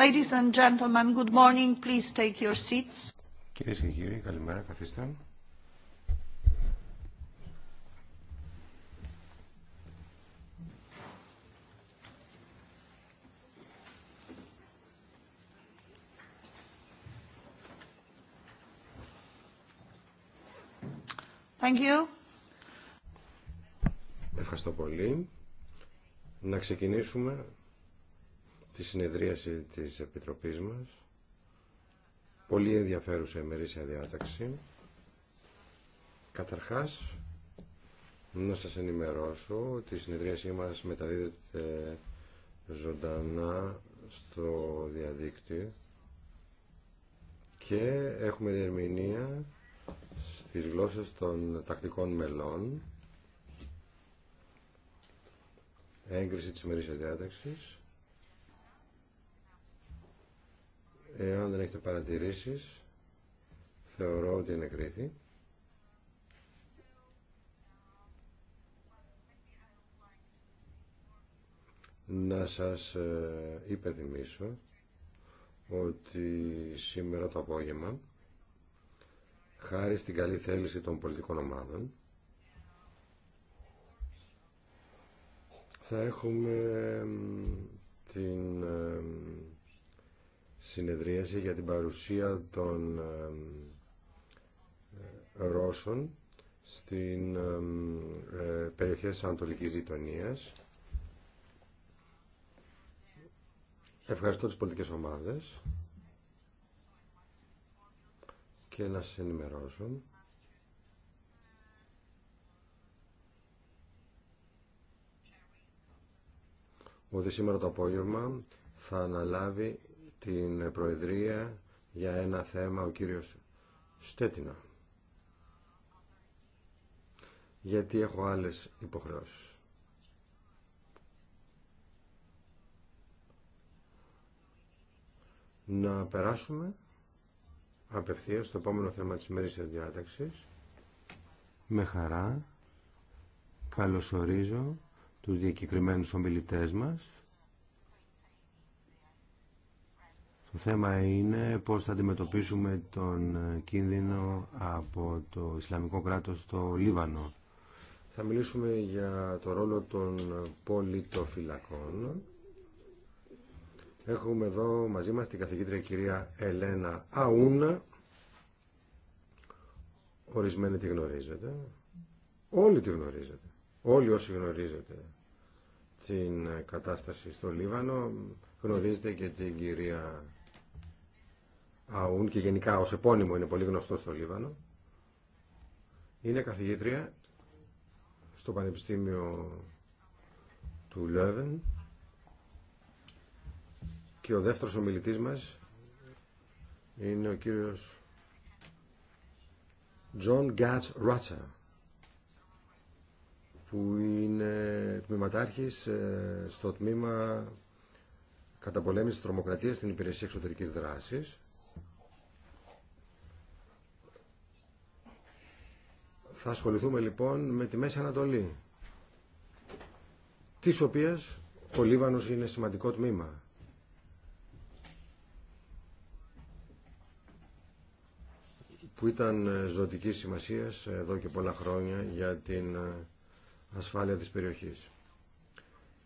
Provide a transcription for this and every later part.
Ladies and gentlemen, good morning. Please take your seats. Κυρίες και κύριοι, καλημέρα. Καθίστε. Thank you. Ευχαριστώ πολύ. Να ξεκινήσουμε τη συνεδρίαση της Επιτροπής μας. Πολύ ενδιαφέρουσα ημερήσια διάταξη. Καταρχάς, να σας ενημερώσω ότι η συνεδρίασή μας μεταδίδεται ζωντανά στο διαδίκτυο και έχουμε διερμηνία στις γλώσσες των τακτικών μελών έγκριση της ημερήσιας διάταξης Εάν δεν έχετε παρατηρήσεις, θεωρώ ότι είναι κρίθη. Να σας ε, υπενθυμίσω ότι σήμερα το απόγευμα, χάρη στην καλή θέληση των πολιτικών ομάδων, θα έχουμε την συνεδρίαση για την παρουσία των ε, ε, Ρώσων στην ε, περιοχή της Ανατολικής Γειτονίας. Ευχαριστώ τις πολιτικές ομάδες και να σας ενημερώσω ότι σήμερα το απόγευμα θα αναλάβει την Προεδρία για ένα θέμα ο κύριος Στέτινα. Γιατί έχω άλλες υποχρεώσεις. Να περάσουμε απευθείας στο επόμενο θέμα της ημερήσιας διάταξης. Με χαρά καλωσορίζω τους διακεκριμένους ομιλητές μας Το θέμα είναι πώς θα αντιμετωπίσουμε τον κίνδυνο από το Ισλαμικό κράτος στο Λίβανο. Θα μιλήσουμε για το ρόλο των πολιτοφυλακών. Έχουμε εδώ μαζί μας την καθηγήτρια κυρία Ελένα Αούνα. Ορισμένοι τη γνωρίζετε. Όλοι τη γνωρίζετε. Όλοι όσοι γνωρίζετε την κατάσταση στο Λίβανο γνωρίζετε και την κυρία Αούν και γενικά ως επώνυμο είναι πολύ γνωστό στο Λίβανο. Είναι καθηγήτρια στο Πανεπιστήμιο του Λέβεν και ο δεύτερος ομιλητής μας είναι ο κύριος Τζον Γκάτς Ράτσα που είναι τμήματάρχης ε, στο τμήμα καταπολέμησης τρομοκρατίας στην Υπηρεσία Εξωτερικής Δράσης Θα ασχοληθούμε λοιπόν με τη Μέση Ανατολή, της οποίας ο Λίβανος είναι σημαντικό τμήμα. που ήταν ε, ζωτικής σημασίας ε, εδώ και πολλά χρόνια για την ε, ασφάλεια της περιοχής.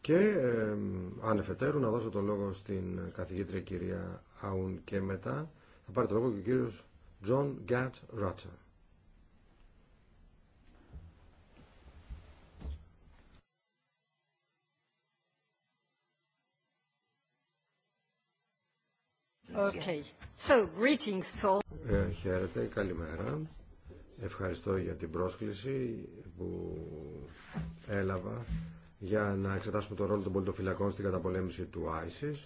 Και ε, ανεφετέρου να δώσω το λόγο στην καθηγήτρια κυρία Αουν και μετά θα πάρει το λόγο και ο κύριος Τζον Γκάτ Ράτσα. Okay. So, greetings all. Ε, χαίρετε, καλημέρα. Ευχαριστώ για την πρόσκληση που έλαβα για να εξετάσουμε τον ρόλο των πολιτοφυλακών στην καταπολέμηση του ISIS.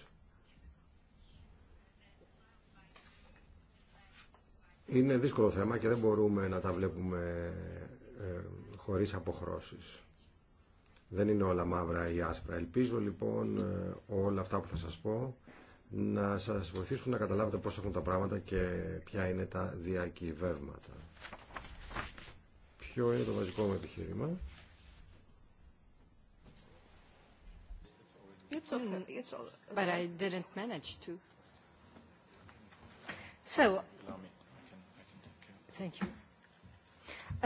Είναι δύσκολο θέμα και δεν μπορούμε να τα βλέπουμε ε, χωρίς αποχρώσεις. Δεν είναι όλα μαύρα ή άσπρα. Ελπίζω λοιπόν ε, όλα αυτά που θα σας πω να σας βοηθήσουν να καταλάβετε πώς έχουν τα πράγματα και ποια είναι τα διακυβεύματα. Ποιο είναι το βασικό μου επιχείρημα. It's okay. It's all... But I didn't manage to. So, thank you.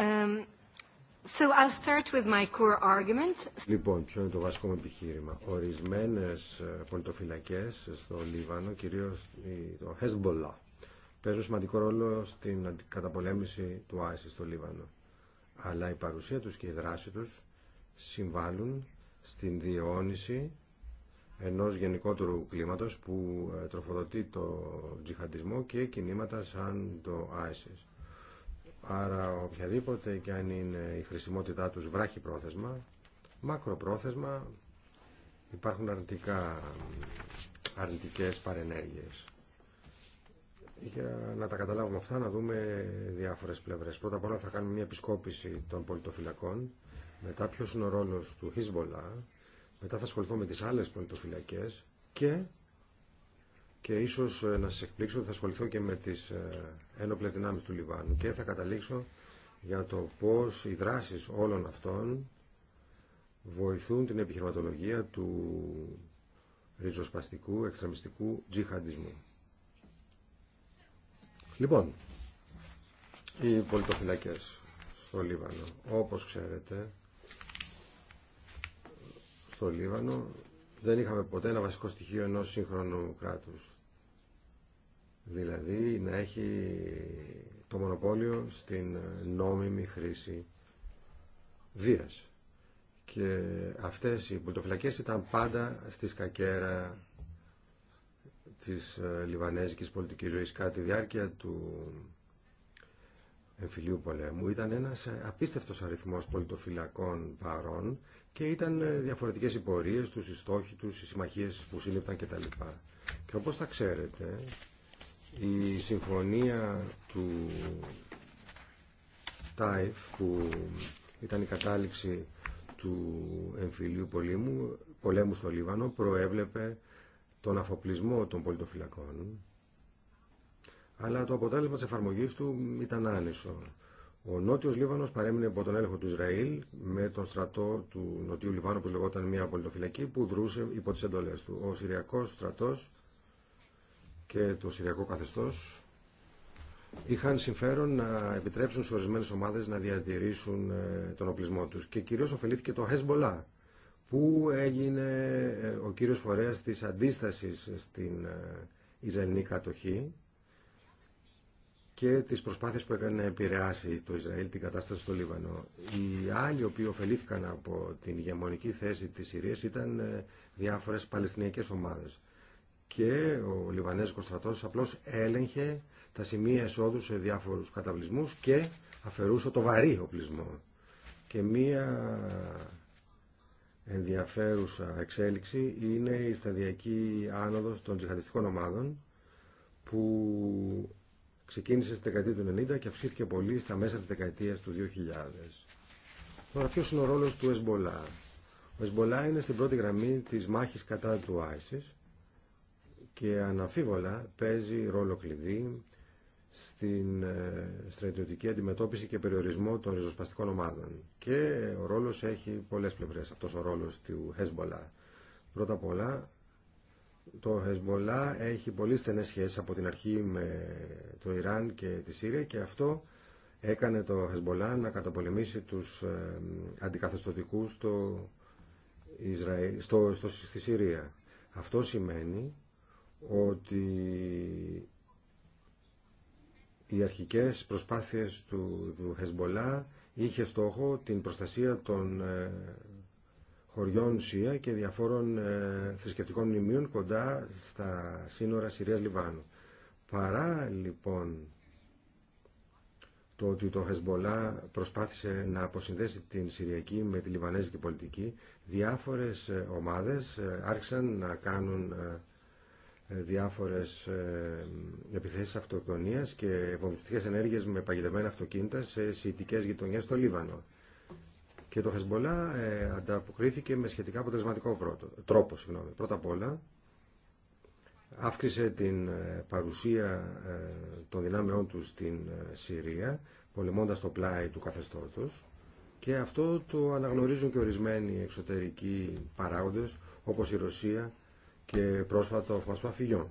Um, So start with my core Λοιπόν, ποιο είναι το βασικό μου επιχείρημα. Ορισμένες ε, πολιτοφυλακές στο Λίβανο, κυρίως το Hezbollah, παίζουν σημαντικό ρόλο στην καταπολέμηση του ISIS στο Λίβανο. Αλλά η παρουσία τους και η δράση τους συμβάλλουν στην διαιώνιση ενός γενικότερου κλίματος που ε, τροφοδοτεί το τζιχαντισμό και κινήματα σαν το ISIS. Άρα οποιαδήποτε και αν είναι η χρησιμότητά τους βράχει πρόθεσμα, μακροπρόθεσμα υπάρχουν αρνητικά, αρνητικές παρενέργειες. Για να τα καταλάβουμε αυτά, να δούμε διάφορες πλευρές. Πρώτα απ' όλα θα κάνουμε μια επισκόπηση των πολιτοφυλακών, μετά ποιος είναι ο ρόλος του Χίσμολα, μετά θα ασχοληθώ με τις άλλες πολιτοφυλακές και και ίσως ε, να σας εκπλήξω ότι θα ασχοληθώ και με τις ε, ένοπλες δυνάμεις του Λιβάνου και θα καταλήξω για το πώς οι δράσεις όλων αυτών βοηθούν την επιχειρηματολογία του ριζοσπαστικού, εξτραμιστικού τζιχαντισμού. Λοιπόν, οι πολιτοφυλακές στο Λίβανο, όπως ξέρετε, στο Λίβανο δεν είχαμε ποτέ ένα βασικό στοιχείο ενός σύγχρονου κράτους δηλαδή να έχει το μονοπόλιο στην νόμιμη χρήση βίας. Και αυτές οι πολιτοφυλακές ήταν πάντα στη σκακέρα της ε, λιβανέζικης πολιτικής ζωής κατά τη διάρκεια του εμφυλίου πολέμου. Ήταν ένας ε, απίστευτος αριθμός πολιτοφυλακών παρών και ήταν ε, διαφορετικές οι πορείες τους, οι στόχοι τους, οι συμμαχίες που σύλληπταν κτλ. Και όπως θα ξέρετε, η συμφωνία του ΤΑΙΦ που ήταν η κατάληξη του εμφυλίου πολέμου, πολέμου στο Λίβανο προέβλεπε τον αφοπλισμό των πολιτοφυλακών αλλά το αποτέλεσμα της εφαρμογής του ήταν άνισο. Ο Νότιος Λίβανος παρέμεινε υπό τον έλεγχο του Ισραήλ με τον στρατό του Νοτιού Λιβάνου που λεγόταν μια πολιτοφυλακή που δρούσε υπό τις εντολές του. Ο Συριακός στρατός και το Συριακό καθεστώς είχαν συμφέρον να επιτρέψουν σε ορισμένε ομάδε να διατηρήσουν ε, τον οπλισμό τους και κυρίω ωφελήθηκε το Χεσμολά που έγινε ε, ο κύριο φορέας της αντίσταση στην ε, Ισραηλινή κατοχή και τις προσπάθειες που έκανε να επηρεάσει το Ισραήλ την κατάσταση στο Λίβανο. Οι άλλοι οποίοι ωφελήθηκαν από την ηγεμονική θέση της Συρίας ήταν διάφορες Παλαιστινιακές ομάδες και ο Λιβανέζικος στρατός απλώς έλεγχε τα σημεία εσόδου σε διάφορους καταβλισμούς και αφαιρούσε το βαρύ οπλισμό. Και μία ενδιαφέρουσα εξέλιξη είναι η σταδιακή άνοδος των τζιχαντιστικών ομάδων που ξεκίνησε στη δεκαετία του 90 και αυξήθηκε πολύ στα μέσα της δεκαετίας του 2000. Τώρα ποιος είναι ο ρόλος του Εσμπολά. Ο Εσμπολά είναι στην πρώτη γραμμή της μάχης κατά του ISIS και αναφίβολα παίζει ρόλο κλειδί στην ε, στρατιωτική αντιμετώπιση και περιορισμό των ριζοσπαστικών ομάδων. Και ο ρόλος έχει πολλές πλευρές, αυτός ο ρόλος του Χεσμολά. Πρώτα απ' όλα, το Χεσμολά έχει πολύ στενές σχέσεις από την αρχή με το Ιράν και τη Σύρια και αυτό έκανε το Χεσμολά να καταπολεμήσει τους ε, αντικαθεστωτικούς στο, στο, στη Συρία. Αυτό σημαίνει ότι οι αρχικές προσπάθειες του, του Χεσμολά είχε στόχο την προστασία των ε, χωριών Σία και διαφόρων ε, θρησκευτικών μνημείων κοντά στα σύνορα Συρίας Λιβάνου. Παρά λοιπόν το ότι το Χεσμολά προσπάθησε να αποσυνδέσει την Συριακή με τη Λιβανέζικη πολιτική, διάφορες ε, ομάδες άρχισαν να κάνουν ε, διάφορες ε, επιθέσεις αυτοκτονίας και βομβιστικές ενέργειες με παγιδεμένα αυτοκίνητα σε σιητικές γειτονιές στο Λίβανο. Και το Χεσμολά ε, ανταποκρίθηκε με σχετικά αποτελεσματικό πρώτο, τρόπο. Συγγνώμη. Πρώτα απ' όλα αύξησε την παρουσία των δυνάμεών του στην Συρία, πολεμώντας το πλάι του καθεστώτος και αυτό το αναγνωρίζουν και ορισμένοι εξωτερικοί παράγοντες όπως η Ρωσία και πρόσφατο ο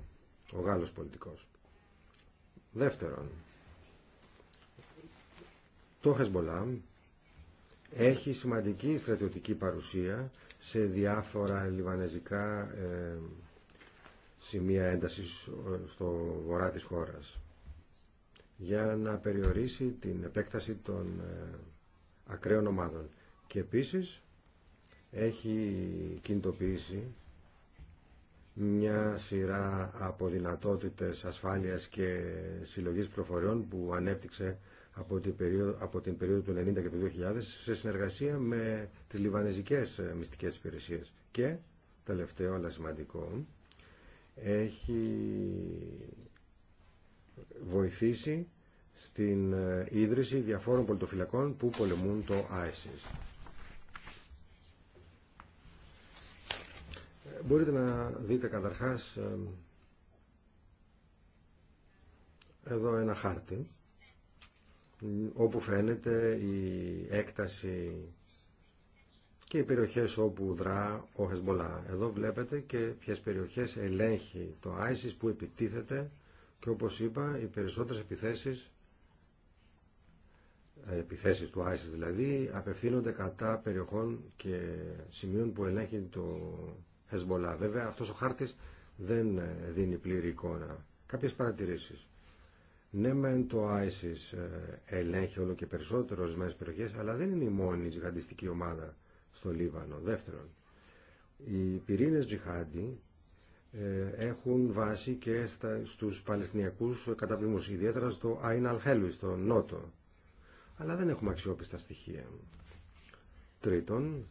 ο Γάλλος πολιτικός. Δεύτερον, το Χεσμολάμ έχει σημαντική στρατιωτική παρουσία σε διάφορα λιβανεζικά ε, σημεία έντασης ε, στο βορρά της χώρας για να περιορίσει την επέκταση των ε, ακραίων ομάδων. Και επίσης έχει κινητοποιήσει μια σειρά από δυνατότητες ασφάλειας και συλλογής προφοριών που ανέπτυξε από την περίοδο, από την περίοδο του 90 και του 2000 σε συνεργασία με τις λιβανεζικές μυστικές υπηρεσίες. Και, τελευταίο αλλά σημαντικό, έχει βοηθήσει στην ίδρυση διαφόρων πολιτοφυλακών που πολεμούν το ISIS. μπορείτε να δείτε καταρχάς εδώ ένα χάρτη όπου φαίνεται η έκταση και οι περιοχές όπου δρά ο Χεσμπολά. Εδώ βλέπετε και ποιες περιοχές ελέγχει το ISIS που επιτίθεται και όπως είπα οι περισσότερες επιθέσεις ε, επιθέσεις του ISIS δηλαδή απευθύνονται κατά περιοχών και σημείων που ελέγχει το Χεσμολά. Βέβαια αυτός ο χάρτης δεν ε, δίνει πλήρη εικόνα. Κάποιες παρατηρήσεις. Ναι, μεν το ISIS ε, ελέγχει όλο και περισσότερο ορισμένε περιοχέ, αλλά δεν είναι η μόνη τζιχαντιστική ομάδα στο Λίβανο. Δεύτερον, οι πυρήνε τζιχάντι ε, έχουν βάση και στους παλαιστινιακούς ιδιαίτερα στο Αϊν Αλχέλουι, στο Νότο. Αλλά δεν έχουμε αξιόπιστα στοιχεία. Τρίτον,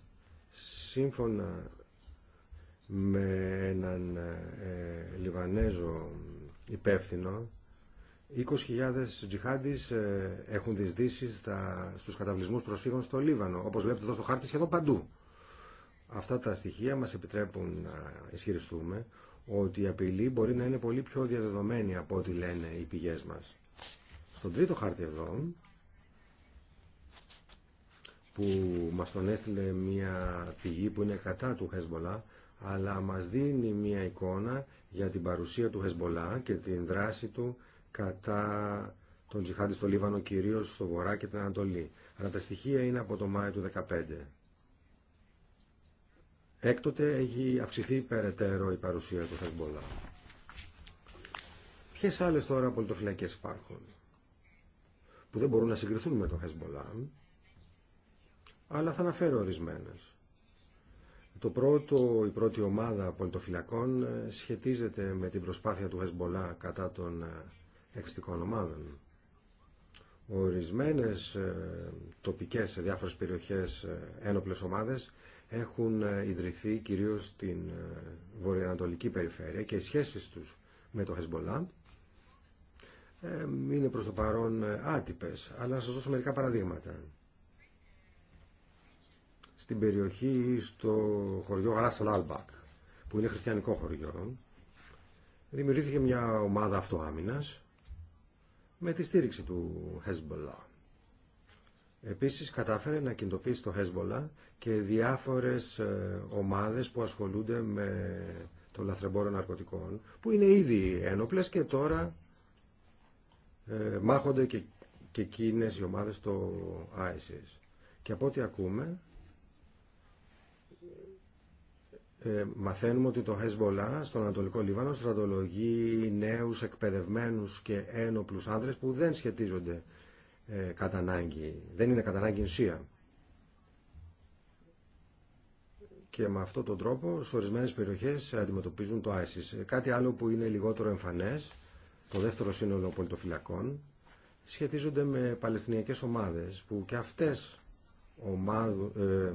σύμφωνα με έναν ε, Λιβανέζο υπεύθυνο 20.000 τζιχάντις ε, έχουν διεισδύσει στους καταβλισμούς προσφύγων στο Λίβανο όπως βλέπετε εδώ στο χάρτη σχεδόν παντού αυτά τα στοιχεία μας επιτρέπουν να ισχυριστούμε ότι η απειλή μπορεί να είναι πολύ πιο διαδεδομένη από ό,τι λένε οι πηγές μας στον τρίτο χάρτη εδώ που μας τον έστειλε μια πηγή που είναι κατά του Χεσμολά αλλά μας δίνει μια εικόνα για την παρουσία του Χεσμολά και την δράση του κατά τον τζιχάντη στο Λίβανο, κυρίως στο Βορρά και την Ανατολή. Αλλά τα στοιχεία είναι από το Μάιο του 2015. Έκτοτε έχει αυξηθεί περαιτέρω η παρουσία του Χεσμολά. Ποιες άλλες τώρα πολιτοφυλακές υπάρχουν που δεν μπορούν να συγκριθούν με τον Χεσμολά αλλά θα αναφέρω ορισμένες. Το πρώτο, η πρώτη ομάδα πολιτοφυλακών ε, σχετίζεται με την προσπάθεια του Χεσμολά κατά των εξωτικών ομάδων. Ορισμένες ε, τοπικές σε διάφορες περιοχές ε, ένοπλες ομάδες έχουν ιδρυθεί κυρίως στην βορειοανατολική περιφέρεια και οι σχέσεις τους με το Χεσμολά είναι προς το παρόν άτυπες. Αλλά να σας δώσω μερικά παραδείγματα στην περιοχή στο χωριό Γαράστον Αλμπακ, που είναι χριστιανικό χωριό, δημιουργήθηκε μια ομάδα αυτοάμυνας με τη στήριξη του Hezbollah. Επίσης κατάφερε να κινητοποιήσει το Hezbollah και διάφορες ε, ομάδες που ασχολούνται με το λαθρεμπόρο ναρκωτικών, που είναι ήδη ένοπλες και τώρα ε, μάχονται και, και εκείνες οι ομάδες στο ISIS. Και από ό,τι ακούμε, Ε, μαθαίνουμε ότι το Χεσμολά στον Ανατολικό Λίβανο στρατολογεί νέους εκπαιδευμένους και ένοπλους άνδρες που δεν σχετίζονται ε, κατά ανάγκη, δεν είναι κατά ανάγκη ενσία. Και με αυτόν τον τρόπο σε ορισμένε περιοχές αντιμετωπίζουν το ISIS. Ε, κάτι άλλο που είναι λιγότερο εμφανές, το δεύτερο σύνολο πολιτοφυλακών, σχετίζονται με παλαιστινιακές ομάδες που και αυτές ομάδου, ε,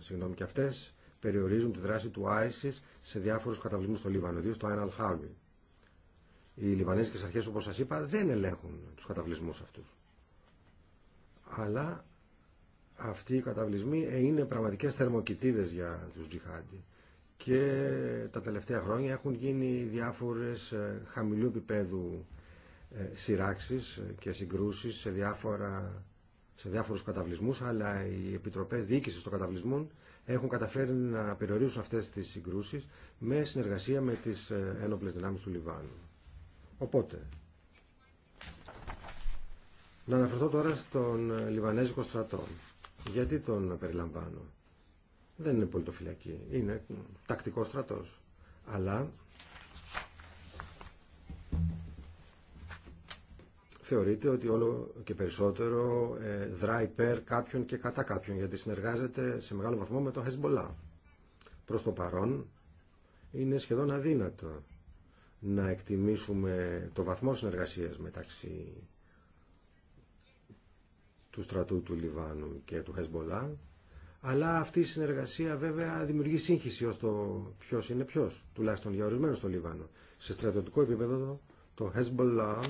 συγγνώμη, και αυτές περιορίζουν τη δράση του ISIS σε διάφορους καταβλισμούς στο Λίβανο, ιδίως στο Άιν Αλχάουι. Οι Λιβανέζικες αρχές, όπως σας είπα, δεν ελέγχουν τους καταβλισμούς αυτούς. Αλλά αυτοί οι καταβλισμοί ε, είναι πραγματικές θερμοκοιτίδες για τους τζιχάντι. Και τα τελευταία χρόνια έχουν γίνει διάφορες ε, χαμηλού επίπεδου ε, σειράξεις και συγκρούσεις σε, διάφορα, σε διάφορους καταβλισμούς, αλλά οι επιτροπές διοίκησης των καταβλισμών έχουν καταφέρει να περιορίσουν αυτές τις συγκρούσεις με συνεργασία με τις ε, ένοπλες δυνάμεις του Λιβάνου. Οπότε, να αναφερθώ τώρα στον ε, Λιβανέζικο στρατό. Γιατί τον περιλαμβάνω. Δεν είναι πολιτοφυλακή. Είναι τακτικό στρατός. Αλλά θεωρείται ότι όλο και περισσότερο ε, δράει υπέρ κάποιον και κατά κάποιον, γιατί συνεργάζεται σε μεγάλο βαθμό με το Χεσμολά. Προς το παρόν είναι σχεδόν αδύνατο να εκτιμήσουμε το βαθμό συνεργασίας μεταξύ του στρατού του Λιβάνου και του Χεσμολά, αλλά αυτή η συνεργασία βέβαια δημιουργεί σύγχυση ως το ποιος είναι ποιος, τουλάχιστον για ορισμένους στο Λιβάνο. Σε στρατιωτικό επίπεδο το Hezbollah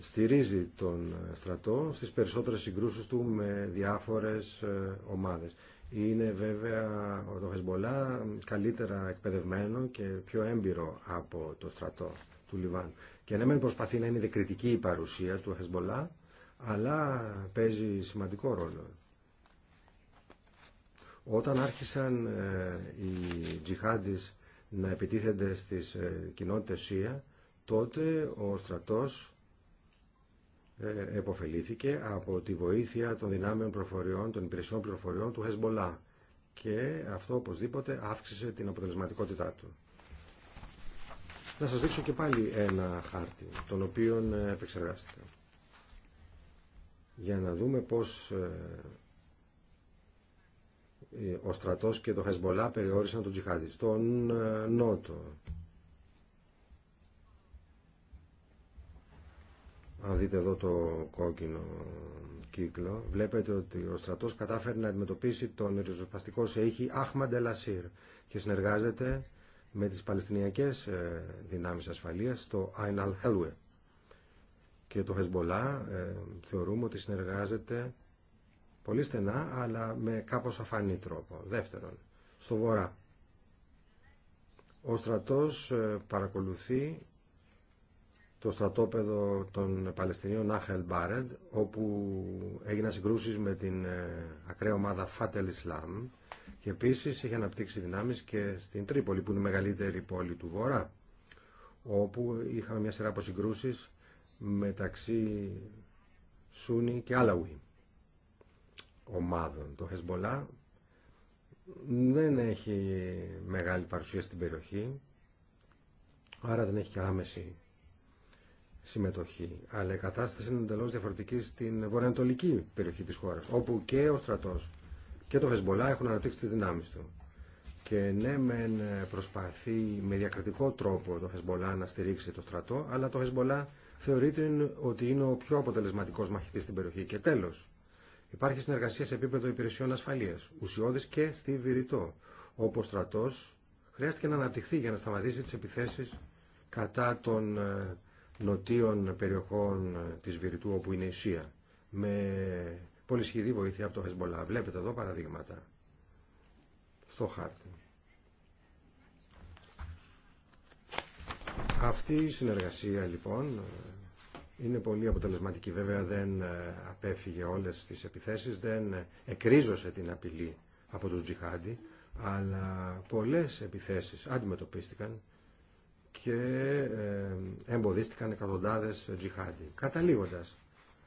στηρίζει τον στρατό στις περισσότερες συγκρούσεις του με διάφορες ε, ομάδες. Είναι βέβαια το Χεσμολά καλύτερα εκπαιδευμένο και πιο έμπειρο από το στρατό του Λιβάν. Και ναι μεν προσπαθεί να είναι δεκριτική η παρουσία του Χεσμολά, αλλά παίζει σημαντικό ρόλο. Όταν άρχισαν ε, οι τζιχάντες να επιτίθενται στις ε, κοινότητες ΣΥΑ, τότε ο στρατός ε, εποφελήθηκε από τη βοήθεια των δυνάμεων προφοριών, των υπηρεσιών προφοριών, του Χεσμολά και αυτό οπωσδήποτε αύξησε την αποτελεσματικότητά του. Να σας δείξω και πάλι ένα χάρτη, τον οποίο ε, επεξεργάστηκα. Για να δούμε πώς ε, ο στρατός και το Χεσμολά περιόρισαν τον τζιχάδι. Στον Νότο, αν δείτε εδώ το κόκκινο κύκλο, βλέπετε ότι ο στρατός κατάφερε να αντιμετωπίσει τον ριζοσπαστικό Σεϊχη Αχμαντ και συνεργάζεται με τις Παλαιστινιακές ε, δυνάμεις ασφαλείας στο Αϊναλ Χελουέ. Και το Χεσμπολά ε, θεωρούμε ότι συνεργάζεται πολύ στενά, αλλά με κάπως αφανή τρόπο. Δεύτερον, στο βορρά. Ο στρατός ε, παρακολουθεί το στρατόπεδο των Παλαιστινίων Άχελ Μπάρεντ όπου έγιναν συγκρούσεις με την ε, ακραία ομάδα Φάτελ Ισλάμ και επίσης είχε αναπτύξει δυνάμεις και στην Τρίπολη που είναι η μεγαλύτερη πόλη του Βορρά όπου είχαμε μια σειρά από συγκρούσεις μεταξύ Σούνι και Αλαουί ομάδων. Το Χεσμολά δεν έχει μεγάλη παρουσία στην περιοχή άρα δεν έχει και άμεση συμμετοχή. Αλλά η κατάσταση είναι εντελώ διαφορετική στην βορειοανατολική περιοχή τη χώρα, όπου και ο στρατό και το Χεσμολά έχουν αναπτύξει τι δυνάμει του. Και ναι, μεν προσπαθεί με διακριτικό τρόπο το Χεσμολά να στηρίξει το στρατό, αλλά το Χεσμολά θεωρείται ότι είναι ο πιο αποτελεσματικό μαχητή στην περιοχή. Και τέλο, υπάρχει συνεργασία σε επίπεδο υπηρεσιών ασφαλεία, ουσιώδη και στη Βηρητό, όπου ο στρατό χρειάστηκε να αναπτυχθεί για να σταματήσει τι επιθέσει κατά των ε, νοτίων περιοχών της Βηρητού όπου είναι η Σία με πολύ σχεδή βοήθεια από το Χεσμολά. Βλέπετε εδώ παραδείγματα στο χάρτη. Αυτή η συνεργασία λοιπόν είναι πολύ αποτελεσματική. Βέβαια δεν ε, απέφυγε όλες τις επιθέσεις, δεν ε, εκρίζωσε την απειλή από τους τζιχάντι, αλλά πολλές επιθέσεις αντιμετωπίστηκαν και ε, εμποδίστηκαν εκατοντάδες τζιχάντι. Καταλήγοντας,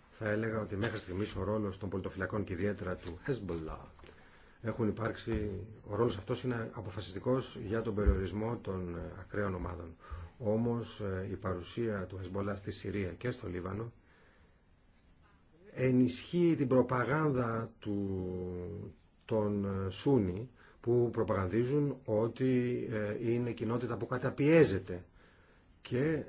θα έλεγα ότι μέχρι στιγμής ο ρόλος των πολιτοφυλακών και ιδιαίτερα του Hezbollah έχουν υπάρξει, ο ρόλος αυτός είναι αποφασιστικός για τον περιορισμό των ε, ακραίων ομάδων. Όμως ε, η παρουσία του Hezbollah στη Συρία και στο Λίβανο ενισχύει την προπαγάνδα του, των Σούνι που προπαγανδίζουν ότι ε, είναι κοινότητα που καταπιέζεται και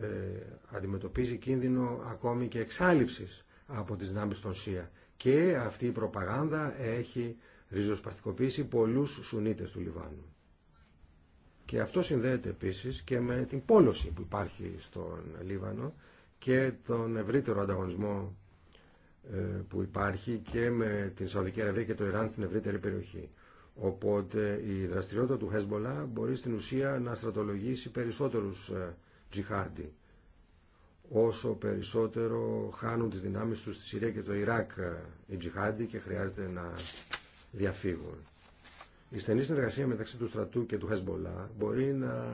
ε, αντιμετωπίζει κίνδυνο ακόμη και εξάλληψης από τις δυνάμεις των ΣΥΑ. Και αυτή η προπαγάνδα έχει ριζοσπαστικοποιήσει πολλούς Σουνίτες του Λιβάνου. Και αυτό συνδέεται επίσης και με την πόλωση που υπάρχει στον Λίβανο και τον ευρύτερο ανταγωνισμό ε, που υπάρχει και με την Σαουδική Αραβία και το Ιράν στην ευρύτερη περιοχή. Οπότε η δραστηριότητα του Χεσμολά μπορεί στην ουσία να στρατολογήσει περισσότερους ε, τζιχάντι. Όσο περισσότερο χάνουν τις δυνάμεις τους στη Συρία και το Ιράκ ε, οι τζιχάντι και χρειάζεται να διαφύγουν. Η στενή συνεργασία μεταξύ του στρατού και του Χεσμολά μπορεί να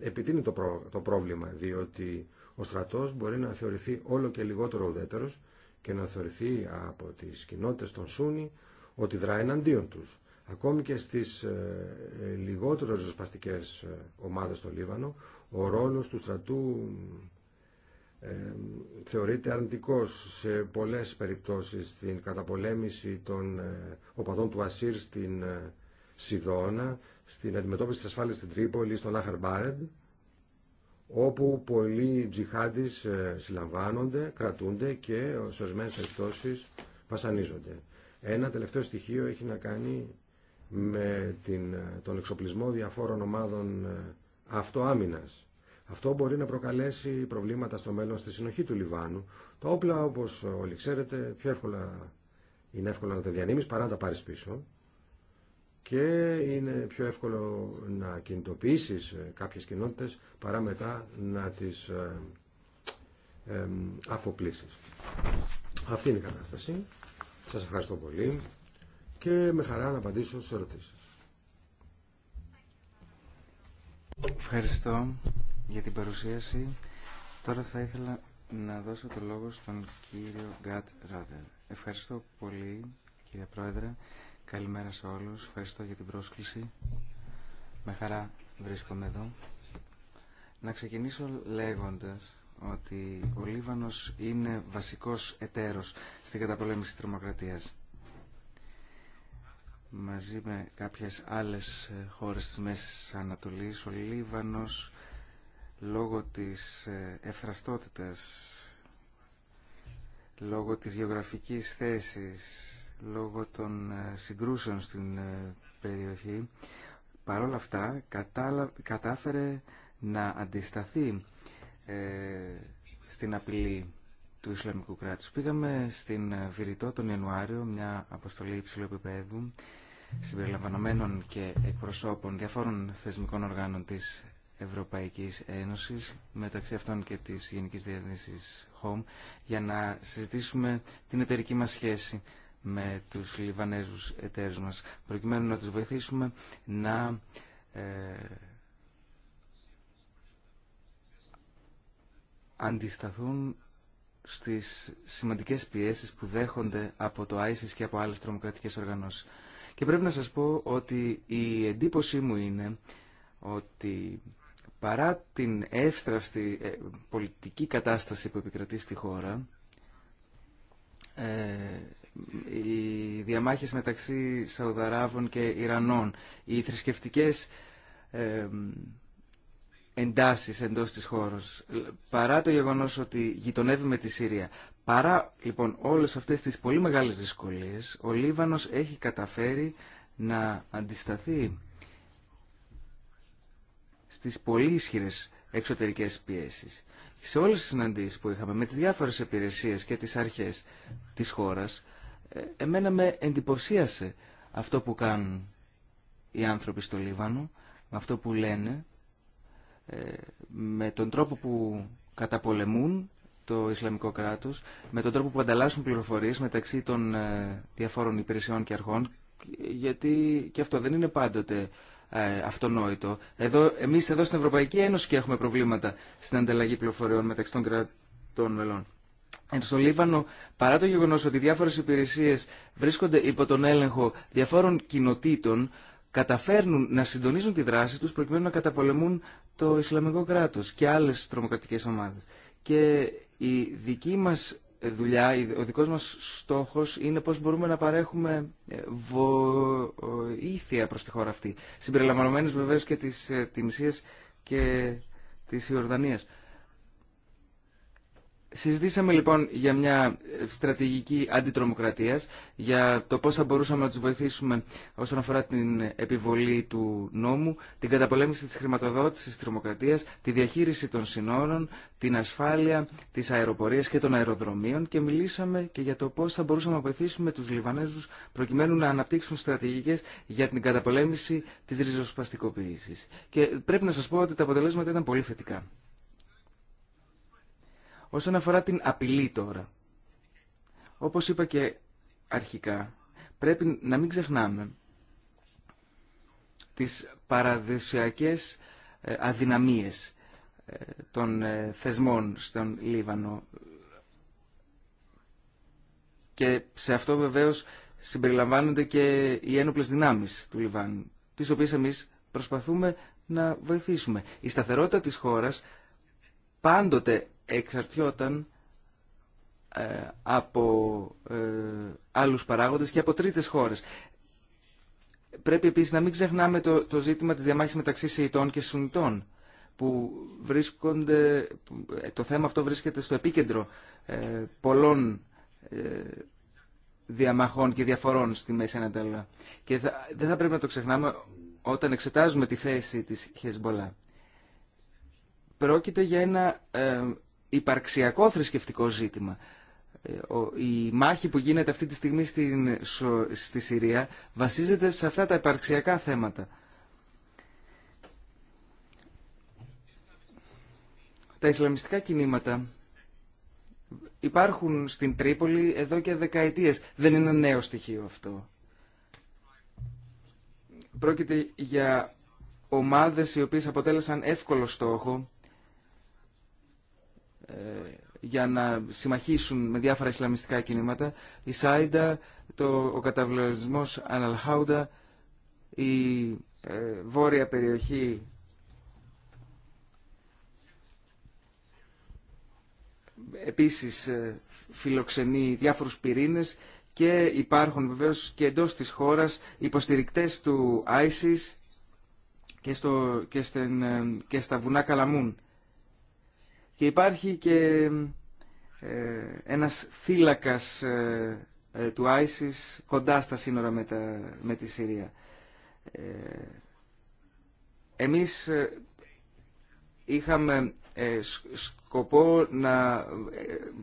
επιτείνει το πρόβλημα, διότι ο στρατός μπορεί να θεωρηθεί όλο και λιγότερο ουδέτερος και να θεωρηθεί από τις κοινότητες των Σούνι ότι δράει εναντίον τους. Ακόμη και στις ε, ε, λιγότερο ζωσπαστικές ε, ομάδες στο Λίβανο, ο ρόλος του στρατού θεωρείται αρνητικός σε πολλές περιπτώσεις στην καταπολέμηση των οπαδών του Ασύρ στην Σιδώνα, στην αντιμετώπιση της ασφάλειας στην Τρίπολη, στον Άχαρ Μπάρεντ, όπου πολλοί τζιχάντις συλλαμβάνονται, κρατούνται και σε ορισμένε περιπτώσει βασανίζονται. Ένα τελευταίο στοιχείο έχει να κάνει με την, τον εξοπλισμό διαφόρων ομάδων ε, αυτοάμυνας. Αυτό μπορεί να προκαλέσει προβλήματα στο μέλλον στη συνοχή του Λιβάνου. Τα όπλα, όπως όλοι ξέρετε, πιο εύκολα είναι εύκολο να τα διανύμεις παρά να τα πάρεις πίσω και είναι πιο εύκολο να κινητοποιήσεις ε, κάποιες κοινότητες παρά μετά να τις ε, αφοπλήσεις. Αυτή είναι η κατάσταση. Σας ευχαριστώ πολύ και με χαρά να απαντήσω στις ερωτήσεις. Ευχαριστώ για την παρουσίαση. Τώρα θα ήθελα να δώσω το λόγο στον κύριο Γκάτ Ράδερ. Ευχαριστώ πολύ κύριε Πρόεδρε. Καλημέρα σε όλους. Ευχαριστώ για την πρόσκληση. Με χαρά βρίσκομαι εδώ. Να ξεκινήσω λέγοντας ότι ο Λίβανος είναι βασικός εταίρος στην καταπολέμηση της τρομοκρατίας μαζί με κάποιες άλλες ε, χώρες της Μέσης Ανατολής, ο Λίβανος, λόγω της ε, εφραστότητας, λόγω της γεωγραφικής θέσης, λόγω των ε, συγκρούσεων στην περιοχή, παρόλα αυτά κατάφερε να αντισταθεί στην απειλή του Ισλαμικού κράτους. Πήγαμε στην Βηρητό τον Ιανουάριο, μια αποστολή υψηλού επίπεδου, συμπεριλαμβανομένων και εκπροσώπων διαφόρων θεσμικών οργάνων της Ευρωπαϊκής Ένωσης, μεταξύ αυτών και της Γενικής Διεύθυνσης HOME, για να συζητήσουμε την εταιρική μας σχέση με τους Λιβανέζους εταίρους μας, προκειμένου να τους βοηθήσουμε να ε, αντισταθούν στις σημαντικές πιέσεις που δέχονται από το ISIS και από άλλες τρομοκρατικές οργανώσεις. Και πρέπει να σας πω ότι η εντύπωσή μου είναι ότι παρά την εύστραστη ε, πολιτική κατάσταση που επικρατεί στη χώρα, ε, οι διαμάχες μεταξύ Σαουδαράβων και Ιρανών, οι θρησκευτικές ε, εντάσεις εντός της χώρας, παρά το γεγονός ότι γειτονεύει με τη Συρία, παρά λοιπόν όλες αυτές τις πολύ μεγάλες δυσκολίες, ο Λίβανος έχει καταφέρει να αντισταθεί στις πολύ ισχυρέ εξωτερικές πιέσεις. Σε όλες τις συναντήσεις που είχαμε με τις διάφορες υπηρεσίες και τις αρχές της χώρας, ε, εμένα με εντυπωσίασε αυτό που κάνουν οι άνθρωποι στο Λίβανο, αυτό που λένε ε, με τον τρόπο που καταπολεμούν το Ισλαμικό κράτος, με τον τρόπο που ανταλλάσσουν πληροφορίες μεταξύ των ε, διαφόρων υπηρεσιών και αρχών, γιατί και αυτό δεν είναι πάντοτε ε, αυτονόητο. Εδώ, εμείς εδώ στην Ευρωπαϊκή Ένωση και έχουμε προβλήματα στην ανταλλαγή πληροφοριών μεταξύ των κρατών μελών. Στο Λίβανο, παρά το γεγονός ότι διάφορες υπηρεσίες βρίσκονται υπό τον έλεγχο διαφόρων κοινοτήτων, καταφέρνουν να συντονίζουν τη δράση τους προκειμένου να καταπολεμούν το Ισλαμικό κράτος και άλλες τρομοκρατικές ομάδες. Και η δική μας δουλειά, ο δικός μας στόχος είναι πώς μπορούμε να παρέχουμε ε, βοήθεια προς τη χώρα αυτή. Συμπεριλαμβανομένες βεβαίως και της ε, Τινησίας και της Ιορδανίας. Συζητήσαμε λοιπόν για μια στρατηγική αντιτρομοκρατία για το πώ θα μπορούσαμε να του βοηθήσουμε όσον αφορά την επιβολή του νόμου, την καταπολέμηση τη χρηματοδότηση τη τρομοκρατίας, τη διαχείριση των συνόρων, την ασφάλεια τη αεροπορία και των αεροδρομίων και μιλήσαμε και για το πώ θα μπορούσαμε να βοηθήσουμε τους Λιβανέζους προκειμένου να αναπτύξουν στρατηγικέ για την καταπολέμηση τη ριζοσπαστικοποίηση. Και πρέπει να σα πω ότι τα αποτελέσματα ήταν πολύ θετικά. Όσον αφορά την απειλή τώρα, όπως είπα και αρχικά, πρέπει να μην ξεχνάμε τις παραδοσιακές ε, αδυναμίες ε, των ε, θεσμών στον Λίβανο. Και σε αυτό βεβαίως συμπεριλαμβάνονται και οι ένοπλες δυνάμεις του Λιβάνου, τις οποίες εμείς προσπαθούμε να βοηθήσουμε. Η σταθερότητα της χώρας πάντοτε εξαρτιόταν ε, από ε, άλλους παράγοντες και από τρίτες χώρες. Πρέπει επίσης να μην ξεχνάμε το, το ζήτημα της διαμάχης μεταξύ Σιητών και Σουνιτών που βρίσκονται, ε, το θέμα αυτό βρίσκεται στο επίκεντρο πολλών διαμαχών και διαφορών στη Μέση Ανατολή. Και δεν θα πρέπει να το ξεχνάμε όταν εξετάζουμε τη θέση της Χεσμπολά. Πρόκειται για ένα υπαρξιακό θρησκευτικό ζήτημα. Ε, η μάχη που γίνεται αυτή τη στιγμή στην, στη Συρία βασίζεται σε αυτά τα υπαρξιακά θέματα. Τα Ισλαμιστικά κινήματα υπάρχουν στην Τρίπολη εδώ και δεκαετίες. Δεν είναι νέο στοιχείο αυτό. Πρόκειται για ομάδες οι οποίες αποτέλεσαν εύκολο στόχο ε, για να συμμαχήσουν με διάφορα ισλαμιστικά κινήματα, η Σάιντα, το, ο καταβλωρισμός Αναλχάουντα, η ε, βόρεια περιοχή επίσης ε, φιλοξενεί διάφορους πυρήνες και υπάρχουν βεβαίως και εντός της χώρας υποστηρικτές του ISIS και, στο, και, και στα βουνά Καλαμούν. Και υπάρχει και ε, ένας θύλακας ε, ε, του ISIS κοντά στα σύνορα με, τη Συρία. Εμείς είχαμε σκοπό να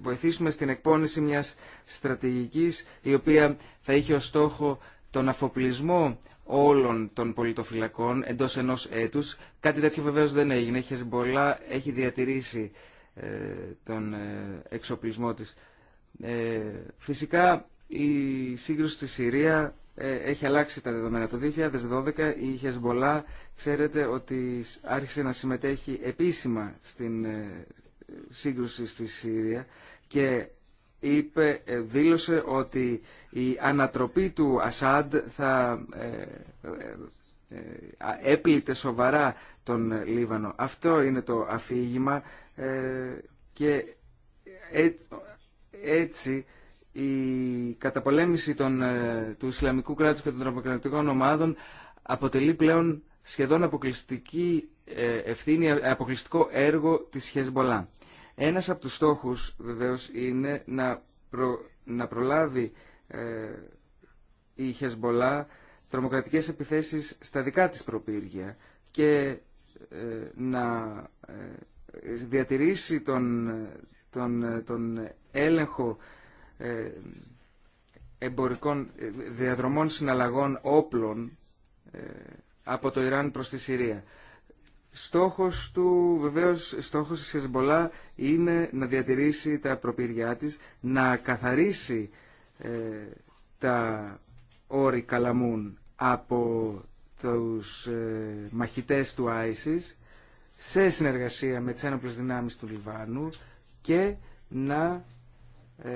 βοηθήσουμε στην εκπόνηση μιας στρατηγικής η οποία θα είχε ως στόχο τον αφοπλισμό όλων των πολιτοφυλακών εντό ενό έτου, Κάτι τέτοιο βεβαίω δεν έγινε. Η Χεσμπολά έχει διατηρήσει ε, τον ε, εξοπλισμό της. Ε, φυσικά η σύγκρουση στη Συρία έχει αλλάξει τα δεδομένα. Το 2012 η Χεσμπολά ξέρετε ότι άρχισε να συμμετέχει επίσημα στην σύγκρουση στη Συρία και είπε, ε, δήλωσε ότι η ανατροπή του Ασάντ θα ε, ε, έπλητε σοβαρά τον Λίβανο. Αυτό είναι το αφήγημα και έτσι η καταπολέμηση των, του Ισλαμικού κράτους και των τρομοκρατικών ομάδων αποτελεί πλέον σχεδόν αποκλειστική ευθύνη, αποκλειστικό έργο της Χεσμολά. Ένας από τους στόχους βεβαίως είναι να, να προλάβει ε, η Χεσμολά τρομοκρατικές επιθέσεις στα δικά της προπύργια και ε, να ε, διατηρήσει τον, τον, τον έλεγχο ε, εμπορικών διαδρομών συναλλαγών όπλων από το Ιράν προς τη Συρία. Στόχος του, βεβαίως, στόχος της Χεσμπολά είναι να διατηρήσει τα προπήριά της, να καθαρίσει ε, τα όρη Καλαμούν από τους ε, μαχητές του ISIS σε συνεργασία με τις ένοπλες δυνάμεις του Λιβάνου και να ε,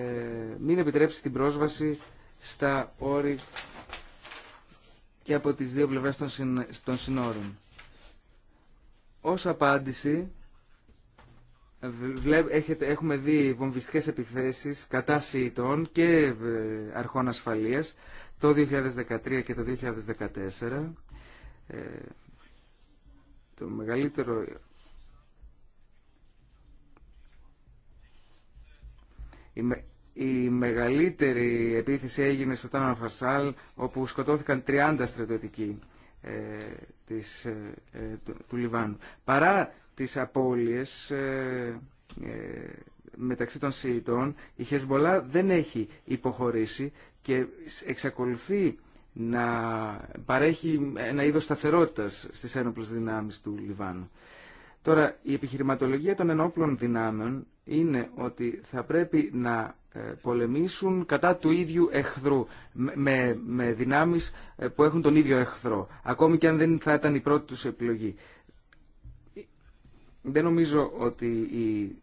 μην επιτρέψει την πρόσβαση στα όρη και από τις δύο πλευρές των, των συνόρων. Ως απάντηση έχετε, έχουμε δει βομβιστικές επιθέσεις κατά ΣΥΙΤΟΝ και ε, αρχών ασφαλείας το 2013 και το 2014. Ε, το μεγαλύτερο Η μεγαλύτερη επίθεση έγινε στο Τάνα Φασάλ όπου σκοτώθηκαν 30 στρατιωτικοί. Ε, της, ε, ε, του, Λιβάνου. Παρά τις απώλειες ε, μεταξύ των Σιητών, η Χεσμολά δεν έχει υποχωρήσει και εξακολουθεί να παρέχει ένα είδος σταθερότητας στις ένοπλες δυνάμεις του Λιβάνου. Τώρα, η επιχειρηματολογία των ενόπλων δυνάμεων είναι ότι θα πρέπει να ε, πολεμήσουν κατά του ίδιου εχθρού, με, με δυνάμεις ε, που έχουν τον ίδιο εχθρό, ακόμη και αν δεν θα ήταν η πρώτη τους επιλογή. Δεν νομίζω ότι οι,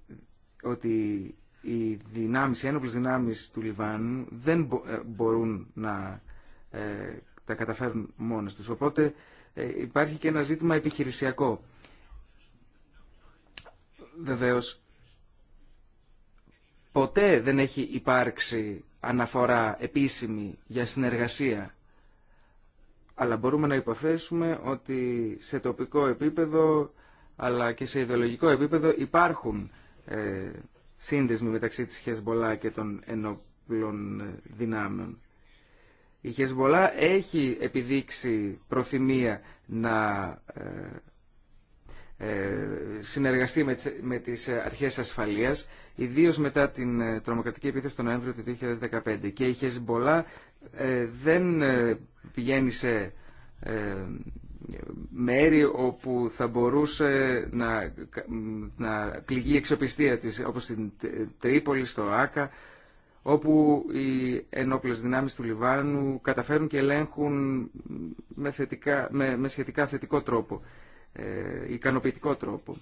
ότι οι δυνάμεις, οι ένοπλες δυνάμεις του Λιβάνου δεν ε, μπορούν να τα καταφέρουν μόνες τους. Οπότε υπάρχει και ένα ζήτημα επιχειρησιακό. Βεβαίως, Ποτέ δεν έχει υπάρξει αναφορά επίσημη για συνεργασία. Αλλά μπορούμε να υποθέσουμε ότι σε τοπικό επίπεδο αλλά και σε ιδεολογικό επίπεδο υπάρχουν ε, σύνδεσμοι μεταξύ της Χεσμολά και των ενόπλων ε, δυνάμεων. Η Χεσμολά έχει επιδείξει προθυμία να ε, ε, συνεργαστεί με τις αρχές ασφαλείας, ιδίως μετά την ε, τρομοκρατική επίθεση τον Νοέμβριο του 2015. Και η Χεσμπολά ε, δεν πηγαίνει σε μέρη όπου θα μπορούσε να, να πληγεί η εξοπιστία της, όπως στην Τρίπολη, στο Άκα, όπου οι ενόπλες δυνάμεις του Λιβάνου καταφέρουν και ελέγχουν με, με, με σχετικά θετικό τρόπο ε, ικανοποιητικό τρόπο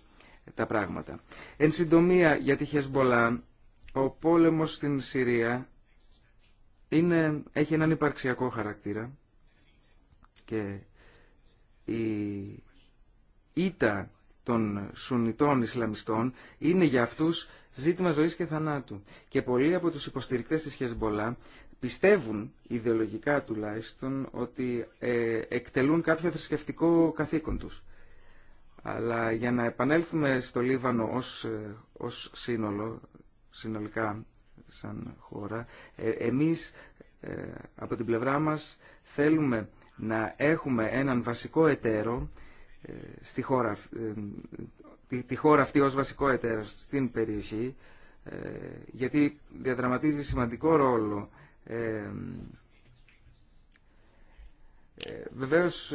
τα πράγματα. Εν συντομία για τη Χεσμολά, ο πόλεμος στην Συρία είναι, έχει έναν υπαρξιακό χαρακτήρα και η ήττα των Σουνιτών Ισλαμιστών είναι για αυτούς ζήτημα ζωής και θανάτου. Και πολλοί από τους υποστηρικτές της Χεσμολά πιστεύουν, ιδεολογικά τουλάχιστον, ότι ε, εκτελούν κάποιο θρησκευτικό καθήκον τους. Αλλά για να επανέλθουμε στο Λίβανο ως, ε, ως σύνολο, συνολικά σαν χώρα, ε, εμείς ε, από την πλευρά μας θέλουμε να έχουμε έναν βασικό εταίρο ε, στη χώρα, τη, χώρα αυτή ως βασικό εταίρο στην περιοχή, γιατί διαδραματίζει σημαντικό ρόλο. Βεβαίως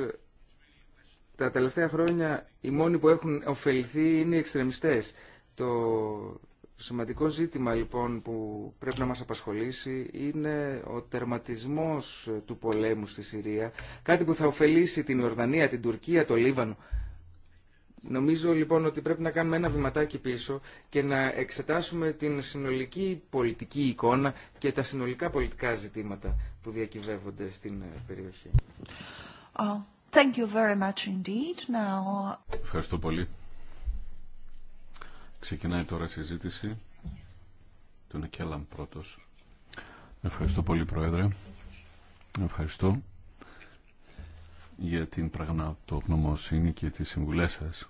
τα τελευταία χρόνια οι μόνοι που έχουν ωφεληθεί είναι οι εξτρεμιστές. Το σημαντικό ζήτημα λοιπόν που πρέπει να μας απασχολήσει είναι ο τερματισμός του πολέμου στη Συρία, κάτι που θα ωφελήσει την Ιορδανία, την Τουρκία, το Λίβανο. Νομίζω λοιπόν ότι πρέπει να κάνουμε ένα βηματάκι πίσω και να εξετάσουμε την συνολική πολιτική εικόνα και τα συνολικά πολιτικά ζητήματα που διακυβεύονται στην περιοχή. Thank you very much indeed. Now... Ευχαριστώ πολύ. Ξεκινάει τώρα η συζήτηση. Τον Εκέλαμ πρώτος. Ευχαριστώ πολύ Πρόεδρε. Ευχαριστώ για την πραγματογνωμοσύνη και τις συμβουλές σας.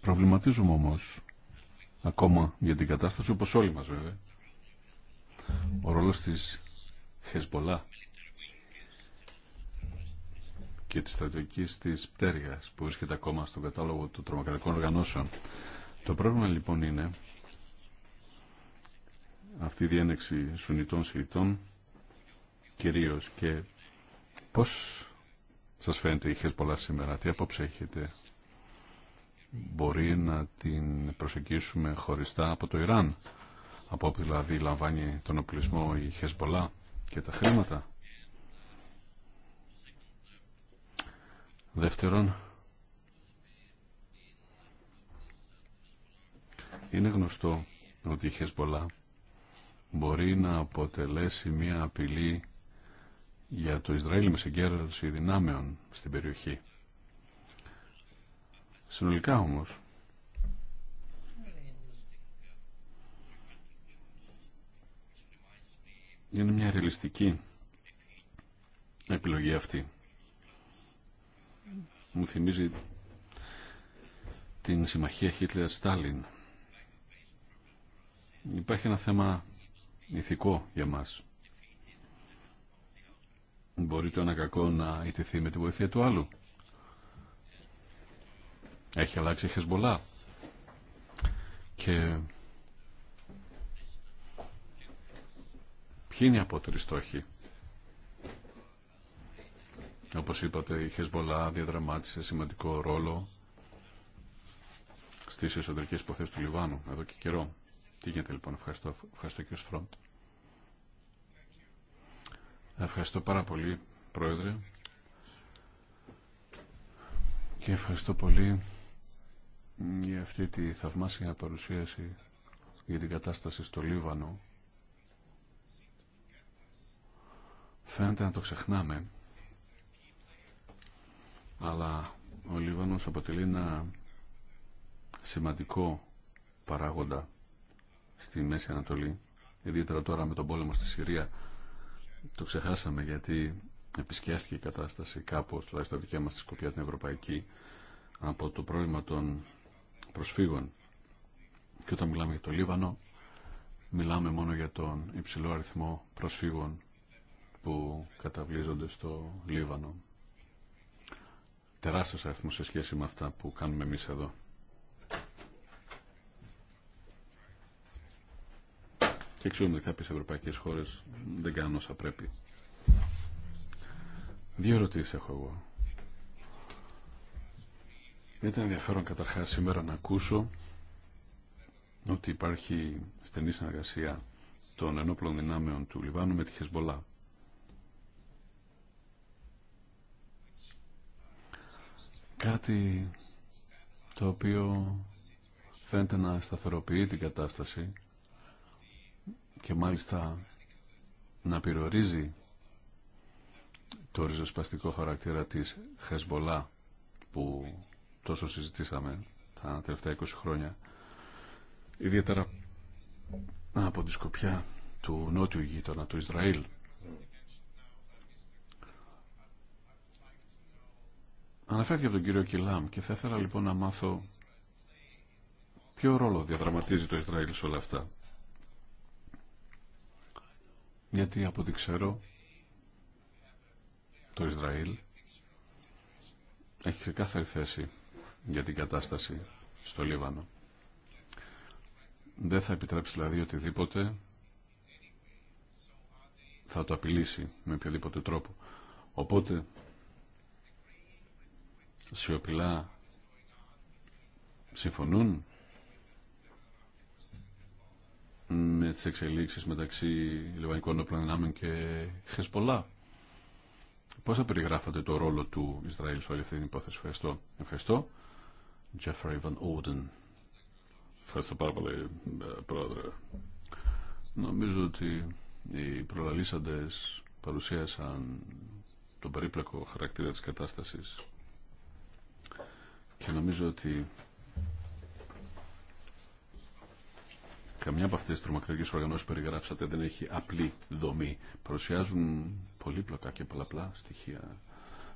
Προβληματίζουμε όμως ακόμα για την κατάσταση όπως όλοι μας βέβαια. Ο ρόλος της Χεσμολά και τη στρατιωτικής τη πτέρυγα που βρίσκεται ακόμα στον κατάλογο των τρομοκρατικών οργανώσεων. Το πρόβλημα λοιπόν είναι αυτή η διένεξη σουνητών Σιητών κυρίως και πώς σας φαίνεται η Χεσπολά σήμερα, τι απόψε έχετε μπορεί να την προσεγγίσουμε χωριστά από το Ιράν από όπου δηλαδή λαμβάνει τον οπλισμό η Χεσπολά και τα χρήματα Δεύτερον, είναι γνωστό ότι η Χεσμολά μπορεί να αποτελέσει μια απειλή για το Ισραήλ με συγκέντρωση δυνάμεων στην περιοχή. Συνολικά όμως, είναι μια ρεαλιστική επιλογή αυτή μου θυμίζει την συμμαχία Χίτλερ-Στάλιν. Υπάρχει ένα θέμα ηθικό για μας. Μπορεί το ένα κακό να ιτηθεί με τη βοήθεια του άλλου. Έχει αλλάξει η Χεσμολά. Και ποιοι είναι οι απότεροι στόχοι. Όπως είπατε, η Χεσβολά διαδραμάτισε σημαντικό ρόλο στις εσωτερικές υποθέσεις του Λιβάνου εδώ και καιρό. Τι γίνεται λοιπόν, ευχαριστώ, ευχαριστώ κύριε Σφρόντ. Ευχαριστώ πάρα πολύ, Πρόεδρε. Και ευχαριστώ πολύ για αυτή τη θαυμάσια παρουσίαση για την κατάσταση στο Λίβανο. Φαίνεται να το ξεχνάμε αλλά ο Λίβανος αποτελεί ένα σημαντικό παράγοντα στη Μέση Ανατολή ιδιαίτερα τώρα με τον πόλεμο στη Συρία το ξεχάσαμε γιατί επισκιάστηκε η κατάσταση κάπως τουλάχιστον δικιά μας στη Σκοπιά την Ευρωπαϊκή από το πρόβλημα των προσφύγων και όταν μιλάμε για το Λίβανο μιλάμε μόνο για τον υψηλό αριθμό προσφύγων που καταβλίζονται στο Λίβανο τεράστιος αριθμός σε σχέση με αυτά που κάνουμε εμείς εδώ. Και ξέρουμε ότι κάποιες ευρωπαϊκές χώρες δεν κάνουν όσα πρέπει. Δύο ερωτήσεις έχω εγώ. Ήταν ενδιαφέρον καταρχάς σήμερα να ακούσω ότι υπάρχει στενή συνεργασία των ενόπλων δυνάμεων του Λιβάνου με τη Χεσμολά. κάτι το οποίο φαίνεται να σταθεροποιεί την κατάσταση και μάλιστα να πυρορίζει το ριζοσπαστικό χαρακτήρα της Χεσμολά που τόσο συζητήσαμε τα τελευταία 20 χρόνια ιδιαίτερα από τη σκοπιά του νότιου γείτονα του Ισραήλ Αναφέρθηκε από τον κύριο Κιλάμ και θα ήθελα λοιπόν να μάθω ποιο ρόλο διαδραματίζει το Ισραήλ σε όλα αυτά. Γιατί από ό,τι ξέρω το Ισραήλ έχει ξεκάθαρη θέση για την κατάσταση στο Λίβανο. Δεν θα επιτρέψει δηλαδή οτιδήποτε θα το απειλήσει με οποιοδήποτε τρόπο. Οπότε σιωπηλά συμφωνούν με τις εξελίξεις μεταξύ Λιβανικών Όπλων και Χεσπολά. Πώς θα περιγράφατε το ρόλο του Ισραήλ σε όλη αυτή την υπόθεση. Ευχαριστώ. Ευχαριστώ. Jeffrey Van Ευχαριστώ πάρα πολύ, ε, Πρόεδρε. Νομίζω ότι οι προλαλήσαντες παρουσίασαν τον περίπλοκο χαρακτήρα της κατάστασης και νομίζω ότι καμιά από αυτές τις τρομακτικές οργανώσεις που περιγράψατε δεν έχει απλή δομή. Παρουσιάζουν πολύπλοκα και πολλαπλά στοιχεία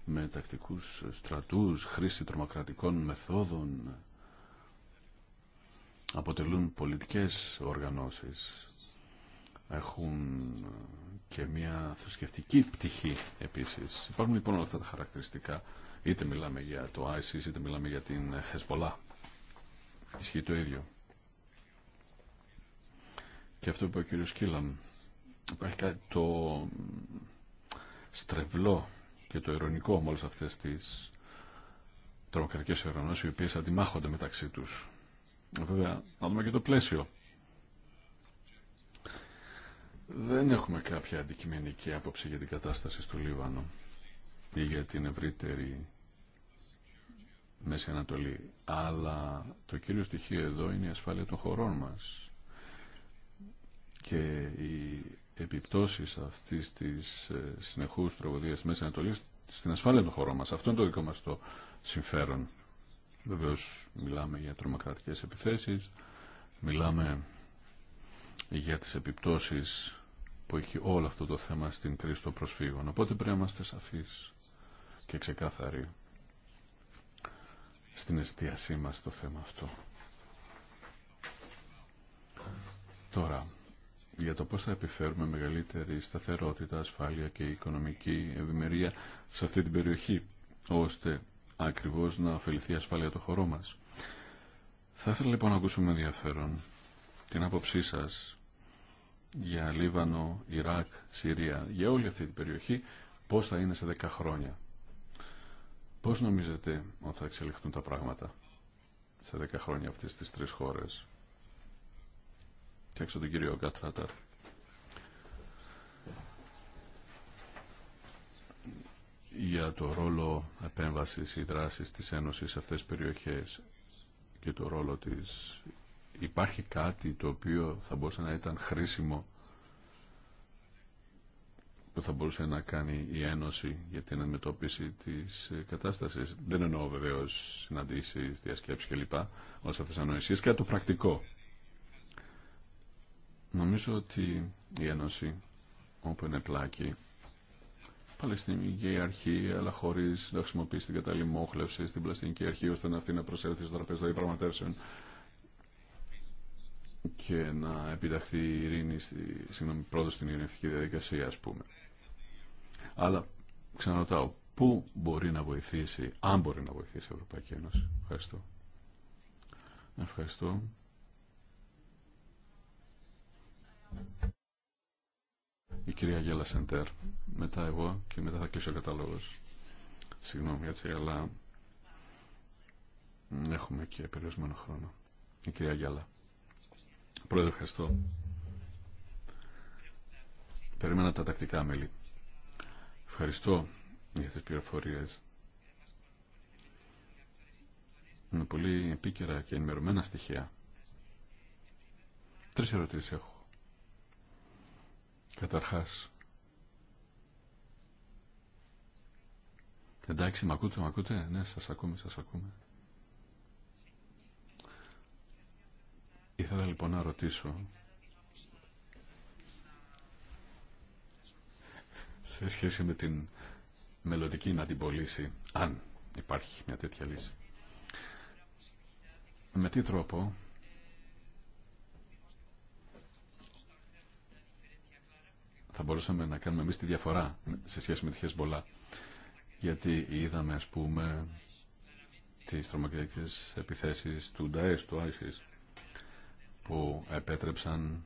με τακτικούς στρατούς, χρήση τρομοκρατικών μεθόδων. Αποτελούν πολιτικές οργανώσεις. Έχουν και μια θρησκευτική πτυχή επίσης. Υπάρχουν λοιπόν όλα αυτά τα χαρακτηριστικά Είτε μιλάμε για το ISIS, είτε μιλάμε για την χέσπολα. Ισχύει το ίδιο. Και αυτό που είπε ο κύριος Κίλαμ υπάρχει κάτι το στρεβλό και το ειρωνικό με όλες αυτές τις τρομοκρατικές οργανώσεις οι οποίες αντιμάχονται μεταξύ τους. Βέβαια, να δούμε και το πλαίσιο. Δεν έχουμε κάποια αντικειμενική άποψη για την κατάσταση στο Λίβανο για την ευρύτερη Μέση Ανατολή. Αλλά το κύριο στοιχείο εδώ είναι η ασφάλεια των χωρών μας και οι επιπτώσεις αυτής της ε, συνεχούς τραγωδίας Μέση Ανατολή στην ασφάλεια των χωρών μας. Αυτό είναι το δικό μας το συμφέρον. Βεβαίω μιλάμε για τρομοκρατικές επιθέσεις, μιλάμε για τις επιπτώσεις που έχει όλο αυτό το θέμα στην κρίση των προσφύγων. Οπότε πρέπει να είμαστε σαφείς και ξεκάθαρη στην εστίασή μας στο θέμα αυτό. Τώρα, για το πώς θα επιφέρουμε μεγαλύτερη σταθερότητα, ασφάλεια και οικονομική ευημερία σε αυτή την περιοχή, ώστε ακριβώς να ωφεληθεί η ασφάλεια το χωρό μας. Θα ήθελα λοιπόν να ακούσουμε ενδιαφέρον την άποψή σας για Λίβανο, Ιράκ, Συρία, για όλη αυτή την περιοχή, πώς θα είναι σε 10 χρόνια. Πώς νομίζετε ότι θα εξελιχθούν τα πράγματα σε δέκα χρόνια αυτές τις τρεις χώρες και έξω τον κύριο Γκατράταρ. για το ρόλο επέμβασης ή δράσης της Ένωσης σε αυτές τις περιοχές και το ρόλο της. Υπάρχει κάτι το οποίο θα μπορούσε να ήταν χρήσιμο που θα μπορούσε να κάνει η Ένωση για την αντιμετώπιση τη ε, κατάσταση. Δεν εννοώ βεβαίω συναντήσει, διασκέψει κλπ. Όλε αυτέ τι ανοησίε. και το πρακτικό. Νομίζω ότι η Ένωση όπου είναι πλάκη Παλαιστινική αρχή, αλλά χωρί να χρησιμοποιήσει την κατάλληλη μόχλευση στην Παλαιστινική αρχή, ώστε να αυτή να προσέλθει στο τραπέζι των διαπραγματεύσεων και να επιταχθεί η ειρήνη, συγγνώμη, πρώτα στην ειρηνευτική διαδικασία, α πούμε. Αλλά ξαναρωτάω, πού μπορεί να βοηθήσει, αν μπορεί να βοηθήσει η Ευρωπαϊκή Ένωση. Ευχαριστώ. Ευχαριστώ. Η κυρία Γέλα Σεντέρ. Μετά εγώ και μετά θα κλείσω ο κατάλογος. Συγγνώμη έτσι, αλλά έχουμε και περιορισμένο χρόνο. Η κυρία Γιάλα. Πρόεδρε, ευχαριστώ. Περίμενα τα τακτικά μέλη ευχαριστώ για τις πληροφορίες. Είναι πολύ επίκαιρα και ενημερωμένα στοιχεία. Τρεις ερωτήσεις έχω. Καταρχάς, εντάξει, μ' ακούτε, μ' ακούτε, ναι, σας ακούμε, σας ακούμε. Ήθελα λοιπόν να ρωτήσω σε σχέση με την μελλοντική να την πωλήσει, αν υπάρχει μια τέτοια λύση. Με τι τρόπο θα μπορούσαμε να κάνουμε εμείς τη διαφορά σε σχέση με τη Χεσμολά. Γιατί είδαμε, ας πούμε, τις τρομοκρατικές επιθέσεις του Νταές, του Άισις, που επέτρεψαν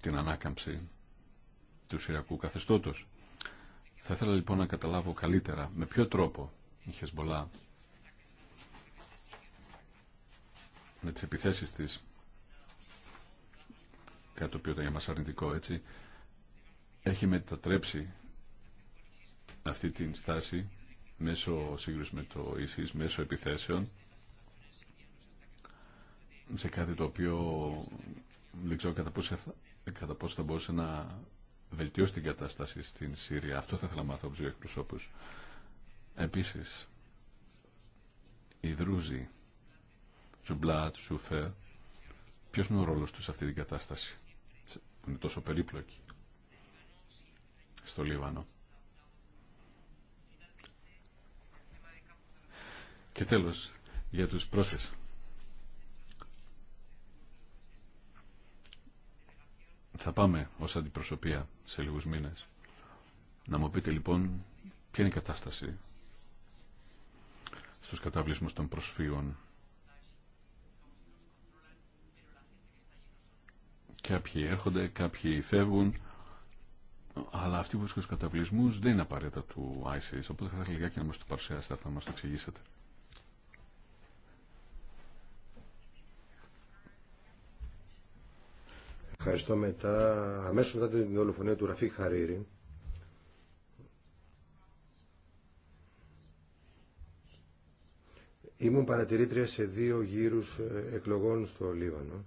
την ανάκαμψη του Συριακού καθεστώτος. Θα ήθελα λοιπόν να καταλάβω καλύτερα με ποιο τρόπο η Χεσμολά με τις επιθέσεις της κάτι το οποίο ήταν για μας αρνητικό έτσι έχει μετατρέψει αυτή την στάση μέσω σύγκρουση με το ΙΣΙΣ, μέσω επιθέσεων σε κάτι το οποίο δεν ξέρω κατά πόσο θα μπορούσε να βελτιώσει την κατάσταση στην Σύρια. Αυτό θα ήθελα να μάθω από του εκπροσώπου. Επίση, οι Δρούζοι, Τζουμπλάτ, Σουφέρ, ποιο είναι ο ρόλο του σε αυτή την κατάσταση που είναι τόσο περίπλοκη στο Λίβανο. Και τέλος, για τους πρόσφυγες. Θα πάμε ως αντιπροσωπεία σε λίγους μήνες. Να μου πείτε λοιπόν ποια είναι η κατάσταση στους καταβλισμούς των προσφύγων. Κάποιοι έρχονται, κάποιοι φεύγουν, αλλά αυτοί που βρίσκονται στους καταβλισμούς δεν είναι απαραίτητα του ISIS, οπότε θα ήθελα λιγάκι να μας το παρουσιάσετε θα να μας το εξηγήσετε. Ευχαριστώ μετά, αμέσως μετά την δολοφονία του Ραφή Χαρίρη. Ήμουν παρατηρήτρια σε δύο γύρους ε, εκλογών στο Λίβανο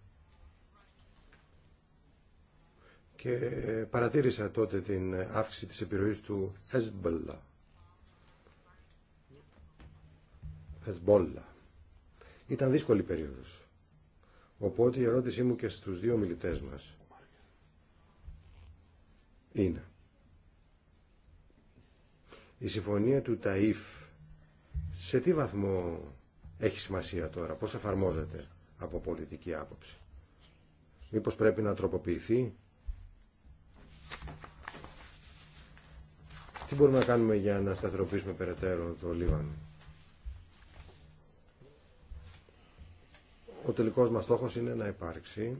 και ε, παρατήρησα τότε την αύξηση της επιρροής του Hezbollah. Hezbollah. Ήταν δύσκολη περίοδος. Οπότε η ερώτησή μου και στους δύο μιλητές μας είναι η συμφωνία του ΤΑΙΦ σε τι βαθμό έχει σημασία τώρα, πώς εφαρμόζεται από πολιτική άποψη. Μήπως πρέπει να τροποποιηθεί. Τι μπορούμε να κάνουμε για να σταθεροποιήσουμε περαιτέρω το Λίβανο. ο τελικός μας στόχος είναι να υπάρξει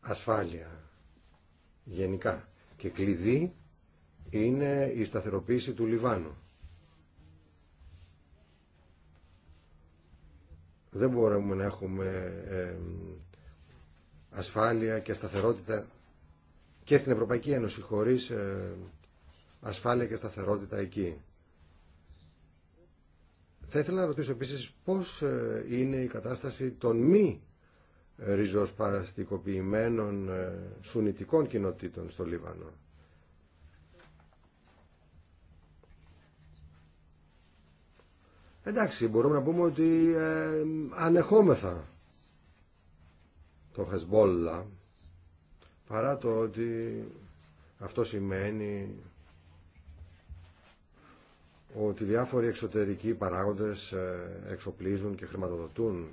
ασφάλεια γενικά και κλειδί είναι η σταθεροποίηση του Λιβάνου. Δεν μπορούμε να έχουμε ασφάλεια και σταθερότητα και στην Ευρωπαϊκή Ένωση χωρίς ασφάλεια και σταθερότητα εκεί. Θα ήθελα να ρωτήσω επίσης πώς ε, είναι η κατάσταση των μη ε, ριζοσπαραστικοποιημένων ε, σουνητικών κοινοτήτων στο Λίβανο. Εντάξει, μπορούμε να πούμε ότι ανεχόμεθα το Χεσμπόλα παρά το ότι αυτό σημαίνει ότι διάφοροι εξωτερικοί παράγοντες ε, εξοπλίζουν και χρηματοδοτούν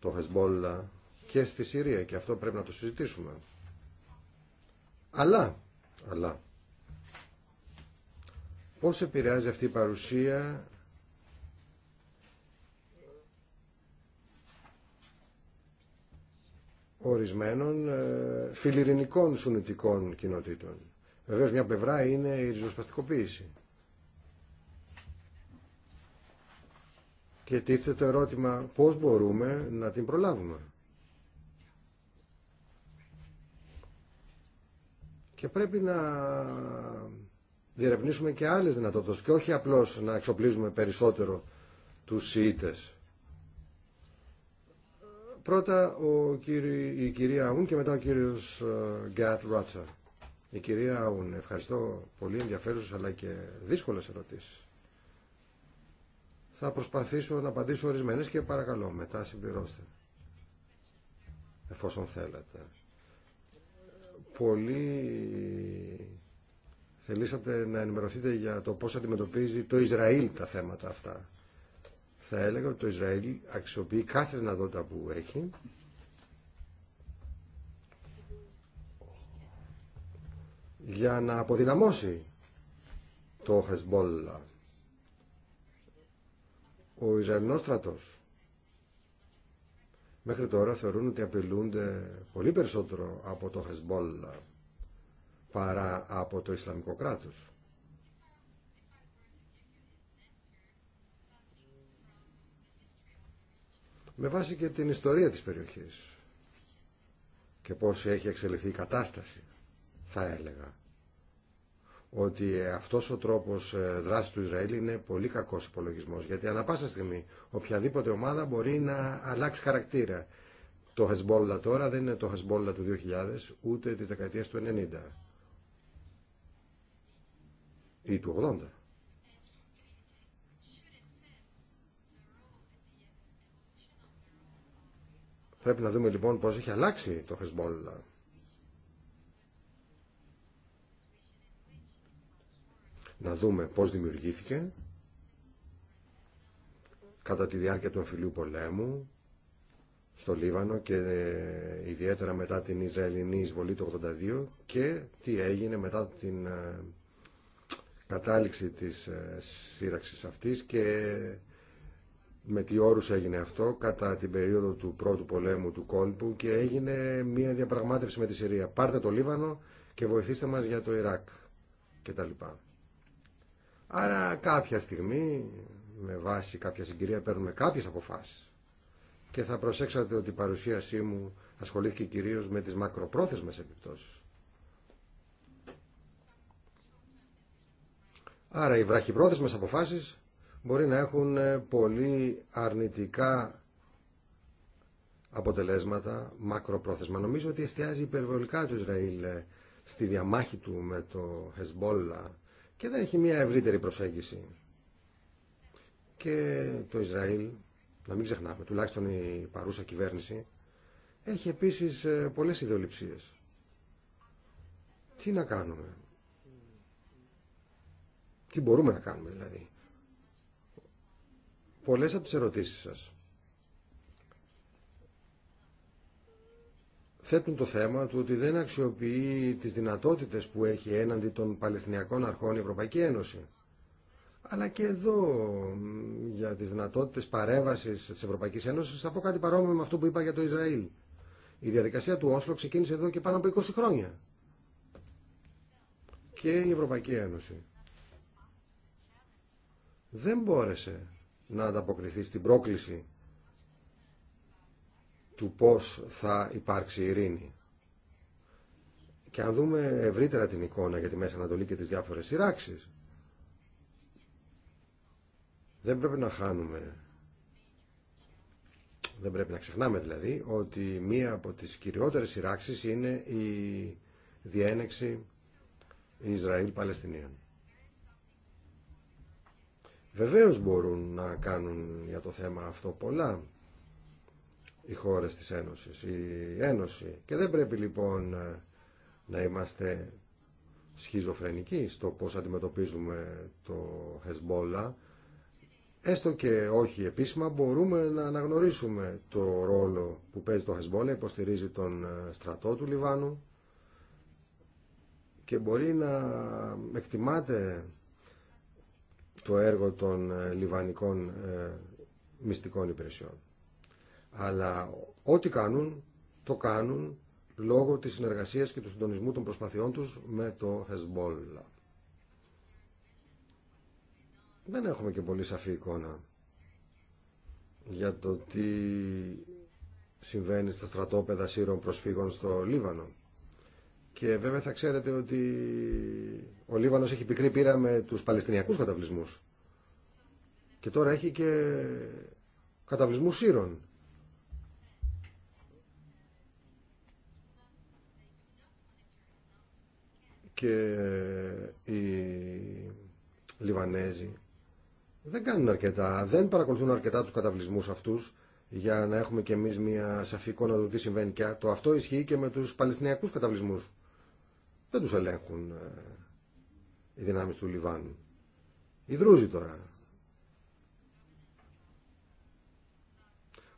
το Χεσμπόλα και στη Συρία και αυτό πρέπει να το συζητήσουμε. Αλλά, αλλά, πώς επηρεάζει αυτή η παρουσία ορισμένων ε, φιλιρινικών σουνητικών κοινοτήτων. Βεβαίως μια πλευρά είναι η ριζοσπαστικοποίηση. Και τίθεται το ερώτημα πώς μπορούμε να την προλάβουμε. Και πρέπει να διερευνήσουμε και άλλες δυνατότητες και όχι απλώς να εξοπλίζουμε περισσότερο τους ΣΥΙΤΕΣ. Πρώτα ο κύρι, η κυρία Αούν και μετά ο κύριος ε, Γκάτ Ράτσα. Η κυρία Αούν, ευχαριστώ πολύ ενδιαφέρουσες αλλά και δύσκολες ερωτήσεις. Θα προσπαθήσω να απαντήσω ορισμένες και παρακαλώ μετά συμπληρώστε. Εφόσον θέλετε. Πολύ θελήσατε να ενημερωθείτε για το πώς αντιμετωπίζει το Ισραήλ τα θέματα αυτά. Θα έλεγα ότι το Ισραήλ αξιοποιεί κάθε δυνατότητα που έχει για να αποδυναμώσει το Χεσμπόλα ο Ισραηλινός στρατός μέχρι τώρα θεωρούν ότι απειλούνται πολύ περισσότερο από το Χεσμπόλα παρά από το Ισλαμικό κράτος. Με βάση και την ιστορία της περιοχής και πώς έχει εξελιχθεί η κατάσταση, θα έλεγα ότι ε, αυτός ο τρόπος ε, δράσης του Ισραήλ είναι πολύ κακός υπολογισμός, γιατί ανα πάσα στιγμή οποιαδήποτε ομάδα μπορεί να αλλάξει χαρακτήρα. Το Hezbollah τώρα δεν είναι το Hezbollah του 2000, ούτε της δεκαετίας του 90 ή του 80. Πρέπει να δούμε λοιπόν πώς έχει αλλάξει το Hezbollah. να δούμε πώς δημιουργήθηκε κατά τη διάρκεια του εμφυλίου πολέμου στο Λίβανο και ε, ιδιαίτερα μετά την Ισραηλινή εισβολή του 82 και τι έγινε μετά την ε, κατάληξη της ε, σύραξης αυτής και με τι όρους έγινε αυτό κατά την περίοδο του πρώτου πολέμου του κόλπου και έγινε μια διαπραγμάτευση με τη Συρία. Πάρτε το Λίβανο και βοηθήστε μας για το Ιράκ κτλ. Άρα κάποια στιγμή, με βάση κάποια συγκυρία, παίρνουμε κάποιες αποφάσεις. Και θα προσέξατε ότι η παρουσίασή μου ασχολήθηκε κυρίως με τις μακροπρόθεσμες επιπτώσεις. Άρα οι βραχυπρόθεσμες αποφάσεις μπορεί να έχουν ε, πολύ αρνητικά αποτελέσματα μακροπρόθεσμα. Νομίζω ότι εστιάζει υπερβολικά το Ισραήλ ε, στη διαμάχη του με το Χεσμπόλα και δεν έχει μια ευρύτερη προσέγγιση. Και το Ισραήλ, να μην ξεχνάμε, τουλάχιστον η παρούσα κυβέρνηση, έχει επίσης ε, πολλές ιδεολειψίες. Τι να κάνουμε. Τι μπορούμε να κάνουμε δηλαδή. Πολλές από τις ερωτήσεις σας θέτουν το θέμα του ότι δεν αξιοποιεί τις δυνατότητες που έχει έναντι των Παλαιστινιακών Αρχών η Ευρωπαϊκή Ένωση. Αλλά και εδώ για τις δυνατότητες παρέμβασης της Ευρωπαϊκής Ένωσης θα πω κάτι παρόμοιο με αυτό που είπα για το Ισραήλ. Η διαδικασία του Όσλο ξεκίνησε εδώ και πάνω από 20 χρόνια. Και η Ευρωπαϊκή Ένωση δεν μπόρεσε να ανταποκριθεί στην πρόκληση του πώς θα υπάρξει ειρήνη. Και αν δούμε ευρύτερα την εικόνα για τη Μέση Ανατολή και τις διάφορες σειράξεις, δεν πρέπει να χάνουμε, δεν πρέπει να ξεχνάμε δηλαδή, ότι μία από τις κυριότερες σειράξεις είναι η διένεξη Ισραήλ-Παλαιστινίων. Βεβαίως μπορούν να κάνουν για το θέμα αυτό πολλά, οι χώρες της Ένωσης, η Ένωση. Και δεν πρέπει λοιπόν να είμαστε σχιζοφρενικοί στο πώς αντιμετωπίζουμε το Χεσμπόλα. Έστω και όχι επίσημα μπορούμε να αναγνωρίσουμε το ρόλο που παίζει το Χεσμπόλα, υποστηρίζει τον ε, στρατό του Λιβάνου και μπορεί να εκτιμάται το έργο των ε, λιβανικών ε, μυστικών υπηρεσιών. Αλλά ό,τι κάνουν, το κάνουν λόγω της συνεργασίας και του συντονισμού των προσπαθειών τους με το Hezbollah. Δεν έχουμε και πολύ σαφή εικόνα για το τι συμβαίνει στα στρατόπεδα σύρων προσφύγων στο Λίβανο. Και βέβαια θα ξέρετε ότι ο Λίβανος έχει πικρή πείρα με τους Παλαιστινιακούς καταβλισμούς. Και τώρα έχει και καταβλισμούς σύρων. και οι Λιβανέζοι δεν κάνουν αρκετά, δεν παρακολουθούν αρκετά τους καταβλισμούς αυτούς για να έχουμε κι εμείς μια σαφή εικόνα του τι συμβαίνει και το αυτό ισχύει και με τους Παλαιστινιακούς καταβλισμούς. Δεν τους ελέγχουν ε, οι δυνάμεις του Λιβάνου. Οι Δρούζοι τώρα.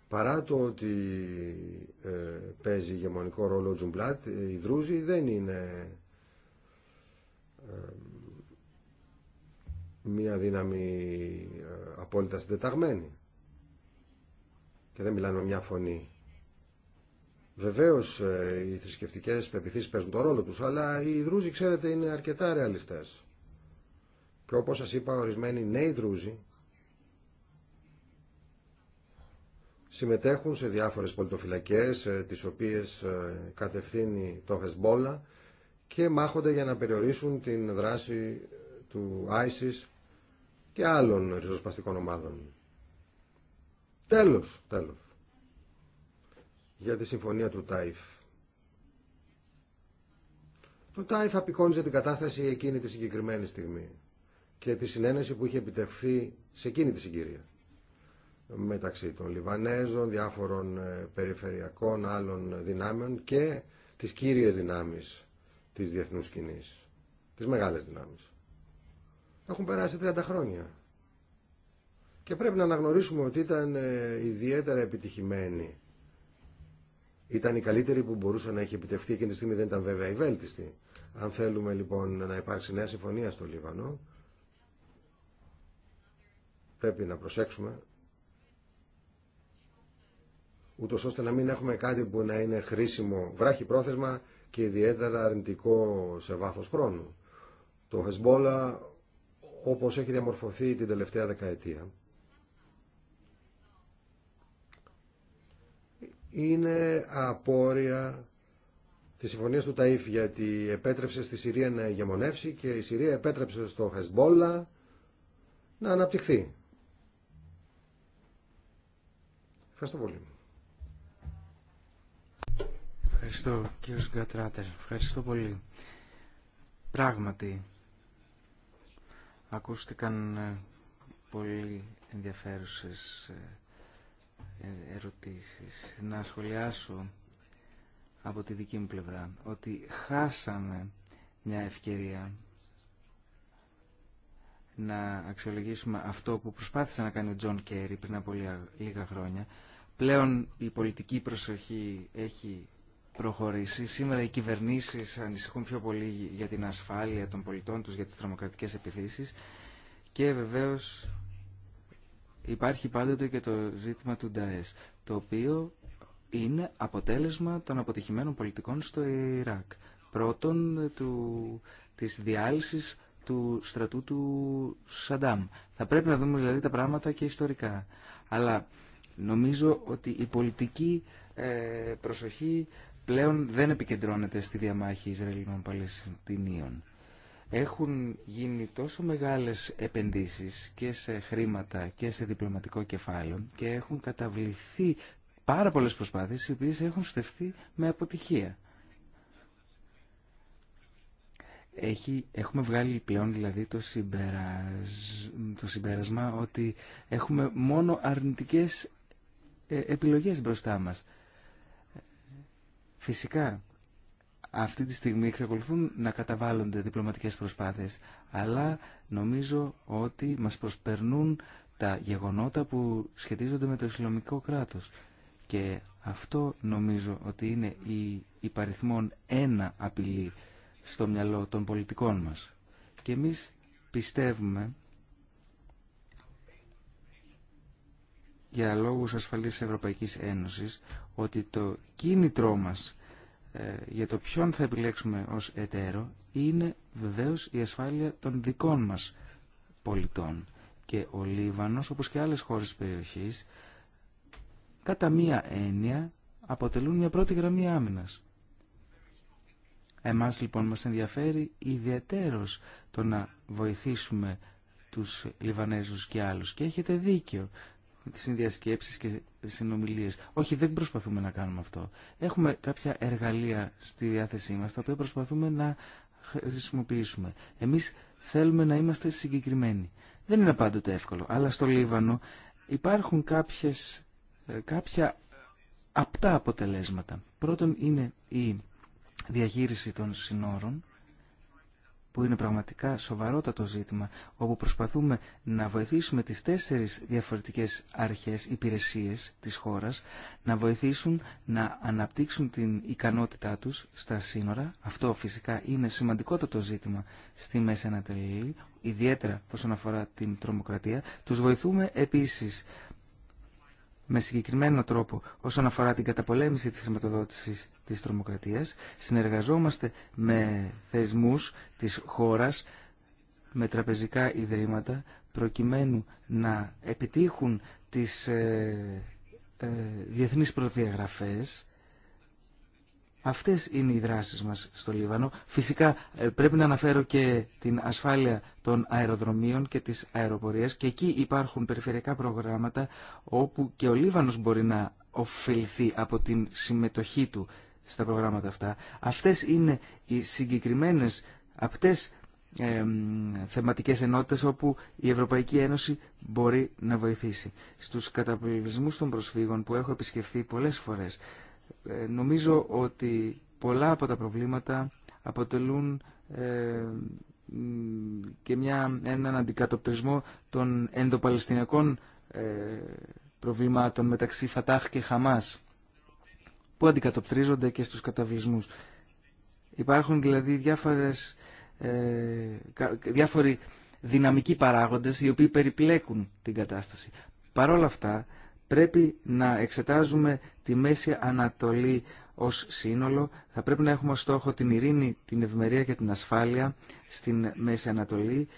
Παρά το ότι ε, παίζει ηγεμονικό ρόλο ο Τζουμπλάτ, οι Δρούζοι δεν είναι μία δύναμη ε, απόλυτα συντεταγμένη και δεν μιλάνε με μια φωνή. Βεβαίως ε, οι θρησκευτικές πεπιθήσεις παίζουν το ρόλο τους, αλλά οι Δρούζοι ξέρετε είναι αρκετά ρεαλιστές. Και όπως σας είπα ορισμένοι νέοι Δρούζοι συμμετέχουν σε διάφορες πολιτοφυλακές ε, τις οποίες κατευθύνει το Χεσμπόλα και μάχονται για να περιορίσουν την δράση του ISIS και άλλων ριζοσπαστικών ομάδων. Τέλος, τέλος. Για τη συμφωνία του ΤΑΙΦ. Το ΤΑΙΦ απεικόνιζε την κατάσταση εκείνη τη συγκεκριμένη στιγμή και τη συνένεση που είχε επιτευχθεί σε εκείνη τη συγκυρία μεταξύ των Λιβανέζων, διάφορων ε, περιφερειακών άλλων δυνάμεων και τις κύριες δυνάμεις Τη διεθνούς σκηνής, τις μεγάλες δυνάμεις. Έχουν περάσει 30 χρόνια. Και πρέπει να αναγνωρίσουμε ότι ήταν ε, ιδιαίτερα επιτυχημένη. Ήταν η καλύτερη που μπορούσε να έχει επιτευχθεί και τη στιγμή δεν ήταν βέβαια η βέλτιστη. Αν θέλουμε λοιπόν να υπάρξει νέα συμφωνία στο Λίβανο, πρέπει να προσέξουμε ούτω ώστε να μην έχουμε κάτι που να είναι χρήσιμο βράχη πρόθεσμα και ιδιαίτερα αρνητικό σε βάθος χρόνου. Το Χεσμπόλα, όπως έχει διαμορφωθεί την τελευταία δεκαετία, είναι απόρρια τη συμφωνία του Ταΐφ γιατί επέτρεψε στη Συρία να ηγεμονεύσει και η Συρία επέτρεψε στο Χεσμπόλα να αναπτυχθεί. Ευχαριστώ πολύ. Ευχαριστώ κύριο Σγκατράτερ. Ευχαριστώ πολύ. Πράγματι, ακούστηκαν ε, πολύ ενδιαφέρουσες ε, ε, ερωτήσεις. Να σχολιάσω από τη δική μου πλευρά ότι χάσαμε μια ευκαιρία να αξιολογήσουμε αυτό που προσπάθησε να κάνει ο Τζον Κέρι πριν από λίγα χρόνια. Πλέον η πολιτική προσοχή έχει προχωρήσει. Σήμερα οι κυβερνήσει ανησυχούν πιο πολύ για την ασφάλεια των πολιτών του για τις τρομοκρατικέ επιθέσει και βεβαίω υπάρχει πάντοτε και το ζήτημα του ΝΤΑΕΣ, το οποίο είναι αποτέλεσμα των αποτυχημένων πολιτικών στο Ιράκ. Πρώτον, του, της διάλυσης του στρατού του Σαντάμ. Θα πρέπει να δούμε δηλαδή τα πράγματα και ιστορικά. Αλλά νομίζω ότι η πολιτική ε, προσοχή πλέον δεν επικεντρώνεται στη διαμάχη Ισραηλινών Παλαιστινίων. Έχουν γίνει τόσο μεγάλες επενδύσεις και σε χρήματα και σε διπλωματικό κεφάλαιο και έχουν καταβληθεί πάρα πολλές προσπάθειες οι οποίες έχουν στεφθεί με αποτυχία. Έχει, έχουμε βγάλει πλέον δηλαδή το, το συμπέρασμα ότι έχουμε μόνο αρνητικές ε, επιλογές μπροστά μας. Φυσικά, αυτή τη στιγμή εξακολουθούν να καταβάλλονται διπλωματικές προσπάθειες, αλλά νομίζω ότι μας προσπερνούν τα γεγονότα που σχετίζονται με το Ισλαμικό κράτος. Και αυτό νομίζω ότι είναι η υπαριθμόν ένα απειλή στο μυαλό των πολιτικών μας. Και εμείς πιστεύουμε, για λόγους ασφαλής Ευρωπαϊκής Ένωσης, ότι το κίνητρό μας ε, για το ποιον θα επιλέξουμε ως εταίρο είναι βεβαίως η ασφάλεια των δικών μας πολιτών. Και ο Λίβανος, όπως και άλλες χώρες περιοχής, κατά μία έννοια αποτελούν μια πρώτη γραμμή άμυνας. Εμάς λοιπόν μας ενδιαφέρει ιδιαίτερος το να βοηθήσουμε τους Λιβανέζους και άλλους. Και έχετε δίκιο. Τις συνδιασκέψεις και συνομιλίες. Όχι, δεν προσπαθούμε να κάνουμε αυτό. Έχουμε κάποια εργαλεία στη διάθεσή μας, τα οποία προσπαθούμε να χρησιμοποιήσουμε. Εμείς θέλουμε να είμαστε συγκεκριμένοι. Δεν είναι πάντοτε εύκολο, αλλά στο Λίβανο υπάρχουν κάποιες, ε, κάποια απτά αποτελέσματα. Πρώτον είναι η διαχείριση των συνόρων, που είναι πραγματικά σοβαρότατο ζήτημα, όπου προσπαθούμε να βοηθήσουμε τις τέσσερις διαφορετικές αρχές, υπηρεσίες της χώρας, να βοηθήσουν να αναπτύξουν την ικανότητά τους στα σύνορα. Αυτό φυσικά είναι σημαντικότατο ζήτημα στη Μέση Ανατολή, ιδιαίτερα όσον αφορά την τρομοκρατία. Τους βοηθούμε επίσης με συγκεκριμένο τρόπο όσον αφορά την καταπολέμηση της χρηματοδότησης της τρομοκρατίας. Συνεργαζόμαστε με θεσμούς της χώρας, με τραπεζικά ιδρύματα, προκειμένου να επιτύχουν τις ε, ε, διεθνείς προδιαγραφές. Αυτές είναι οι δράσεις μας στο Λίβανο. Φυσικά ε, πρέπει να αναφέρω και την ασφάλεια των αεροδρομίων και της αεροπορίας και εκεί υπάρχουν περιφερειακά προγράμματα όπου και ο Λίβανος μπορεί να ωφεληθεί από την συμμετοχή του στα προγράμματα αυτά. Αυτές είναι οι συγκεκριμένες αυτές ε, θεματικές ενότητες όπου η Ευρωπαϊκή Ένωση μπορεί να βοηθήσει. Στους καταπληκτισμούς των προσφύγων που έχω επισκεφθεί πολλές φορές ε, νομίζω ότι πολλά από τα προβλήματα αποτελούν και μια, έναν αντικατοπτρισμό των ενδοπαλαιστινιακών ε, προβλημάτων μεταξύ Φατάχ και Χαμάς που αντικατοπτρίζονται και στους καταβλισμούς. Υπάρχουν δηλαδή διάφορες, ε, διάφοροι δυναμικοί παράγοντες οι οποίοι περιπλέκουν την κατάσταση. Παρ' όλα αυτά πρέπει να εξετάζουμε τη Μέση Ανατολή ως σύνολο. Θα πρέπει να έχουμε στόχο την ειρήνη, την ευμερία και την ασφάλεια στην Μέση Ανατολή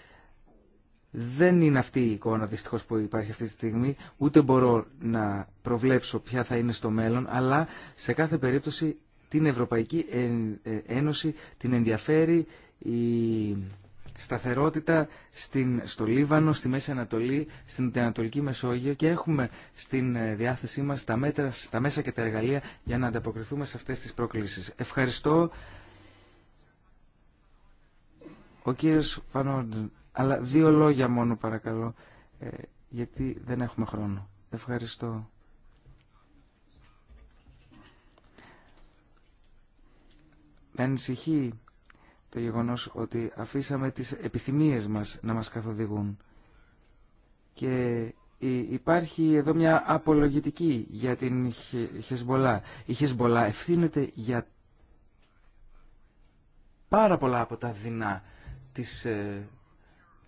δεν είναι αυτή η εικόνα δυστυχώ που υπάρχει αυτή τη στιγμή, ούτε μπορώ να προβλέψω ποια θα είναι στο μέλλον, αλλά σε κάθε περίπτωση την Ευρωπαϊκή ε, Ένωση την ενδιαφέρει η σταθερότητα στην, στο Λίβανο, στη Μέση Ανατολή, στην Ανατολική Μεσόγειο και έχουμε στην ε, διάθεσή μας τα, μέτρα, τα μέσα και τα εργαλεία για να ανταποκριθούμε σε αυτές τις πρόκλησεις. Ευχαριστώ. Ο κύριος αλλά δύο λόγια μόνο παρακαλώ, ε, γιατί δεν έχουμε χρόνο. Ευχαριστώ. Με ανησυχεί το γεγονός ότι αφήσαμε τις επιθυμίες μας να μας καθοδηγούν. Και υπάρχει εδώ μια απολογητική για την Χεσμολά. Η Χεσμολά ευθύνεται για πάρα πολλά από τα δεινά της ε,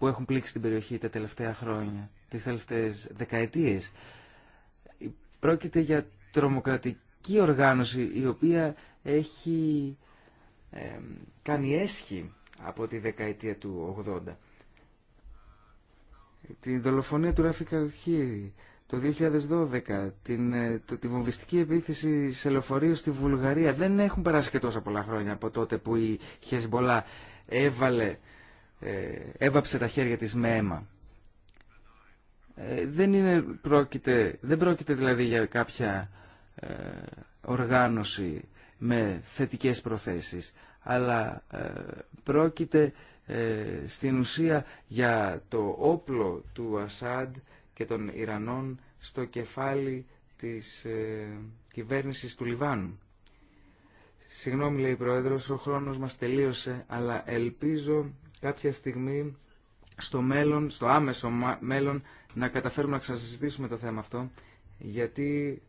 που έχουν πλήξει την περιοχή τα τελευταία χρόνια, τις τελευταίες δεκαετίες. Πρόκειται για τρομοκρατική οργάνωση η οποία έχει ε, κάνει έσχη από τη δεκαετία του 80. Την δολοφονία του Ράφη το 2012, την, ε, το, τη βομβιστική επίθεση σε λεωφορείο στη Βουλγαρία δεν έχουν περάσει και τόσα πολλά χρόνια από τότε που η Χεσμπολά έβαλε ε, έβαψε τα χέρια της με αίμα. Ε, δεν, είναι, πρόκειται, δεν πρόκειται δηλαδή για κάποια ε, οργάνωση με θετικές προθέσεις, αλλά πρόκειται στην ουσία για το όπλο του Ασάντ και των Ιρανών στο κεφάλι της κυβέρνησης του Λιβάνου. Συγγνώμη λέει η Πρόεδρος, ο χρόνος μας τελείωσε, αλλά ελπίζω κάποια στιγμή στο μέλλον, στο άμεσο μέλλον, να καταφέρουμε να ξαναζητήσουμε το θέμα αυτό, γιατί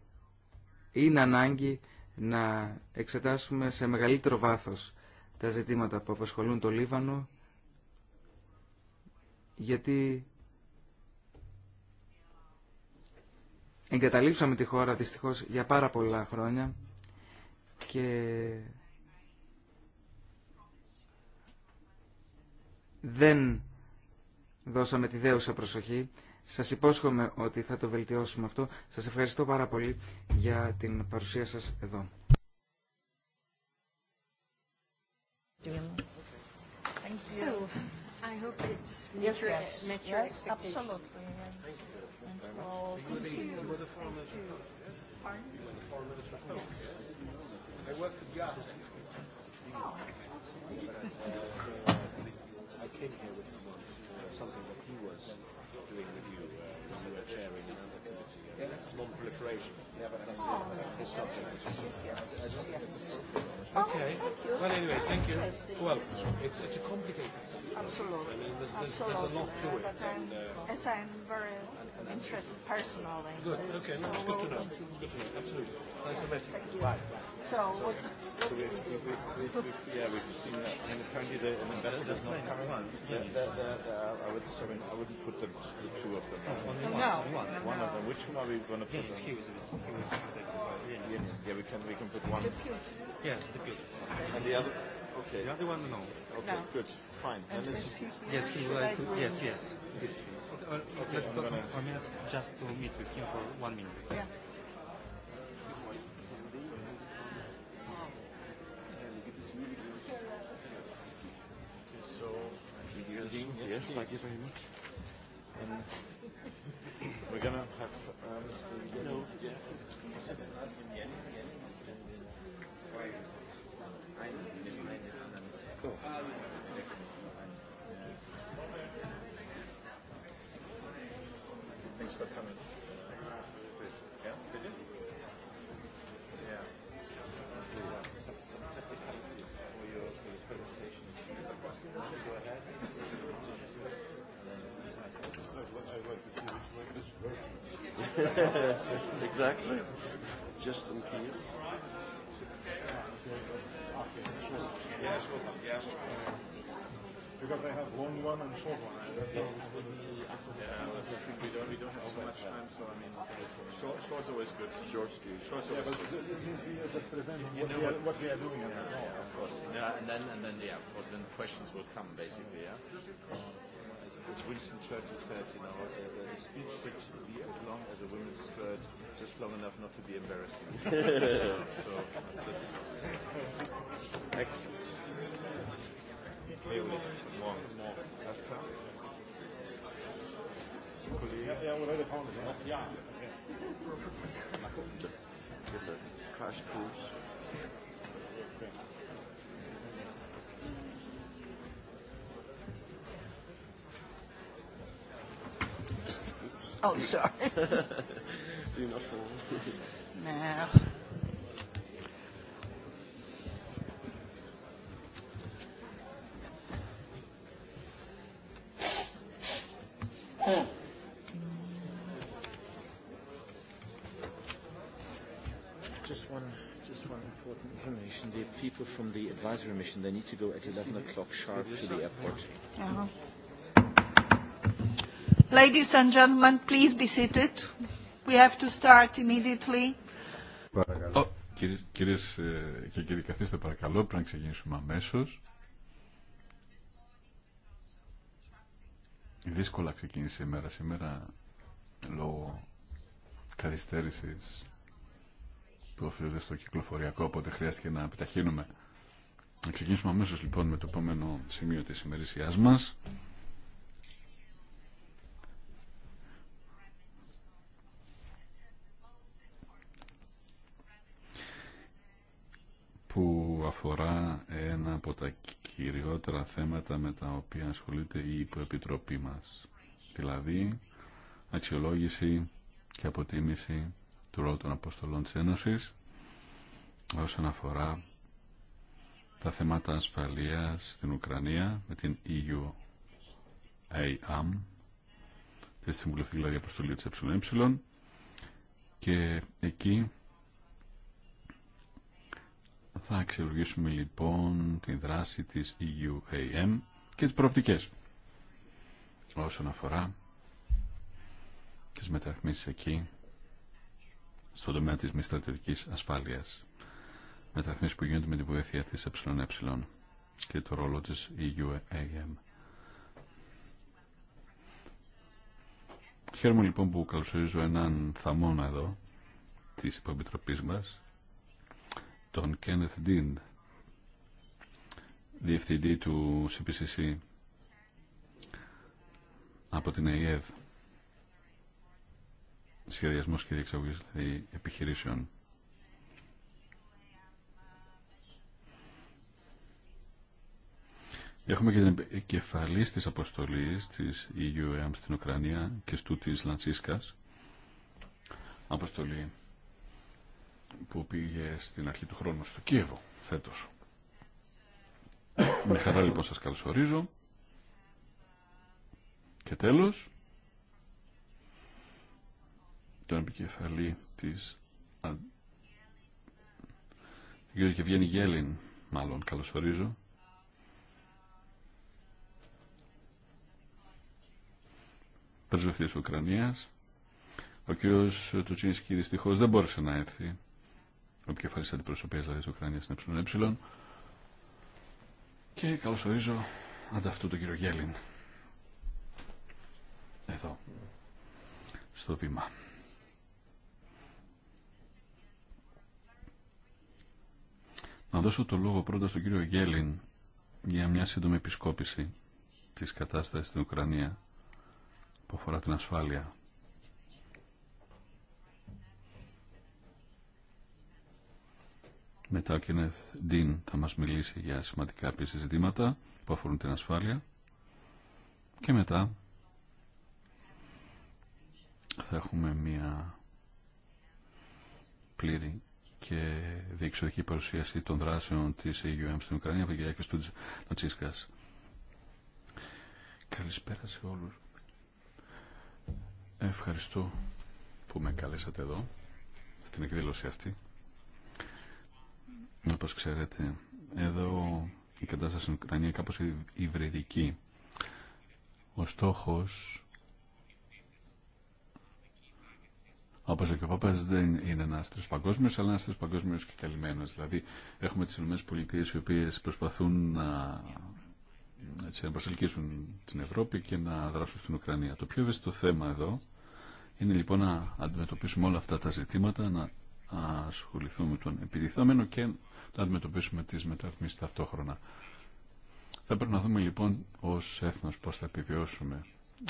είναι ανάγκη να εξετάσουμε σε μεγαλύτερο βάθος τα ζητήματα που απασχολούν το Λίβανο, γιατί εγκαταλείψαμε τη χώρα δυστυχώς για πάρα πολλά χρόνια και δεν δώσαμε τη δέουσα προσοχή. Σας υπόσχομαι ότι θα το βελτιώσουμε αυτό. Σας ευχαριστώ πάρα πολύ για την παρουσία σας εδώ came here with uh, something that he was doing with you uh, when you were chairing another committee. Yeah, that's non-proliferation. Yeah, but his subject. Okay. Well, anyway, thank you. Well, it's, it's a complicated subject. Absolutely. I mean, there's, there's, there's a lot to it. And, uh, as I'm am very interest personally. Good. Okay. No, it's good to know. good to know. Absolutely. Nice to meet you. Thank you. Right. So what? So we've, we've, we've, yeah, we've seen that, and apparently the an investor is not coming on. The, the, the, the, I would, I mean, I wouldn't put them, the two of them. Only one. No. One. One of them. Which one are we going to put? Yeah, yeah, yeah, we can, we can put one. The Yes, the pute. And the other. Okay. The other one, no. Okay, good. Fine. Then it's, yes, he will. Yes, yes let's go for minute, just to meet with him for one minute. Yeah. yes, thank you very much. Um, we're gonna have um, was always good. Short fuse. Yeah, but it means we have to present what, we are, what we are doing. Yeah, of course. Yeah, and then, and then, yeah, of course, then questions will come, basically, yeah. As Winston Churchill said, you know, the speech should be as long as a woman's skirt, just long enough not to be embarrassing. so that's it. Excellent. Yeah, yeah, we're ready to wir it, yeah. yeah crash course. Oh, sorry. Do not fall. no. permission. They need to go at 11 o'clock sharp to the airport. Uh-huh. Ladies and gentlemen, please be seated. We have to start immediately. Κυρίες ε, και κύριοι, καθίστε παρακαλώ, πρέπει ξεκινήσουμε αμέσως. Δύσκολα ξεκίνησε η μέρα σήμερα λόγω καθυστέρησης που οφείλεται στο κυκλοφοριακό, οπότε χρειάστηκε να επιταχύνουμε. Να ξεκινήσουμε αμέσως λοιπόν με το επόμενο σημείο της ημερησιάς μας. που αφορά ένα από τα κυριότερα θέματα με τα οποία ασχολείται η υποεπιτροπή μας. Δηλαδή, αξιολόγηση και αποτίμηση του ρόλου των Αποστολών της Ένωσης όσον αφορά τα θέματα ασφαλείας στην Ουκρανία με την EU AM τη συμβουλευτική δηλαδή αποστολή της ΕΕ και εκεί θα αξιολογήσουμε λοιπόν την δράση της EUAM και τις προοπτικές όσον αφορά τις μεταρρυθμίσεις εκεί στον τομέα της μη στρατιωτικής ασφάλειας μεταρρυθμίσει που γίνονται με τη βοήθεια της ΕΕ και το ρόλο της EUAM. Χαίρομαι λοιπόν που καλωσορίζω έναν θαμώνα εδώ της υποεπιτροπής μας, τον Kenneth Dean, διευθυντή του CPCC από την ΑΕΔ, σχεδιασμός και διεξαγωγής δηλαδή επιχειρήσεων Έχουμε και την επικεφαλή τη αποστολή τη EUM στην Ουκρανία και στου τη Λαντσίσκα. Αποστολή που πήγε στην αρχή του χρόνου στο Κίεβο φέτο. Με χαρά λοιπόν σας καλωσορίζω. Και τέλος, τον επικεφαλή της Γιώργη Γέλιν, μάλλον καλωσορίζω, πρεσβευτής της Ουκρανίας. Ο κύριος Τουτσίνσκι δυστυχώς δεν μπόρεσε να έρθει. Ο επικεφαλής αντιπροσωπείας δηλαδή της Ουκρανίας στην ΕΕ. Και καλωσορίζω ανταυτού τον κύριο Γέλιν. Εδώ. Στο βήμα. Να δώσω το λόγο πρώτα στον κύριο Γέλιν για μια σύντομη επισκόπηση της κατάστασης στην Ουκρανία που αφορά την ασφάλεια. Μετά ο Κενεθ Ντίν θα μας μιλήσει για σημαντικά επίσης ζητήματα που αφορούν την ασφάλεια. Και μετά θα έχουμε μια πλήρη και διεξοδική παρουσίαση των δράσεων της EUM στην Ουκρανία από την κυρία Καλησπέρα σε όλους. Ευχαριστώ που με καλέσατε εδώ στην εκδήλωση αυτή. Όπως ξέρετε, εδώ η κατάσταση στην Ουκρανία είναι κάπως υβριδική. Ο στόχος, όπως και ο Πάπας, δεν είναι ένας τρεις παγκόσμιος, αλλά ένας τρεις παγκόσμιος και καλυμμένος. Δηλαδή, έχουμε τις ΗΠΑ οι οποίες προσπαθούν να να προσελκύσουν την Ευρώπη και να δράσουν στην Ουκρανία. Το πιο ευαίσθητο θέμα εδώ είναι λοιπόν να αντιμετωπίσουμε όλα αυτά τα ζητήματα, να ασχοληθούμε με τον επιδιθόμενο και να αντιμετωπίσουμε τις μεταρρυθμίσεις ταυτόχρονα. Θα πρέπει να δούμε λοιπόν ως έθνος πώς θα επιβιώσουμε.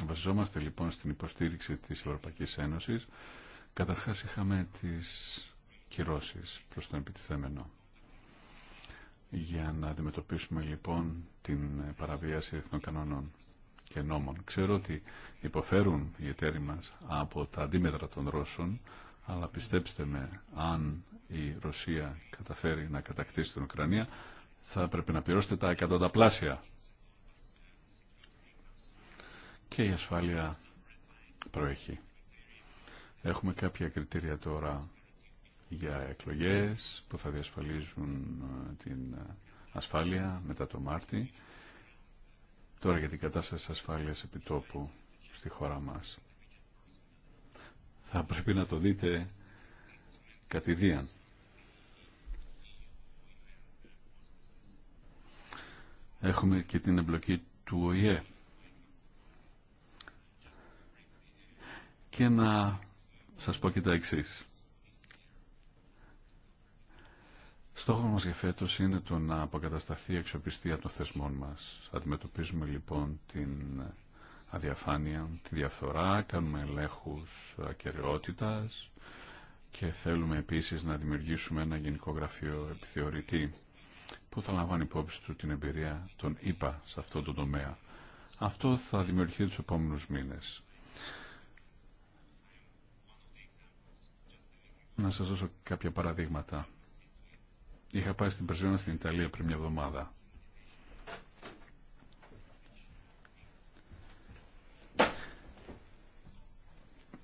Βασιζόμαστε λοιπόν στην υποστήριξη της Ευρωπαϊκής Ένωσης. Καταρχάς είχαμε τις κυρώσεις προς τον επιτιθέμενο. Για να αντιμετωπίσουμε λοιπόν την παραβίαση εθνών κανόνων και Ξέρω ότι υποφέρουν οι εταίροι μας από τα αντίμετρα των Ρώσων, αλλά πιστέψτε με, αν η Ρωσία καταφέρει να κατακτήσει την Ουκρανία, θα πρέπει να πληρώσετε τα εκατονταπλάσια. Και η ασφάλεια προέχει. Έχουμε κάποια κριτήρια τώρα για εκλογές που θα διασφαλίζουν ε, την ε, ασφάλεια μετά το Μάρτι Τώρα για την κατάσταση ασφάλειας επιτόπου στη χώρα μας. Θα πρέπει να το δείτε κατηδίαν. Έχουμε και την εμπλοκή του ΟΗΕ. Και να σας πω και τα εξής. Στόχο μας για φέτος είναι το να αποκατασταθεί η αξιοπιστία των θεσμών μας. Αντιμετωπίζουμε λοιπόν την αδιαφάνεια, τη διαφθορά, κάνουμε ελέγχους ακεραιότητας και θέλουμε επίσης να δημιουργήσουμε ένα γενικό γραφείο επιθεωρητή που θα λαμβάνει υπόψη του την εμπειρία των ΙΠΑ σε αυτό το τομέα. Αυτό θα δημιουργηθεί τους επόμενους μήνες. Να σας δώσω κάποια παραδείγματα. Είχα πάει στην Περσιόνα στην Ιταλία πριν μια εβδομάδα.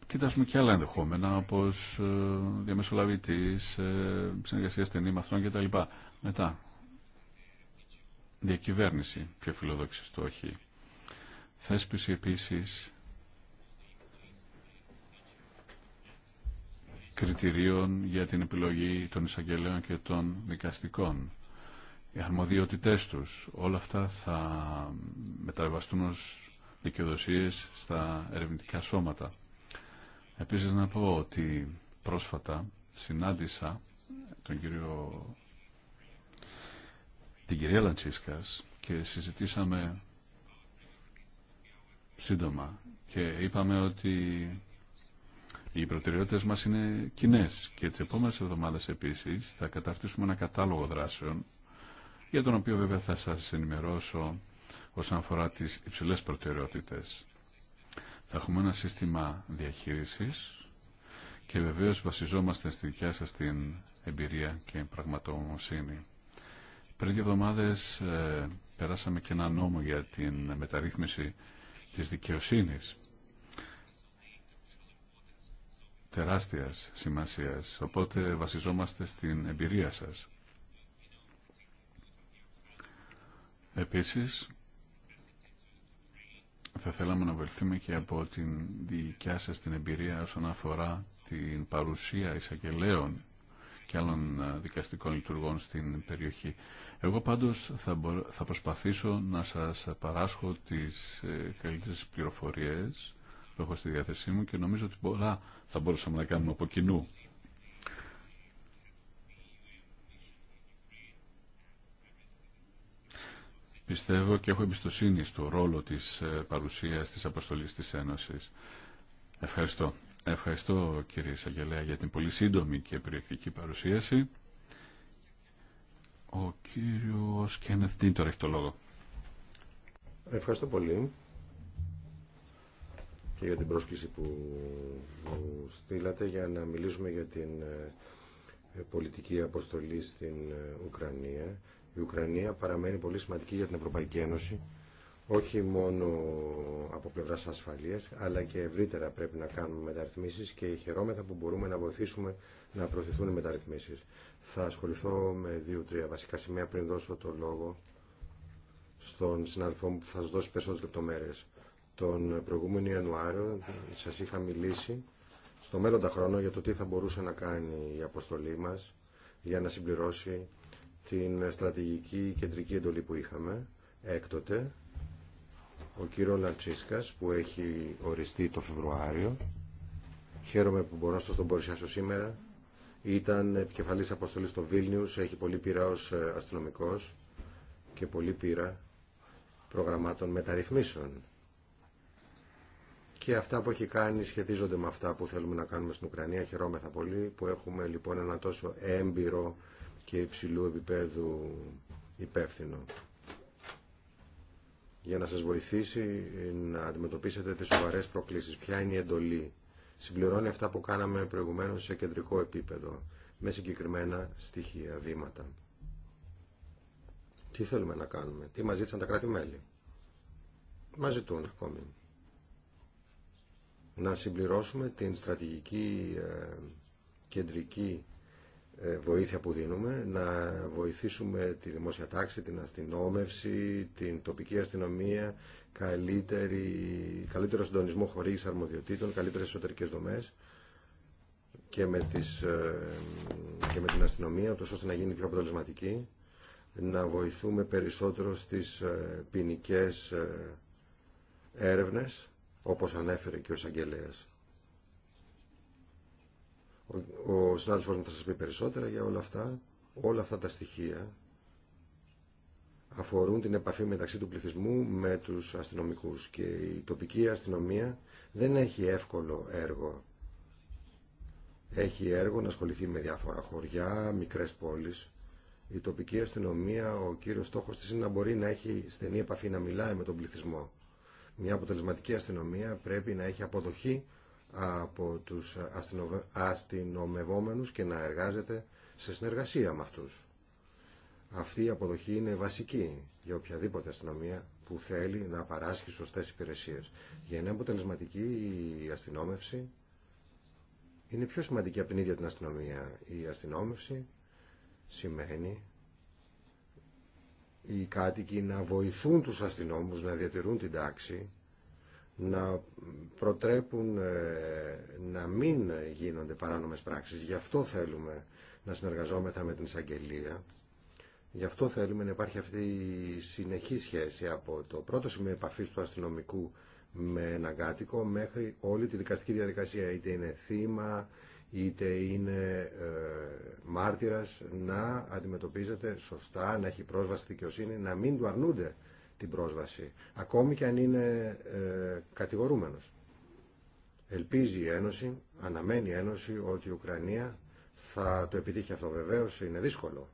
Κοιτάζουμε και άλλα ενδεχόμενα, όπως ε, διαμεσολαβητής, ε, συνεργασία στενή τα κτλ. Μετά, διακυβέρνηση, πιο το οχι. Θέσπιση επίσης κριτηρίων για την επιλογή των εισαγγελέων και των δικαστικών. Οι αρμοδιότητές τους, όλα αυτά θα μεταβαστούν ως δικαιοδοσίες στα ερευνητικά σώματα. Επίσης να πω ότι πρόσφατα συνάντησα τον κύριο την κυρία Λαντσίσκας και συζητήσαμε σύντομα και είπαμε ότι οι προτεραιότητε μας είναι κοινέ και τι επόμενε εβδομάδες επίσης θα καταρτήσουμε ένα κατάλογο δράσεων για τον οποίο βέβαια θα σας ενημερώσω όσον αφορά τι υψηλέ προτεραιότητε. Θα έχουμε ένα σύστημα διαχείρισης και βεβαίω βασιζόμαστε στη δικιά σα την εμπειρία και πραγματομοσύνη. Πριν δύο εβδομάδες ε, περάσαμε και ένα νόμο για την μεταρρύθμιση της δικαιοσύνης τεράστιας σημασίας, οπότε βασιζόμαστε στην εμπειρία σας. Επίσης, θα θέλαμε να βελθούμε και από την δικιά σας την εμπειρία όσον αφορά την παρουσία εισαγγελέων και άλλων δικαστικών λειτουργών στην περιοχή. Εγώ πάντως θα, θα προσπαθήσω να σας παράσχω τις ε, καλύτερες πληροφορίες που έχω στη διάθεσή μου και νομίζω ότι πολλά θα μπορούσαμε να κάνουμε από κοινού. Πιστεύω και έχω εμπιστοσύνη στο ρόλο της ε, παρουσίας της Αποστολής της Ένωσης. Ευχαριστώ. Ευχαριστώ κύριε Σαγγελέα για την πολύ σύντομη και περιεκτική παρουσίαση. Ο κύριος Κένεθ Ντίντορ έχει το λόγο. Ευχαριστώ πολύ και για την πρόσκληση που στείλατε για να μιλήσουμε για την ε, πολιτική αποστολή στην ε, Ουκρανία. Η Ουκρανία παραμένει πολύ σημαντική για την Ευρωπαϊκή Ένωση, όχι μόνο από πλευρά ασφαλείας, αλλά και ευρύτερα πρέπει να κάνουμε μεταρρυθμίσεις και χαιρόμεθα που μπορούμε να βοηθήσουμε να προωθηθούν οι μεταρρυθμίσεις. Θα ασχοληθώ με δύο-τρία βασικά σημεία πριν δώσω το λόγο στον συνάδελφό μου που θα σα δώσει περισσότερε λεπτομέρειε τον προηγούμενο Ιανουάριο σας είχα μιλήσει στο μέλλοντα χρόνο για το τι θα μπορούσε να κάνει η αποστολή μας για να συμπληρώσει την στρατηγική κεντρική εντολή που είχαμε έκτοτε ο κύριο Λαντσίσκας που έχει οριστεί το Φεβρουάριο χαίρομαι που μπορώ να σας τον παρουσιάσω σήμερα ήταν επικεφαλής αποστολή στο Βίλνιους έχει πολύ πείρα ως ε, αστυνομικός και πολύ πείρα προγραμμάτων μεταρρυθμίσεων και αυτά που έχει κάνει σχετίζονται με αυτά που θέλουμε να κάνουμε στην Ουκρανία. Χαιρόμεθα πολύ που έχουμε λοιπόν ένα τόσο έμπειρο και υψηλού επίπεδου υπεύθυνο για να σας βοηθήσει να αντιμετωπίσετε τις σοβαρές προκλήσεις. Ποια είναι η εντολή. Συμπληρώνει αυτά που κάναμε προηγουμένως σε κεντρικό επίπεδο, με συγκεκριμένα στοιχεία, βήματα. Τι θέλουμε να κάνουμε, τι μας ζήτησαν τα κράτη-μέλη. Μας ζητούν ακόμη να συμπληρώσουμε την στρατηγική ε, κεντρική ε, βοήθεια που δίνουμε, να βοηθήσουμε τη δημόσια την αστυνόμευση, την τοπική αστυνομία, καλύτερη, καλύτερο συντονισμό χωρίς αρμοδιοτήτων, καλύτερες εσωτερικές δομές και με, ε, και με την αστυνομία, ώστε να γίνει πιο αποτελεσματική, να βοηθούμε περισσότερο στις ποινικέ έρευνες, όπως ανέφερε και ο Σαγγελέας. Ο, ο συνάδελφος μου θα σας πει περισσότερα για όλα αυτά. Όλα αυτά τα στοιχεία αφορούν την επαφή μεταξύ του πληθυσμού με τους αστυνομικούς και η τοπική αστυνομία δεν έχει εύκολο έργο. Έχει έργο να ασχοληθεί με διάφορα χωριά, μικρές πόλεις. Η τοπική αστυνομία, ο κύριος στόχος της είναι να μπορεί να έχει στενή επαφή, να μιλάει με τον πληθυσμό μια αποτελεσματική αστυνομία πρέπει να έχει αποδοχή από τους αστυνομευόμενους και να εργάζεται σε συνεργασία με αυτούς. Αυτή η αποδοχή είναι βασική για οποιαδήποτε αστυνομία που θέλει να παράσχει σωστές υπηρεσίες. Για να αποτελεσματική η αστυνόμευση είναι πιο σημαντική από την ίδια την αστυνομία. Η αστυνόμευση σημαίνει οι κάτοικοι να βοηθούν τους αστυνόμους να διατηρούν την τάξη, να προτρέπουν ε, να μην γίνονται παράνομες πράξεις. Γι' αυτό θέλουμε να συνεργαζόμεθα με την εισαγγελία. Γι' αυτό θέλουμε να υπάρχει αυτή η συνεχή σχέση από το πρώτο σημείο επαφής του αστυνομικού με έναν κάτοικο μέχρι όλη τη δικαστική διαδικασία, είτε είναι θύμα, είτε είναι ε, μάρτυρας, να αντιμετωπίζεται σωστά, να έχει πρόσβαση στη δικαιοσύνη, να μην του αρνούνται την πρόσβαση, ακόμη και αν είναι ε, κατηγορούμενος. Ελπίζει η Ένωση, αναμένει η Ένωση ότι η Ουκρανία θα το επιτύχει αυτό. Βεβαίω είναι δύσκολο.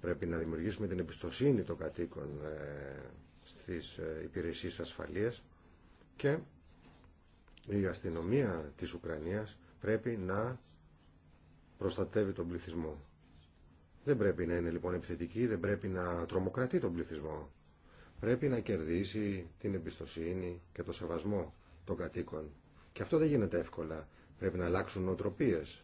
Πρέπει να δημιουργήσουμε την εμπιστοσύνη των κατοίκων ε, στις υπηρεσίες ασφαλείας και η αστυνομία της Ουκρανίας πρέπει να προστατεύει τον πληθυσμό. Δεν πρέπει να είναι λοιπόν επιθετική, δεν πρέπει να τρομοκρατεί τον πληθυσμό. Πρέπει να κερδίσει την εμπιστοσύνη και το σεβασμό των κατοίκων. Και αυτό δεν γίνεται εύκολα. Πρέπει να αλλάξουν νοοτροπίες.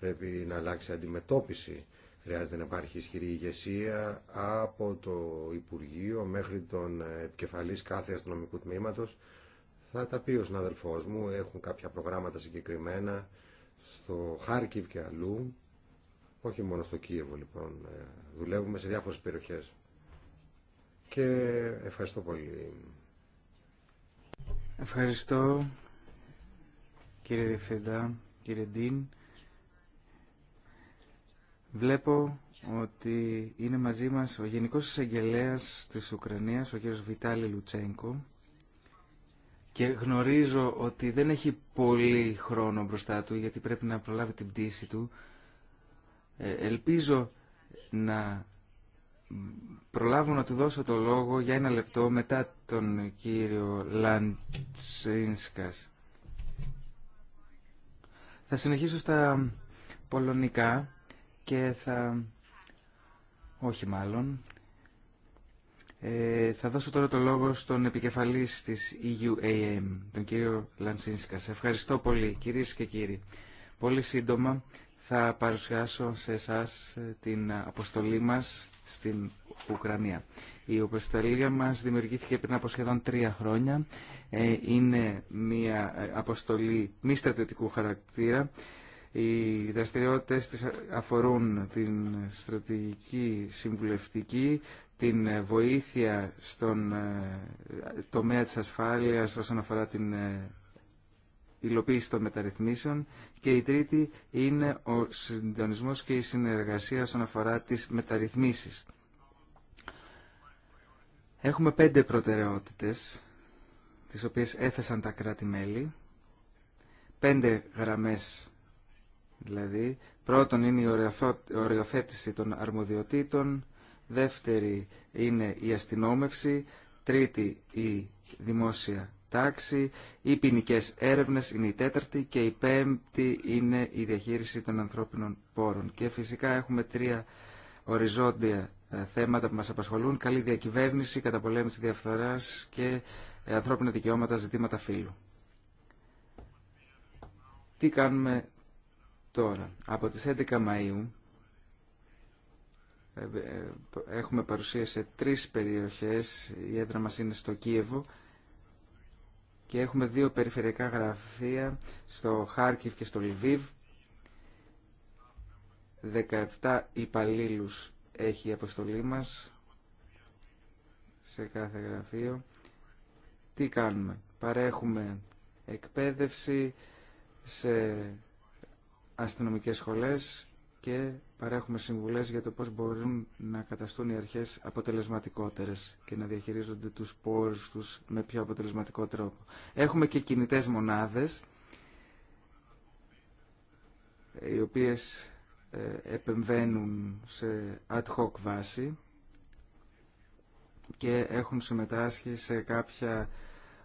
Πρέπει να αλλάξει αντιμετώπιση. Χρειάζεται να υπάρχει ισχυρή ηγεσία από το Υπουργείο μέχρι τον επικεφαλής κάθε αστυνομικού τμήματος θα τα πει ο συναδελφός μου, έχουν κάποια προγράμματα συγκεκριμένα στο Χάρκιβ και αλλού, όχι μόνο στο Κίεβο λοιπόν, ε, δουλεύουμε σε διάφορες περιοχές. Και ευχαριστώ πολύ. Ευχαριστώ κύριε Διευθυντά, κύριε Ντίν. Βλέπω ότι είναι μαζί μας ο Γενικός Εισαγγελέας της Ουκρανίας, ο κύριος Βιτάλη Λουτσέγκο και γνωρίζω ότι δεν έχει πολύ χρόνο μπροστά του γιατί πρέπει να προλάβει την πτήση του. Ε, ελπίζω να προλάβω να του δώσω το λόγο για ένα λεπτό μετά τον κύριο Λαντσίνσκας. Θα συνεχίσω στα πολωνικά και θα... Όχι μάλλον. Ε, θα δώσω τώρα το λόγο στον επικεφαλής της EUAM, τον κύριο Λανσίνσκα. Σε ευχαριστώ πολύ, κυρίες και κύριοι. Πολύ σύντομα θα παρουσιάσω σε εσά ε, την αποστολή μας στην Ουκρανία. Η αποστολή μας δημιουργήθηκε πριν από σχεδόν τρία χρόνια. Ε, είναι μια αποστολή μη στρατιωτικού χαρακτήρα. Οι δραστηριότητε της αφορούν την στρατηγική συμβουλευτική, την ε, βοήθεια στον ε, τομέα της ασφάλειας όσον αφορά την ε, υλοποίηση των μεταρρυθμίσεων και η τρίτη είναι ο συντονισμός και η συνεργασία όσον αφορά τις μεταρρυθμίσεις. Έχουμε πέντε προτεραιότητες, τις οποίες έθεσαν τα κράτη-μέλη, πέντε γραμμές δηλαδή. Πρώτον είναι η οριοθέτηση των αρμοδιοτήτων, δεύτερη είναι η αστυνόμευση, τρίτη η δημόσια τάξη, οι ποινικέ έρευνες είναι η τέταρτη και η πέμπτη είναι η διαχείριση των ανθρώπινων πόρων. Και φυσικά έχουμε τρία οριζόντια ε, θέματα που μας απασχολούν, καλή διακυβέρνηση, καταπολέμηση διαφθοράς και ε, ανθρώπινα δικαιώματα, ζητήματα φύλου. Τι κάνουμε τώρα. Από τις 11 Μαΐου ε, ε, έχουμε παρουσία σε τρεις περιοχές, η έδρα μας είναι στο Κίεβο και έχουμε δύο περιφερειακά γραφεία στο Χάρκιβ και στο Λιβύβ. 17 υπαλλήλου έχει η αποστολή μας σε κάθε γραφείο. Τι κάνουμε. Παρέχουμε εκπαίδευση σε αστυνομικές σχολές, και παρέχουμε συμβουλές για το πώς μπορούν να καταστούν οι αρχές αποτελεσματικότερες και να διαχειρίζονται τους πόρους τους με πιο αποτελεσματικό τρόπο. Έχουμε και κινητές μονάδες, οι οποίες ε, επεμβαίνουν σε ad hoc βάση και έχουν συμμετάσχει σε κάποια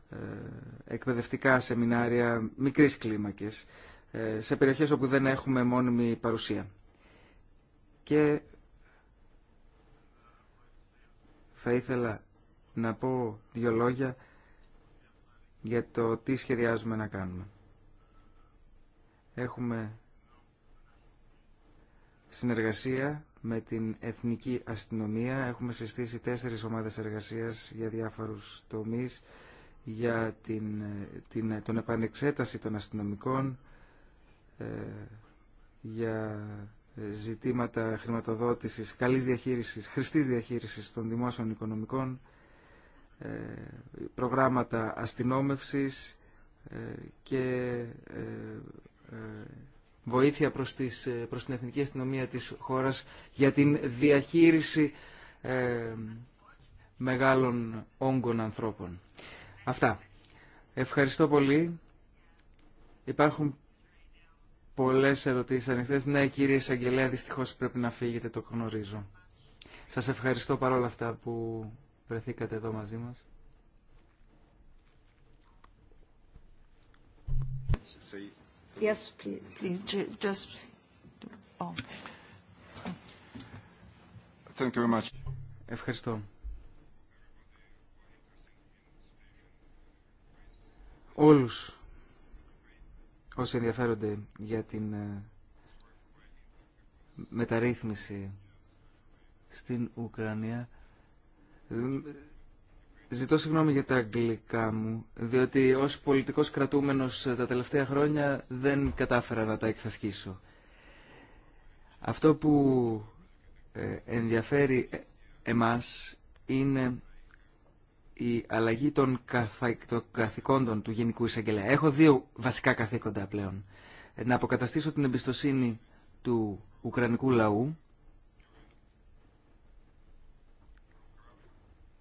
ε, εκπαιδευτικά σεμινάρια μικρής κλίμακης ε, σε περιοχές όπου δεν έχουμε μόνιμη παρουσία. Και θα ήθελα να πω δύο λόγια για το τι σχεδιάζουμε να κάνουμε. Έχουμε συνεργασία με την Εθνική Αστυνομία. Έχουμε συστήσει τέσσερις ομάδες εργασίας για διάφορους τομείς, για την, την, τον επανεξέταση των αστυνομικών, ε, για ζητήματα χρηματοδότησης, καλής διαχείρισης, χρηστής διαχείρισης των δημόσιων οικονομικών, ε, προγράμματα αστυνόμευσης ε, και ε, βοήθεια προς, τις, προς την Εθνική Αστυνομία της χώρας για την διαχείριση μεγάλων όγκων ανθρώπων. Αυτά. Ευχαριστώ πολύ. Υπάρχουν πολλές ερωτήσεις ανοιχτές. Ναι, κύριε Εισαγγελέα, δυστυχώς πρέπει να φύγετε, το γνωρίζω. Σας ευχαριστώ παρόλα αυτά που βρεθήκατε εδώ μαζί μας. Yes, please, please just... Oh. Thank you very much. Ευχαριστώ. Όλους όσοι ενδιαφέρονται για την ε, μεταρρύθμιση στην Ουκρανία. Ζητώ συγγνώμη για τα αγγλικά μου, διότι ως πολιτικός κρατούμενος ε, τα τελευταία χρόνια δεν κατάφερα να τα εξασκήσω. Αυτό που ε, ενδιαφέρει εμάς είναι η αλλαγή των, καθηκόντων του Γενικού Εισαγγελέα. Έχω δύο βασικά καθήκοντα πλέον. Να αποκαταστήσω την εμπιστοσύνη του Ουκρανικού λαού,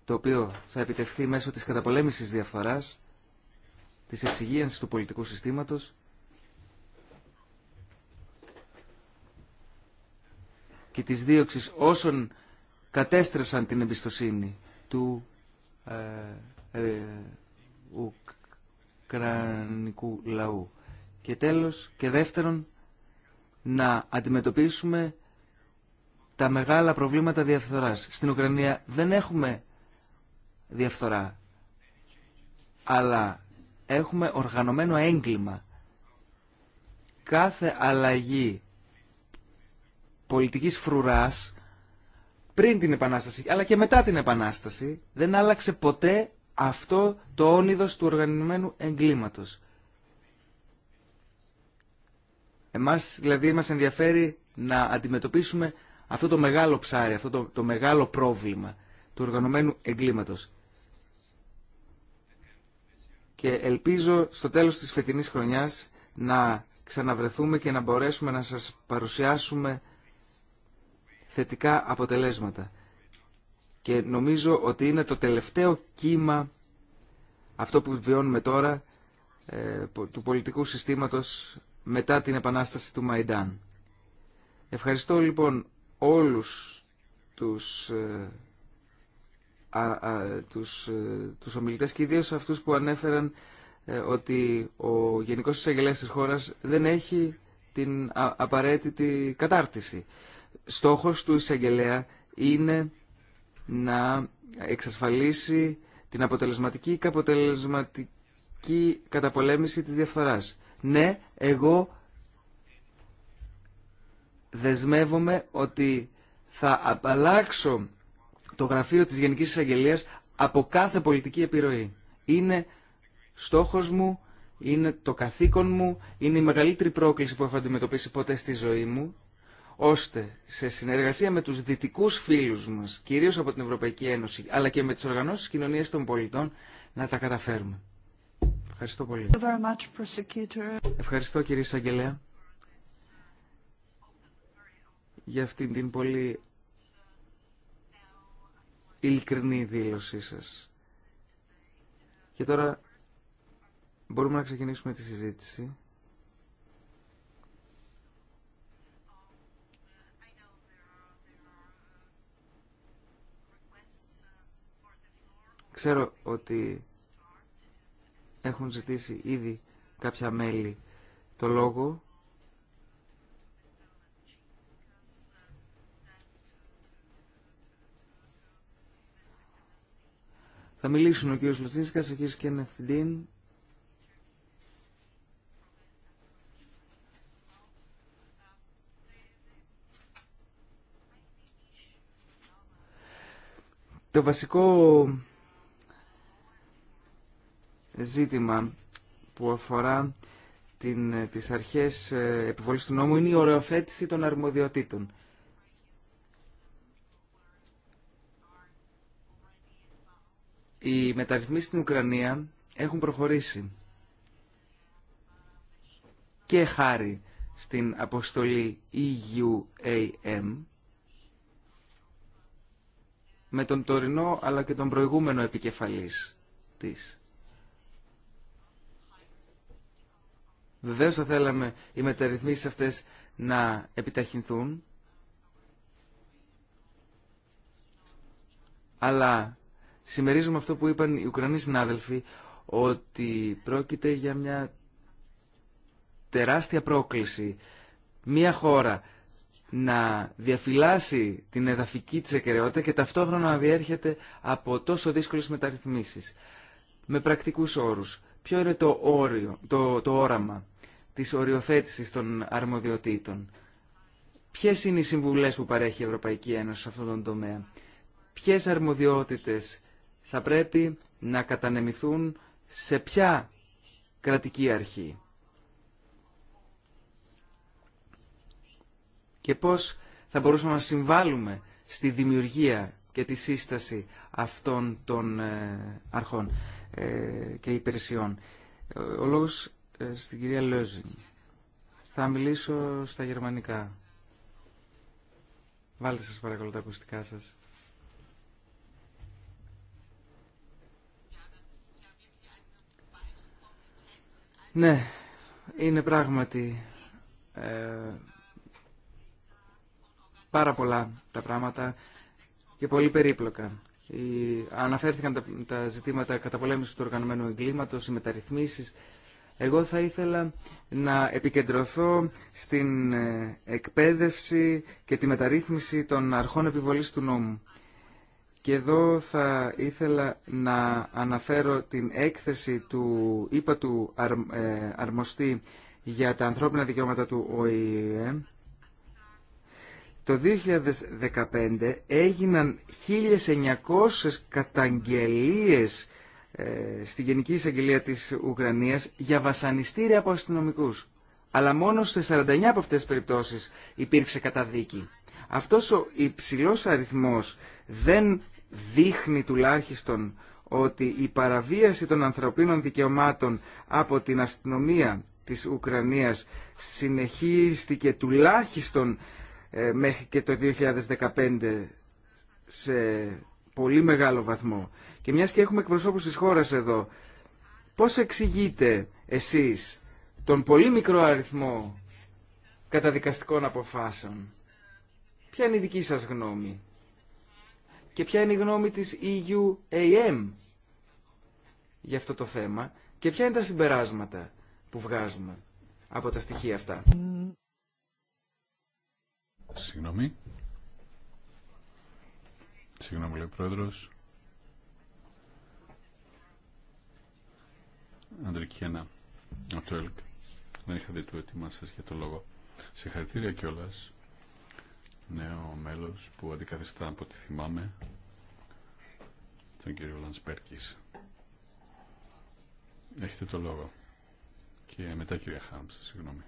το οποίο θα επιτευχθεί μέσω της καταπολέμησης διαφθοράς, της εξυγίανσης του πολιτικού συστήματος και της δίωξης όσων κατέστρεψαν την εμπιστοσύνη του ε, ε, ουκρανικού λαού. Και τέλος και δεύτερον να αντιμετωπίσουμε τα μεγάλα προβλήματα διαφθοράς. Στην Ουκρανία δεν έχουμε διαφθορά, αλλά έχουμε οργανωμένο έγκλημα. Κάθε αλλαγή πολιτικής φρουράς πριν την Επανάσταση αλλά και μετά την Επανάσταση δεν άλλαξε ποτέ αυτό το όνειδος του οργανωμένου εγκλήματος. Εμάς δηλαδή μας ενδιαφέρει να αντιμετωπίσουμε αυτό το μεγάλο ψάρι, αυτό το, το μεγάλο πρόβλημα του οργανωμένου εγκλήματος. Και ελπίζω στο τέλος της φετινής χρονιάς να ξαναβρεθούμε και να μπορέσουμε να σας παρουσιάσουμε θετικά αποτελέσματα. Και νομίζω ότι είναι το τελευταίο κύμα αυτό που βιώνουμε τώρα ε, του πολιτικού συστήματος μετά την επανάσταση του Μαϊντάν. Ευχαριστώ λοιπόν όλους τους, ε, α, α, τους, ε, τους ομιλητές και ιδίως αυτούς που ανέφεραν ότι ο Γενικός Εισαγγελέας της χώρας δεν έχει την απαραίτητη κατάρτιση στόχος του εισαγγελέα είναι να εξασφαλίσει την αποτελεσματική και αποτελεσματική καταπολέμηση της διαφθοράς. Ναι, εγώ δεσμεύομαι ότι θα απαλλάξω το γραφείο της Γενικής Εισαγγελίας από κάθε πολιτική επιρροή. Είναι στόχος μου, είναι το καθήκον μου, είναι η μεγαλύτερη πρόκληση που έχω αντιμετωπίσει ποτέ στη ζωή μου ώστε σε συνεργασία με τους δυτικούς φίλους μας, κυρίως από την Ευρωπαϊκή Ένωση, αλλά και με τις οργανώσεις κοινωνίας των πολιτών, να τα καταφέρουμε. Ευχαριστώ πολύ. Ευχαριστώ κύριε Σαγγελέα για αυτήν την πολύ ειλικρινή δήλωσή σας. Και τώρα μπορούμε να ξεκινήσουμε τη συζήτηση. Ξέρω ότι έχουν ζητήσει ήδη κάποια μέλη το λόγο. Θα μιλήσουν ο κύριος Λουτσίσκας, ο κ. Κένευθυντίν. Το βασικό ζήτημα που αφορά την, τις αρχές ε, επιβολής του νόμου είναι η ωρεοθέτηση των αρμοδιοτήτων. Οι μεταρρυθμίσεις στην Ουκρανία έχουν προχωρήσει και χάρη στην αποστολή EUAM με τον τωρινό αλλά και τον προηγούμενο επικεφαλής της. Βεβαίως θα θέλαμε οι μεταρρυθμίσεις αυτές να επιταχυνθούν, αλλά συμμερίζουμε αυτό που είπαν οι Ουκρανοί συνάδελφοι, ότι πρόκειται για μια τεράστια πρόκληση μια χώρα να διαφυλάσει την εδαφική της εκαιρεότητα και ταυτόχρονα να διέρχεται από τόσο δύσκολες μεταρρυθμίσεις. Με πρακτικούς όρους, ποιο είναι το, όριο, το, το όραμα της οριοθέτησης των αρμοδιοτήτων. Ποιες είναι οι συμβουλές που παρέχει η Ευρωπαϊκή Ένωση σε αυτόν τον τομέα. Ποιες αρμοδιότητες θα πρέπει να κατανεμηθούν σε ποια κρατική αρχή. Και πώς θα μπορούσαμε να συμβάλλουμε στη δημιουργία και τη σύσταση αυτών των ε, αρχών ε, και υπηρεσιών. Ο λόγος ε, στην κυρία Λόζιν. Θα μιλήσω στα γερμανικά. Βάλτε σας παρακαλώ τα ακουστικά σας. Ναι, είναι πράγματι ε, πάρα πολλά τα πράγματα και πολύ περίπλοκα. Αναφέρθηκαν τα, τα ζητήματα καταπολέμησης του οργανωμένου εγκλήματος, οι μεταρρυθμίσεις. Εγώ θα ήθελα να επικεντρωθώ στην ε, εκπαίδευση και τη μεταρρύθμιση των αρχών επιβολής του νόμου. Και εδώ θα ήθελα να αναφέρω την έκθεση του ΥΠΑ του ε, αρμοστή για τα ανθρώπινα δικαιώματα του ΟΗΕ το 2015 έγιναν 1.900 καταγγελίες ε, στη Γενική Εισαγγελία της Ουκρανίας για βασανιστήρια από αστυνομικού. Αλλά μόνο σε 49 από αυτές τις περιπτώσεις υπήρξε καταδίκη. Αυτός ο υψηλός αριθμός δεν δείχνει τουλάχιστον ότι η παραβίαση των ανθρωπίνων δικαιωμάτων από την αστυνομία της Ουκρανίας συνεχίστηκε τουλάχιστον ε, μέχρι και το 2015 σε πολύ μεγάλο βαθμό. Και μιας και έχουμε εκπροσώπους της χώρας εδώ, πώς εξηγείτε εσείς τον πολύ μικρό αριθμό καταδικαστικών αποφάσεων. Ποια είναι η δική σας γνώμη και ποια είναι η γνώμη της EUAM για αυτό το θέμα και ποια είναι τα συμπεράσματα που βγάζουμε από τα στοιχεία αυτά. Συγγνώμη. Συγγνώμη, λέει ο Πρόεδρος. Αντρική Ένα, από το ΕΛΚ. Δεν είχα δει το έτοιμά σας για το λόγο. Συγχαρητήρια κιόλα. Νέο μέλος που αντικαθιστά από ό,τι θυμάμαι τον κύριο Λανσπέρκης. Έχετε το λόγο. Και μετά κυρία Χάμψα, συγγνώμη.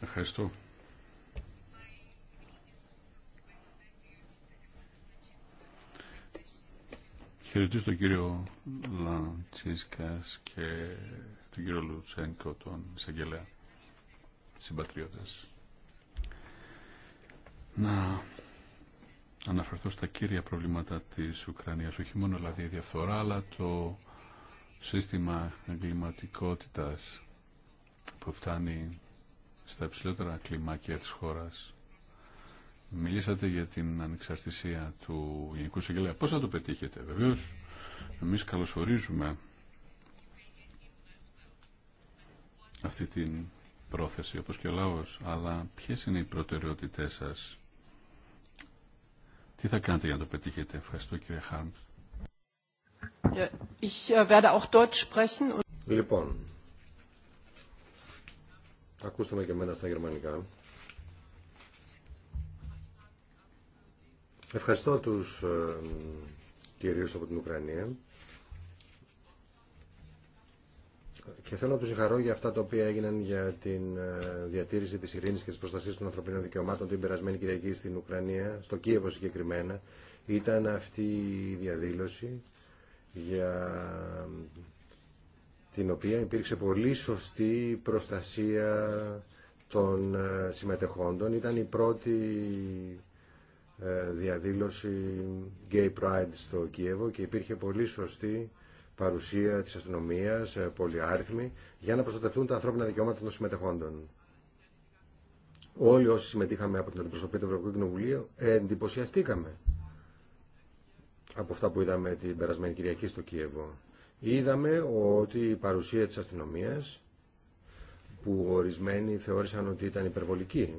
Ευχαριστώ. χαιρετίζω τον κύριο Λαντσίσκα και τον κύριο Λουτσένκο, τον εισαγγελέα συμπατριώτες. Να αναφερθώ στα κύρια προβλήματα της Ουκρανίας, όχι μόνο δηλαδή η διαφθορά, αλλά το σύστημα εγκληματικότητα που φτάνει στα υψηλότερα κλιμάκια της χώρας Μιλήσατε για την ανεξαρτησία του Γενικού Συγγελέα. Πώς θα το πετύχετε. Βεβαίως, εμείς καλωσορίζουμε αυτή την πρόθεση, όπως και ο λαός, αλλά ποιες είναι οι προτεραιότητές σας. Τι θα κάνετε για να το πετύχετε. Ευχαριστώ κύριε Χάρμς. Ε, ε, λοιπόν, ακούστε με και εμένα στα γερμανικά. Ευχαριστώ τους ε, κυρίους από την Ουκρανία και θέλω να τους συγχαρώ για αυτά τα οποία έγιναν για την ε, διατήρηση της ειρήνης και της προστασίας των ανθρωπίνων δικαιωμάτων την περασμένη Κυριακή στην Ουκρανία, στο Κίεβο συγκεκριμένα. Ήταν αυτή η διαδήλωση για την οποία υπήρξε πολύ σωστή προστασία των ε, συμμετεχόντων. Ήταν η πρώτη ε, διαδήλωση Gay Pride στο Κίεβο και υπήρχε πολύ σωστή παρουσία της αστυνομίας, ε, πολυάριθμη, για να προστατευτούν τα ανθρώπινα δικαιώματα των συμμετεχόντων. Όλοι όσοι συμμετείχαμε από την Αντιπροσωπή του Ευρωπαϊκού Κοινοβουλίου εντυπωσιαστήκαμε από αυτά που είδαμε την περασμένη Κυριακή στο Κίεβο. Είδαμε ότι η παρουσία της αστυνομίας, που ορισμένοι θεώρησαν ότι ήταν υπερβολική,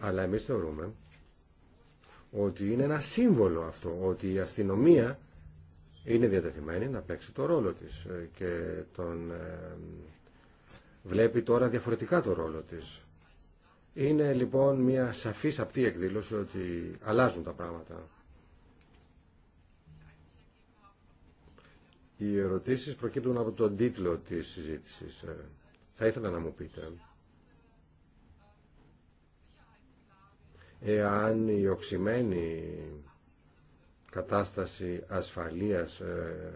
αλλά εμείς θεωρούμε ότι είναι ένα σύμβολο αυτό, ότι η αστυνομία είναι διατεθειμένη να παίξει το ρόλο της ε, και τον ε, βλέπει τώρα διαφορετικά το ρόλο της. Είναι λοιπόν μια σαφής απτή εκδήλωση ότι αλλάζουν τα πράγματα. Οι ερωτήσεις προκύπτουν από τον τίτλο της συζήτησης. Ε. Θα ήθελα να μου πείτε εάν η οξυμένη κατάσταση ασφαλείας ε,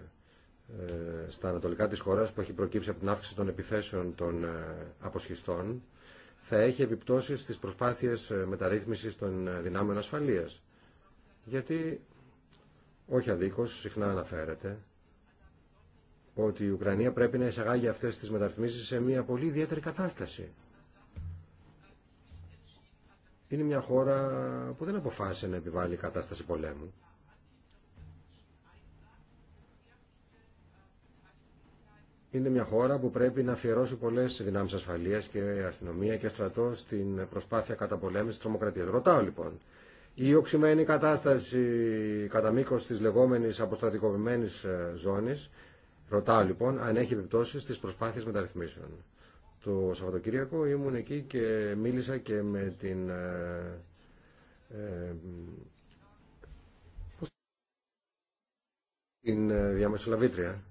ε, στα ανατολικά της χώρας που έχει προκύψει από την αύξηση των επιθέσεων των ε, αποσχιστών θα έχει επιπτώσεις στις προσπάθειες μεταρρύθμισης των δυνάμεων ασφαλείας. Γιατί, όχι αδίκως, συχνά αναφέρεται, ότι η Ουκρανία πρέπει να εισαγάγει αυτές τις μεταρρυθμίσεις σε μια πολύ ιδιαίτερη κατάσταση είναι μια χώρα που δεν αποφάσισε να επιβάλλει κατάσταση πολέμου. Είναι μια χώρα που πρέπει να αφιερώσει πολλέ δυνάμει ασφαλεία και αστυνομία και στρατό στην προσπάθεια καταπολέμηση τη τρομοκρατία. Ρωτάω λοιπόν, η οξυμένη κατάσταση κατά μήκο τη λεγόμενη αποστατικοποιημένη ε, ζώνη, ρωτάω λοιπόν αν έχει επιπτώσει στι προσπάθειε μεταρρυθμίσεων το Σαββατοκύριακο ήμουν εκεί και μίλησα και με την ε, ε την ε, διαμεσολαβήτρια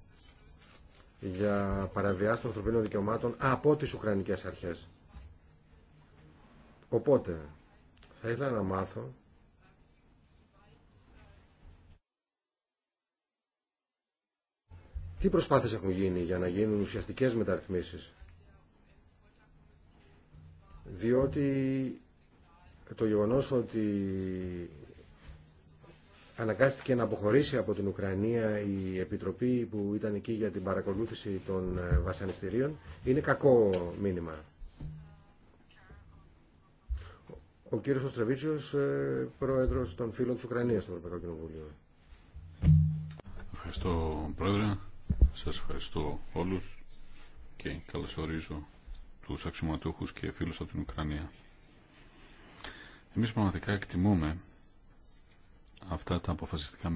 για παραβιάση των ανθρωπίνων δικαιωμάτων από τις Ουκρανικές αρχές. Οπότε, θα ήθελα να μάθω τι προσπάθειες έχουν γίνει για να γίνουν ουσιαστικές μεταρρυθμίσεις διότι το γεγονός ότι αναγκάστηκε να αποχωρήσει από την Ουκρανία η Επιτροπή που ήταν εκεί για την παρακολούθηση των ε, βασανιστήριων είναι κακό μήνυμα. Ο κύριος Οστρεβίτσιος, ε, πρόεδρος των φίλων της Ουκρανίας στο Ευρωπαϊκό Κοινοβούλιο. Ευχαριστώ, πρόεδρε. Σας ευχαριστώ όλους και καλωσορίζω τους αξιωματούχους και φίλους από την Ουκρανία. Εμείς πραγματικά εκτιμούμε αυτά τα αποφασιστικά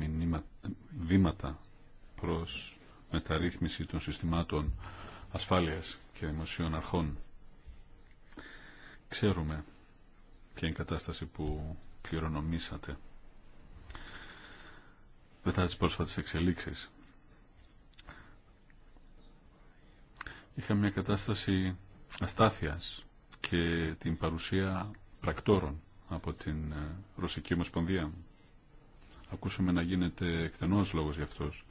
βήματα προς μεταρρύθμιση των συστημάτων ασφάλειας και δημοσίων αρχών. Ξέρουμε ποια είναι η κατάσταση που κληρονομήσατε μετά τις πρόσφατες εξελίξεις. Είχα μια κατάσταση αστάθειας και την παρουσία πρακτόρων από την ε, Ρωσική Ομοσπονδία. Ακούσαμε να γίνεται εκτενός λόγος γι' αυτός.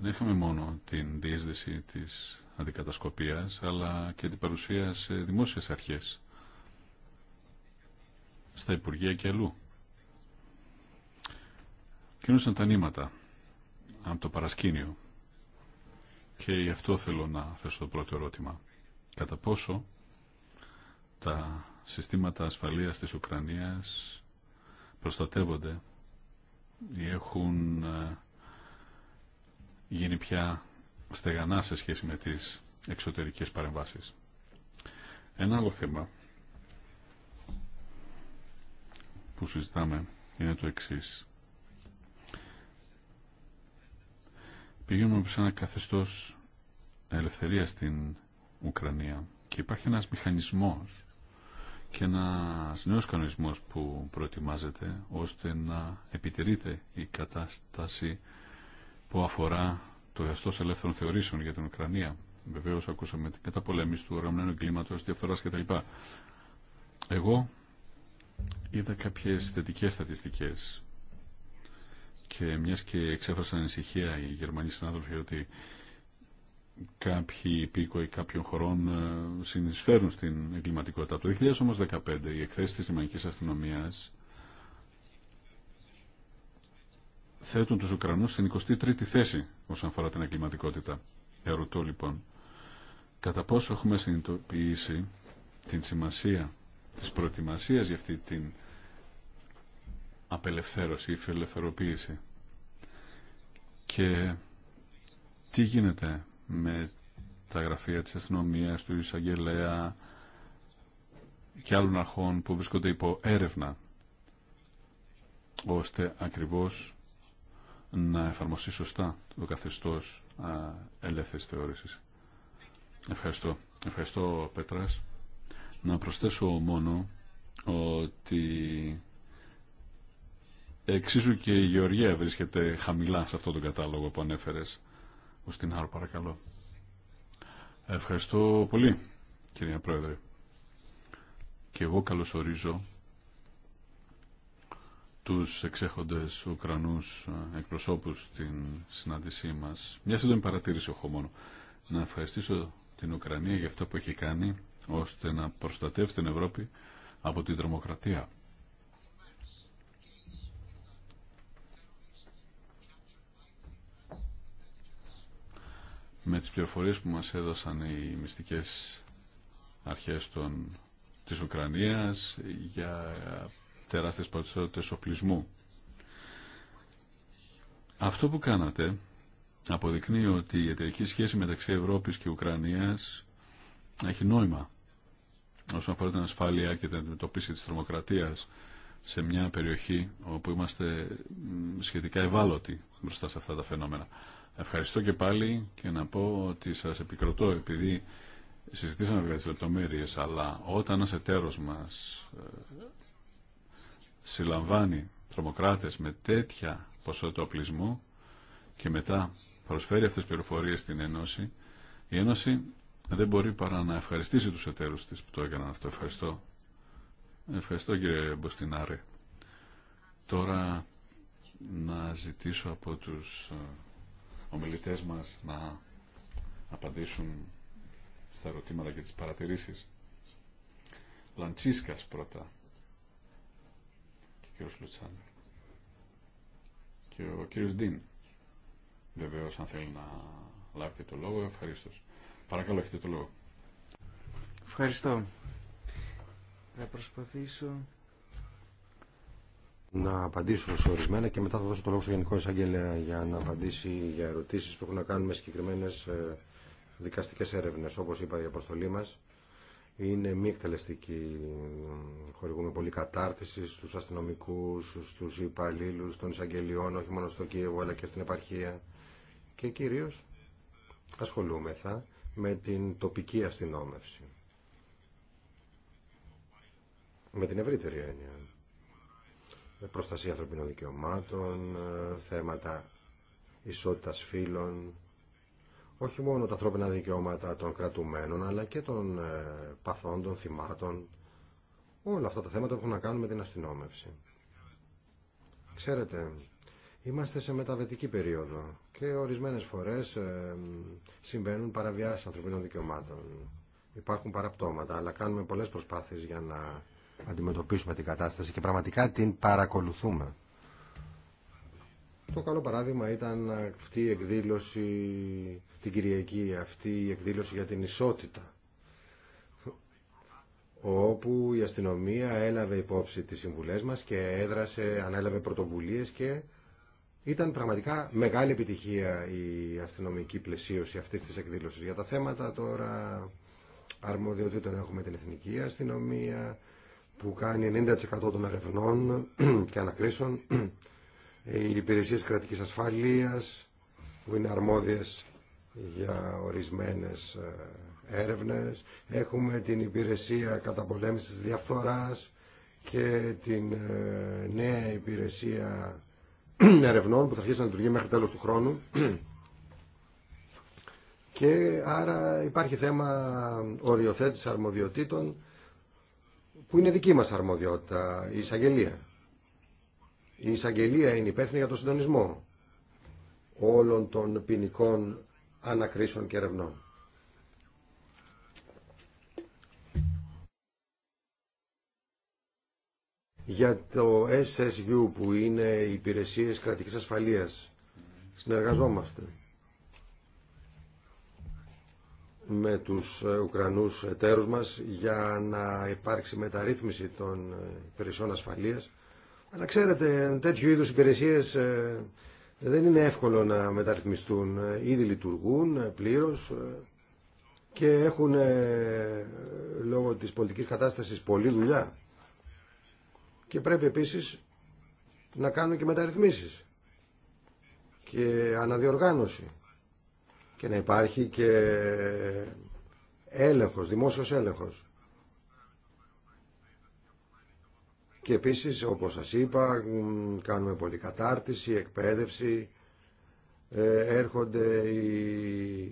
Δεν είχαμε μόνο την διείσδυση της αντικατασκοπίας, αλλά και την παρουσία σε δημόσιες αρχές, στα Υπουργεία και αλλού. Κινούσαν τα νήματα από το παρασκήνιο και γι' αυτό θέλω να θέσω το πρώτο ερώτημα κατά πόσο τα συστήματα ασφαλείας της Ουκρανίας προστατεύονται ή έχουν ε, γίνει πια στεγανά σε σχέση με τις εξωτερικές παρεμβάσεις. Ένα άλλο θέμα που συζητάμε είναι το εξής. Πηγαίνουμε σε ένα καθεστώς ελευθερία στην Ουκρανία και υπάρχει ένας μηχανισμός και ένα νέο κανονισμός που προετοιμάζεται ώστε να επιτηρείται η κατάσταση που αφορά το εαυτό ελεύθερων θεωρήσεων για την Ουκρανία. Βεβαίω ακούσαμε την καταπολέμηση του οργανωμένου εγκλήματο, διαφθορά κτλ. Εγώ είδα κάποιε θετικέ στατιστικέ και μια και εξέφρασαν ανησυχία οι Γερμανοί συνάδελφοι ότι κάποιοι υπήκοοι κάποιων χωρών ε, συνεισφέρουν στην εγκληματικότητα. Από το 2015 οι εκθέσει της Ρημανικής Αστυνομίας θέτουν τους Ουκρανούς στην 23η θέση όσον αφορά την εγκληματικότητα. Ερωτώ λοιπόν, κατά πόσο έχουμε συνειδητοποιήσει την σημασία της προετοιμασίας για αυτή την απελευθέρωση ή φιλελευθερωποίηση και τι γίνεται με τα γραφεία της αστυνομία, του εισαγγελέα και άλλων αρχών που βρίσκονται υπό έρευνα ώστε ακριβώς να εφαρμοστεί σωστά το καθεστώς ελεύθερης θεώρησης. Ευχαριστώ. Ευχαριστώ Πέτρας. Να προσθέσω μόνο ότι εξίσου και η Γεωργία βρίσκεται χαμηλά σε αυτό τον κατάλογο που ανέφερες παρακαλώ. Ευχαριστώ πολύ, κυρία Πρόεδρε. Και εγώ καλωσορίζω τους εξέχοντες Ουκρανούς εκπροσώπους στην συνάντησή μας. Μια σύντομη παρατήρηση έχω μόνο. Να ευχαριστήσω την Ουκρανία για αυτό που έχει κάνει ώστε να προστατεύσει την Ευρώπη από την τρομοκρατία. με τις πληροφορίες που μας έδωσαν οι μυστικές αρχές των, της Ουκρανίας για τεράστιες ποσότητες οπλισμού. Αυτό που κάνατε αποδεικνύει ότι η εταιρική σχέση μεταξύ Ευρώπης και Ουκρανίας έχει νόημα όσον αφορά την ασφάλεια και την αντιμετωπίση της θερμοκρατίας σε μια περιοχή όπου είμαστε σχετικά ευάλωτοι μπροστά σε αυτά τα φαινόμενα. Ευχαριστώ και πάλι και να πω ότι σας επικροτώ επειδή συζητήσαμε για τις λεπτομέρειες αλλά όταν ένας εταίρος μας ε, συλλαμβάνει τρομοκράτες με τέτοια ποσότητα οπλισμού και μετά προσφέρει αυτές τις πληροφορίες στην Ένωση η Ένωση δεν μπορεί παρά να ευχαριστήσει τους εταίρους της που το έκαναν αυτό. Ευχαριστώ. Ευχαριστώ κύριε Μποστινάρη. Τώρα να ζητήσω από τους ε, ομιλητές μας να απαντήσουν στα ερωτήματα και τις παρατηρήσεις. Λαντσίσκας πρώτα και ο Κύριος Λουτσάνη και ο κ. Ντίν. Βεβαίω, αν θέλει να λάβει και το λόγο, ευχαρίστω. Παρακαλώ, έχετε το λόγο. Ευχαριστώ. Θα προσπαθήσω να απαντήσω σε ορισμένα και μετά θα δώσω το λόγο στο Γενικό Εισαγγελέα για να απαντήσει για ερωτήσει που έχουν να κάνουν με συγκεκριμένε ε, δικαστικέ έρευνε, όπω είπα η αποστολή μα, είναι μη εκτελεστική. Χορηγούμε πολύ κατάρτιση στους αστυνομικού, στους υπαλλήλου των εισαγγελιών, όχι μόνο στο Κίεβο αλλά και στην επαρχία. Και κυρίω ασχολούμεθα με την τοπική αστυνόμευση. Με την ευρύτερη έννοια προστασία ανθρωπίνων δικαιωμάτων, ε, θέματα ισότητας φύλων, όχι μόνο τα ανθρώπινα δικαιώματα των κρατουμένων, αλλά και των ε, παθών, των θυμάτων, όλα αυτά τα θέματα που έχουν να κάνουν με την αστυνόμευση. Ξέρετε, είμαστε σε μεταβετική περίοδο και ορισμένες φορές ε, συμβαίνουν παραβιάσεις ανθρωπίνων δικαιωμάτων. Υπάρχουν παραπτώματα, αλλά κάνουμε πολλές προσπάθειες για να αντιμετωπίσουμε την κατάσταση και πραγματικά την παρακολουθούμε. Το καλό παράδειγμα ήταν αυτή η εκδήλωση την Κυριακή, αυτή η εκδήλωση για την ισότητα όπου η αστυνομία έλαβε υπόψη τις συμβουλές μας και έδρασε, ανέλαβε πρωτοβουλίες και ήταν πραγματικά μεγάλη επιτυχία η αστυνομική πλαισίωση αυτής της εκδήλωσης. Για τα θέματα τώρα αρμοδιοτήτων έχουμε την Εθνική Αστυνομία, που κάνει 90% των ερευνών και ανακρίσεων, οι υπηρεσίες κρατικής ασφαλείας που είναι αρμόδιες για ορισμένες ε, έρευνες, έχουμε την υπηρεσία καταπολέμησης της διαφθοράς και την ε, νέα υπηρεσία ερευνών που θα αρχίσει να λειτουργεί μέχρι τέλος του χρόνου. Και άρα υπάρχει θέμα οριοθέτησης αρμοδιοτήτων που είναι δική μας αρμοδιότητα, η εισαγγελία. Η εισαγγελία είναι υπεύθυνη για τον συντονισμό όλων των ποινικών ανακρίσεων και ερευνών. Για το SSU που είναι οι υπηρεσίες κρατικής ασφαλείας συνεργαζόμαστε με τους ε, Ουκρανούς εταίρους μας για να υπάρξει μεταρρύθμιση των ε, υπηρεσιών ασφαλείας. Αλλά ξέρετε, τέτοιου είδους υπηρεσίες ε, δεν είναι εύκολο να μεταρρυθμιστούν. Ήδη λειτουργούν πλήρως και έχουν λόγω της πολιτικής κατάστασης πολλή δουλειά. Και πρέπει επίσης να κάνουν και μεταρρυθμίσεις και αναδιοργάνωση και να υπάρχει και έλεγχος, δημόσιος έλεγχος. Και επίσης, όπως σας είπα, κάνουμε πολύ κατάρτιση, εκπαίδευση. Ε, έρχονται οι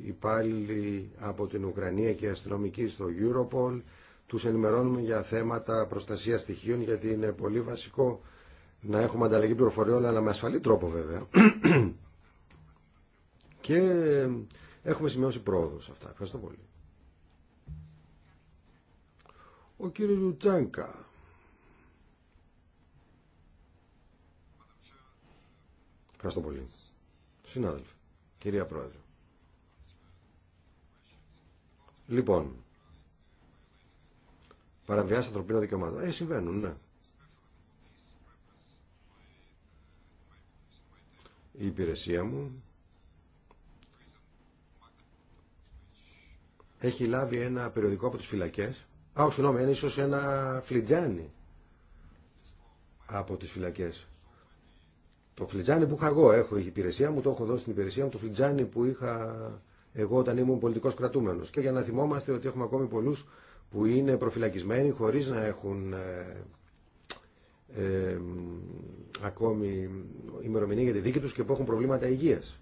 υπάλληλοι από την Ουκρανία και οι αστυνομικοί στο Europol. Τους ενημερώνουμε για θέματα προστασίας στοιχείων, γιατί είναι πολύ βασικό να έχουμε ανταλλαγή πληροφοριών, αλλά με ασφαλή τρόπο βέβαια. Και έχουμε σημειώσει πρόοδο σε αυτά. Ευχαριστώ πολύ. Ο κύριος Λουτσάνκα. Ευχαριστώ πολύ. Συνάδελφε. κυρία Πρόεδρε. Λοιπόν, παραβιάσει ανθρωπίνων δικαιωμάτων. Ε, συμβαίνουν, ναι. Η υπηρεσία μου έχει λάβει ένα περιοδικό από τις φυλακές. Α, όχι, συγγνώμη, είναι ίσως ένα φλιτζάνι από τις φυλακές. Το φλιτζάνι που είχα εγώ, έχω η υπηρεσία μου, το έχω δώσει στην υπηρεσία μου, το φλιτζάνι που είχα εγώ όταν ήμουν πολιτικός κρατούμενος. Και για να θυμόμαστε ότι έχουμε ακόμη πολλούς που είναι προφυλακισμένοι χωρίς να έχουν ε, ε, ακόμη ημερομηνία για τη δίκη τους και που έχουν προβλήματα υγείας.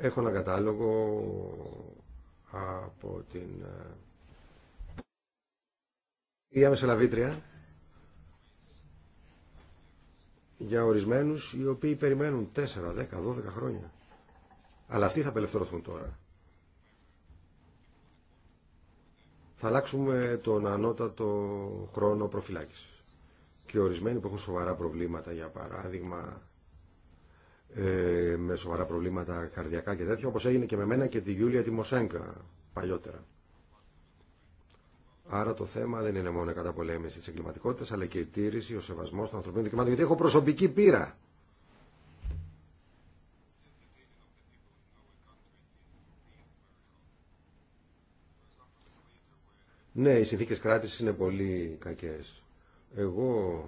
Έχω ένα κατάλογο από την κυρία ε, λαβήτρια για ορισμένους οι οποίοι περιμένουν 4, 10, 12 χρόνια. Αλλά αυτοί θα απελευθερωθούν τώρα. Θα αλλάξουμε τον ανώτατο χρόνο προφυλάκησης. Και ορισμένοι που έχουν σοβαρά προβλήματα, για παράδειγμα ε, με σοβαρά προβλήματα καρδιακά και τέτοια, όπως έγινε και με μένα και τη Γιούλια Τιμοσέγκα παλιότερα. Άρα το θέμα δεν είναι μόνο η καταπολέμηση τη εγκληματικότητα, αλλά και η τήρηση, ο σεβασμό των ανθρωπίνων δικαιωμάτων. Γιατί έχω προσωπική πείρα. Ναι, οι συνθήκε κράτηση είναι πολύ κακέ. Εγώ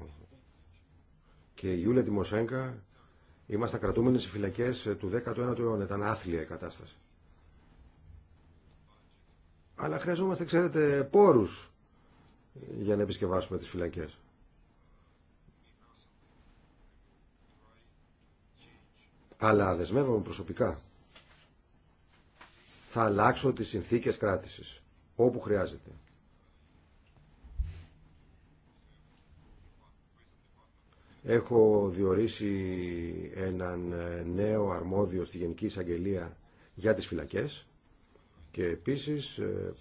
και η Γιούλια Τιμοσέγκα Είμαστε κρατούμενοι σε φυλακές ε, του 19ου αιώνα. Ήταν άθλια η κατάσταση. Αλλά χρειαζόμαστε, ξέρετε, πόρους ε, για να επισκευάσουμε τις φυλακές. Αλλά δεσμεύομαι προσωπικά. Θα αλλάξω τις συνθήκες κράτησης, όπου χρειάζεται. Έχω διορίσει έναν ε, νέο αρμόδιο στη Γενική Εισαγγελία για τις φυλακές και επίσης ε,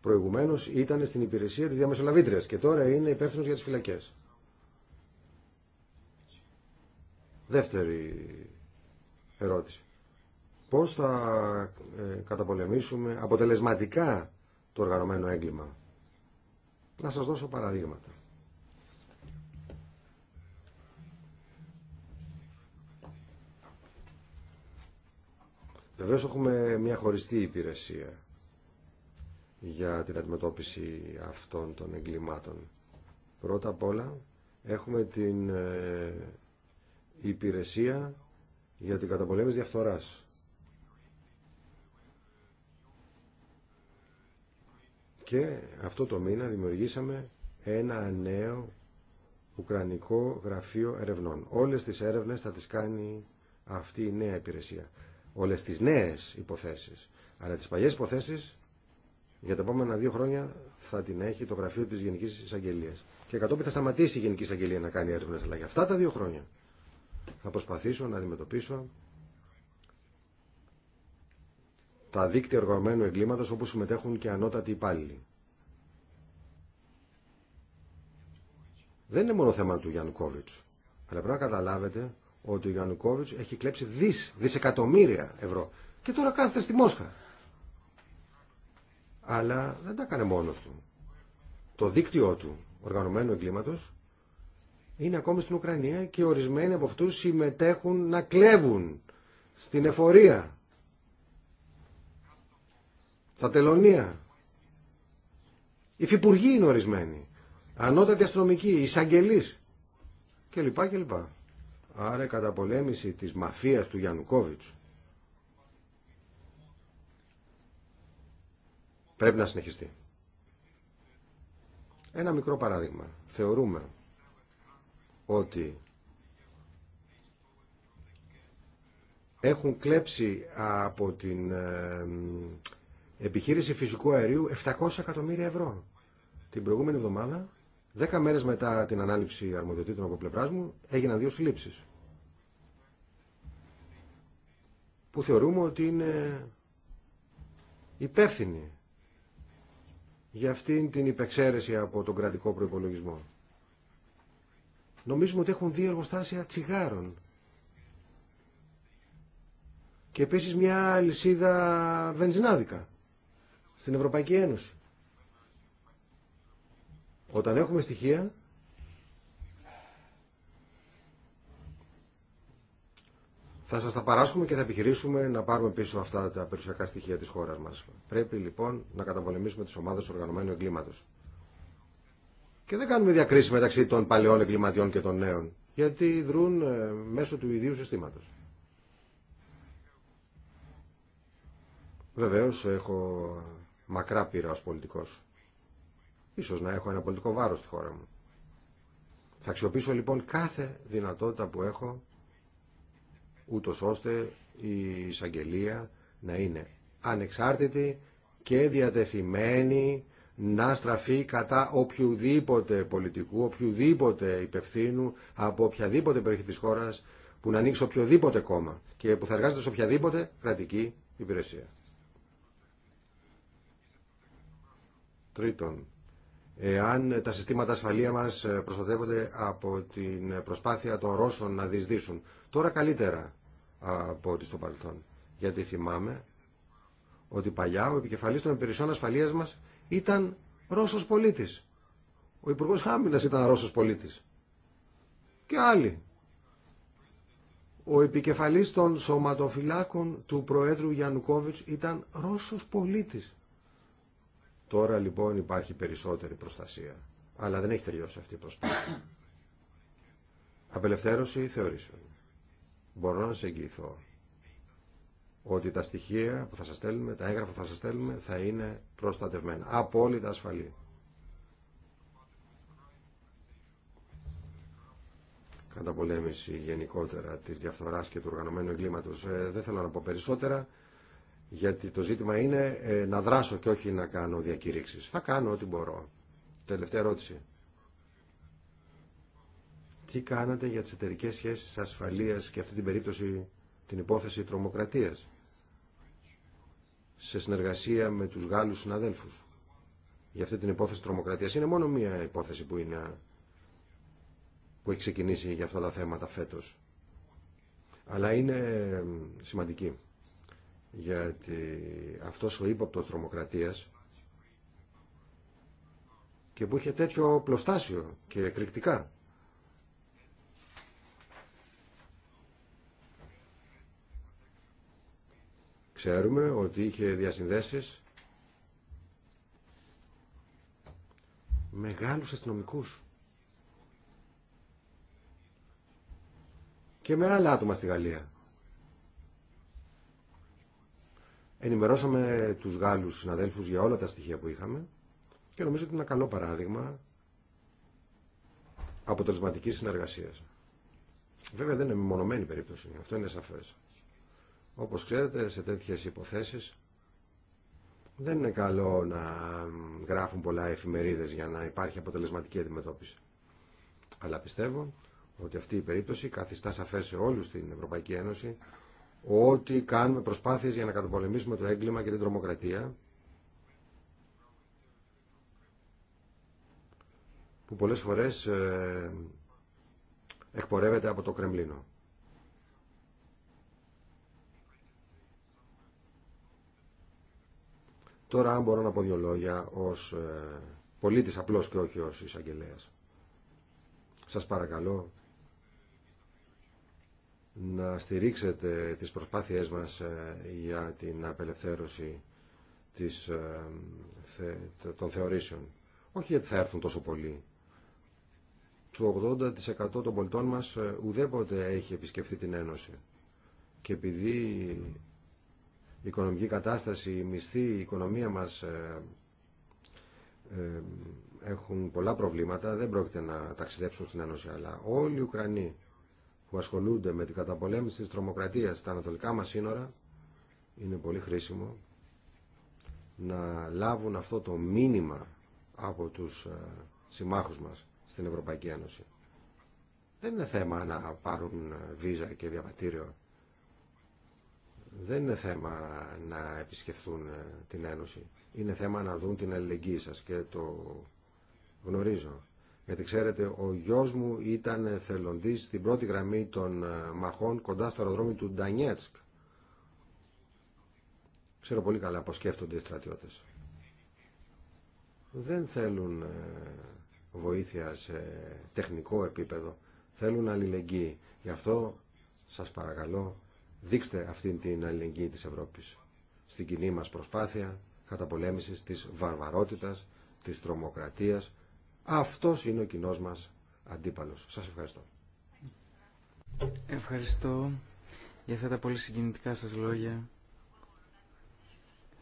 προηγουμένως ήταν στην υπηρεσία της διαμεσολαβήτριας και τώρα είναι υπεύθυνος για τις φυλακές. Δεύτερη ερώτηση. Πώς θα ε, καταπολεμήσουμε αποτελεσματικά το οργανωμένο έγκλημα. Να σας δώσω παραδείγματα. Βεβαίω έχουμε μια χωριστή υπηρεσία για την αντιμετώπιση αυτών των εγκλημάτων. Πρώτα απ' όλα έχουμε την ε, υπηρεσία για την καταπολέμηση διαφθοράς. Και αυτό το μήνα δημιουργήσαμε ένα νέο Ουκρανικό Γραφείο Ερευνών. Όλες τις έρευνες θα τις κάνει αυτή η νέα υπηρεσία όλες τις νέες υποθέσεις. Αλλά τις παλιές υποθέσεις για τα επόμενα δύο χρόνια θα την έχει το γραφείο της Γενικής Εισαγγελίας. Και κατόπιν θα σταματήσει η Γενική Εισαγγελία να κάνει έρευνε. Αλλά για αυτά τα δύο χρόνια θα προσπαθήσω να αντιμετωπίσω τα δίκτυα οργανωμένου εγκλήματος όπου συμμετέχουν και ανώτατοι υπάλληλοι. Δεν είναι μόνο θέμα του Γιάννου Κόβιτς, αλλά πρέπει να καταλάβετε ότι ο Γιαννουκόβιτς έχει κλέψει δις, δισεκατομμύρια ευρώ. Και τώρα κάθεται στη Μόσχα. Αλλά δεν τα έκανε μόνος του. Το δίκτυό του οργανωμένου εγκλήματος είναι ακόμη στην Ουκρανία και ορισμένοι από αυτούς συμμετέχουν να κλέβουν στην εφορία, στα τελωνία. Οι φυπουργοί είναι ορισμένοι, ανώτατοι αστυνομικοί, εισαγγελείς και κλπ. Άρα η καταπολέμηση της μαφίας του Γιαννουκόβιτς πρέπει να συνεχιστεί. Ένα μικρό παράδειγμα. Θεωρούμε ότι έχουν κλέψει από την επιχείρηση φυσικού αερίου 700 εκατομμύρια ευρώ. Την προηγούμενη εβδομάδα Δέκα μέρες μετά την ανάληψη αρμοδιοτήτων από πλευρά μου έγιναν δύο συλλήψει. που θεωρούμε ότι είναι υπεύθυνοι για αυτήν την υπεξαίρεση από τον κρατικό προπολογισμό. Νομίζουμε ότι έχουν δύο εργοστάσια τσιγάρων και επίσης μια λυσίδα βενζινάδικα στην Ευρωπαϊκή Ένωση. Όταν έχουμε στοιχεία, θα σας τα παράσχουμε και θα επιχειρήσουμε να πάρουμε πίσω αυτά τα περιουσιακά στοιχεία της χώρας μας. Πρέπει λοιπόν να καταπολεμήσουμε τις ομάδες οργανωμένου εγκλήματος. Και δεν κάνουμε διακρίση μεταξύ των παλαιών εγκληματιών και των νέων, γιατί δρούν ε, μέσω του ιδίου συστήματος. Βεβαίως έχω μακρά πείρα ως πολιτικός. Ίσως να έχω ένα πολιτικό βάρος στη χώρα μου. Θα αξιοποιήσω λοιπόν κάθε δυνατότητα που έχω ούτως ώστε η εισαγγελία να είναι ανεξάρτητη και διατεθειμένη να στραφεί κατά οποιοδήποτε πολιτικού, οποιοδήποτε υπευθύνου από οποιαδήποτε περιοχή της χώρας που να ανοίξει οποιοδήποτε κόμμα και που θα εργάζεται σε οποιαδήποτε κρατική υπηρεσία. Τρίτον, εάν τα συστήματα ασφαλεία μας ε, προστατεύονται από την προσπάθεια των Ρώσων να διεισδύσουν. Τώρα καλύτερα από ό,τι στο παρελθόν. Γιατί θυμάμαι ότι παλιά ο επικεφαλής των υπηρεσιών ασφαλείας μας ήταν Ρώσος πολίτης. Ο Υπουργός Χάμινας ήταν Ρώσος πολίτης. Και άλλοι. Ο επικεφαλής των σωματοφυλάκων του Προέδρου Γιαννουκόβιτς ήταν Ρώσος πολίτης. Τώρα λοιπόν υπάρχει περισσότερη προστασία. Αλλά δεν έχει τελειώσει αυτή η προσπάθεια. Απελευθέρωση θεωρήσεων. Μπορώ να σε εγγυηθώ ότι τα στοιχεία που θα σας στέλνουμε, τα έγγραφα που θα σας στέλνουμε θα είναι προστατευμένα. Απόλυτα ασφαλή. Καταπολέμηση γενικότερα της διαφθοράς και του οργανωμένου εγκλήματος. Ε, δεν θέλω να πω περισσότερα. Γιατί το ζήτημα είναι ε, να δράσω και όχι να κάνω διακηρύξεις. Θα κάνω ό,τι μπορώ. Τελευταία ερώτηση. Τι κάνατε για τις εταιρικέ σχέσεις ασφαλείας και αυτή την περίπτωση την υπόθεση τρομοκρατίας σε συνεργασία με τους Γάλλους συναδέλφους για αυτή την υπόθεση τρομοκρατίας. Είναι μόνο μία υπόθεση που, είναι, που έχει ξεκινήσει για αυτά τα θέματα φέτος. Αλλά είναι ε, σημαντική γιατί αυτός ο ύποπτος τρομοκρατίας και που είχε τέτοιο πλωστάσιο και εκρηκτικά ξέρουμε ότι είχε διασυνδέσεις μεγάλους αστυνομικούς και με άλλα άτομα στη Γαλλία Ενημερώσαμε τους Γάλλους συναδέλφους για όλα τα στοιχεία που είχαμε και νομίζω ότι είναι ένα καλό παράδειγμα αποτελεσματικής συνεργασίας. Βέβαια δεν είναι μεμονωμένη περίπτωση, αυτό είναι σαφές. Όπως ξέρετε, σε τέτοιες υποθέσεις δεν είναι καλό να γράφουν πολλά εφημερίδες για να υπάρχει αποτελεσματική αντιμετώπιση. Αλλά πιστεύω ότι αυτή η περίπτωση καθιστά σαφές σε όλους στην Ευρωπαϊκή Ένωση ότι κάνουμε προσπάθειες για να καταπολεμήσουμε το έγκλημα και την τρομοκρατία που πολλές φορές ε, εκπορεύεται από το Κρεμλίνο. Τώρα αν μπορώ να πω δύο λόγια ως ε, πολίτης απλώς και όχι ως εισαγγελέας. Σας παρακαλώ να στηρίξετε τις προσπάθειές μας ε, για την απελευθέρωση της, ε, των θεωρήσεων. Όχι γιατί θα έρθουν τόσο πολλοί. Το 80% των πολιτών μας ε, ουδέποτε έχει επισκεφθεί την Ένωση. Και επειδή η οικονομική κατάσταση, η μισθή, η οικονομία μας έχουν πολλά προβλήματα, δεν πρόκειται να ταξιδέψουν στην Ένωση. Αλλά όλοι οι Ουκρανοί που ασχολούνται με την καταπολέμηση της τρομοκρατίας στα ανατολικά μας σύνορα είναι πολύ χρήσιμο να λάβουν αυτό το μήνυμα από τους ε, συμμάχους μας στην Ευρωπαϊκή Ένωση. Δεν είναι θέμα να πάρουν ε, βίζα και διαβατήριο. Δεν είναι θέμα να επισκεφθούν ε, την Ένωση. Είναι θέμα να δουν την αλληλεγγύη σας και το γνωρίζω. Γιατί ξέρετε, ο γιος μου ήταν θελοντής στην πρώτη γραμμή των ε, μαχών κοντά στο αεροδρόμιο του Ντανιέτσκ. Ξέρω πολύ καλά πώς σκέφτονται οι στρατιώτες. Δεν θέλουν ε, βοήθεια σε τεχνικό επίπεδο. Θέλουν αλληλεγγύη. Γι' αυτό σας παρακαλώ δείξτε αυτήν την αλληλεγγύη της Ευρώπης στην κοινή μας προσπάθεια καταπολέμησης της βαρβαρότητας, της τρομοκρατίας αυτός είναι ο κοινό μας αντίπαλος. Σας ευχαριστώ. Ευχαριστώ για αυτά τα πολύ συγκινητικά σας λόγια.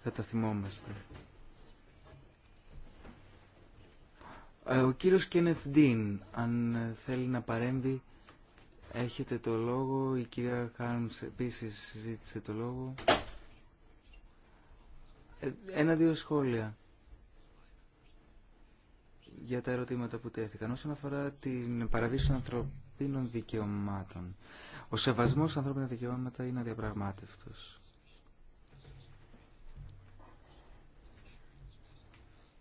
Θα τα θυμόμαστε. Ε, ο κύριος Κένεθ Ντίν, αν θέλει να παρέμβει, έχετε το λόγο. Η κυρία Χάρμς επίσης ζήτησε το λόγο. Ε, ένα-δύο σχόλια για τα ερωτήματα που τέθηκαν. Όσον αφορά την παραβίαση των ανθρωπίνων δικαιωμάτων, ο σεβασμός στα ανθρώπινα δικαιώματα είναι αδιαπραγμάτευτος.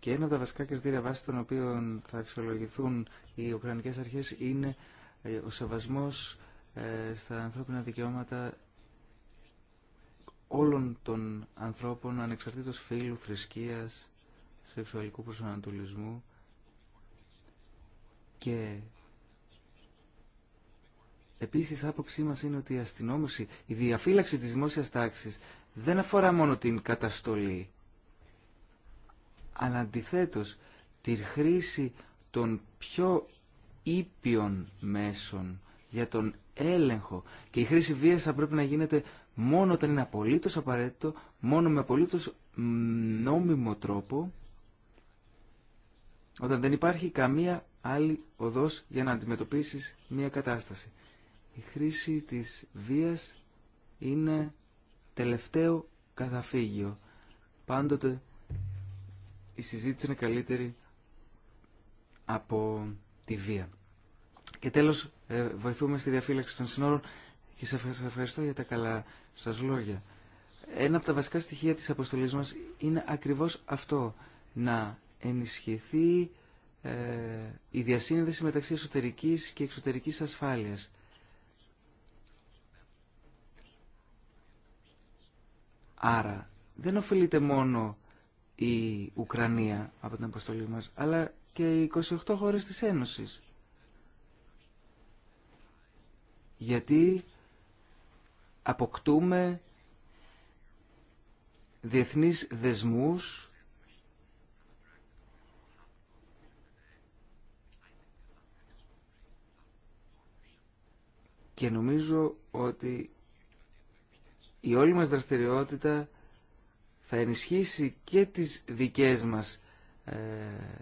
Και ένα από τα βασικά κριτήρια βάση των οποίων θα αξιολογηθούν οι Ουκρανικές αρχές είναι ε, ο σεβασμός ε, στα ανθρώπινα δικαιώματα όλων των ανθρώπων ανεξαρτήτως φίλου, θρησκείας, σεξουαλικού προσανατολισμού και επίσης άποψή μας είναι ότι η αστυνόμευση, η διαφύλαξη της δημόσιας τάξης δεν αφορά μόνο την καταστολή, αλλά αντιθέτως τη χρήση των πιο ήπιων μέσων για τον έλεγχο και η χρήση βίας θα πρέπει να γίνεται μόνο όταν είναι απολύτως απαραίτητο, μόνο με απολύτως νόμιμο τρόπο, όταν δεν υπάρχει καμία άλλη οδός για να αντιμετωπίσεις μια κατάσταση. Η χρήση της βίας είναι τελευταίο καταφύγιο. Πάντοτε η συζήτηση είναι καλύτερη από τη βία. Και τέλος, ε, βοηθούμε στη διαφύλαξη των συνόρων και σε ευχαριστώ για τα καλά σας λόγια. Ένα από τα βασικά στοιχεία της αποστολής μας είναι ακριβώς αυτό, να ενισχυθεί ε, η διασύνδεση μεταξύ εσωτερικής και εξωτερικής ασφάλειας. Άρα δεν ωφελείται μόνο η Ουκρανία από την αποστολή μας, αλλά και οι 28 χώρες της Ένωσης. Γιατί αποκτούμε διεθνείς δεσμούς και νομίζω ότι η όλη μας δραστηριότητα θα ενισχύσει και τις δικές μας ε,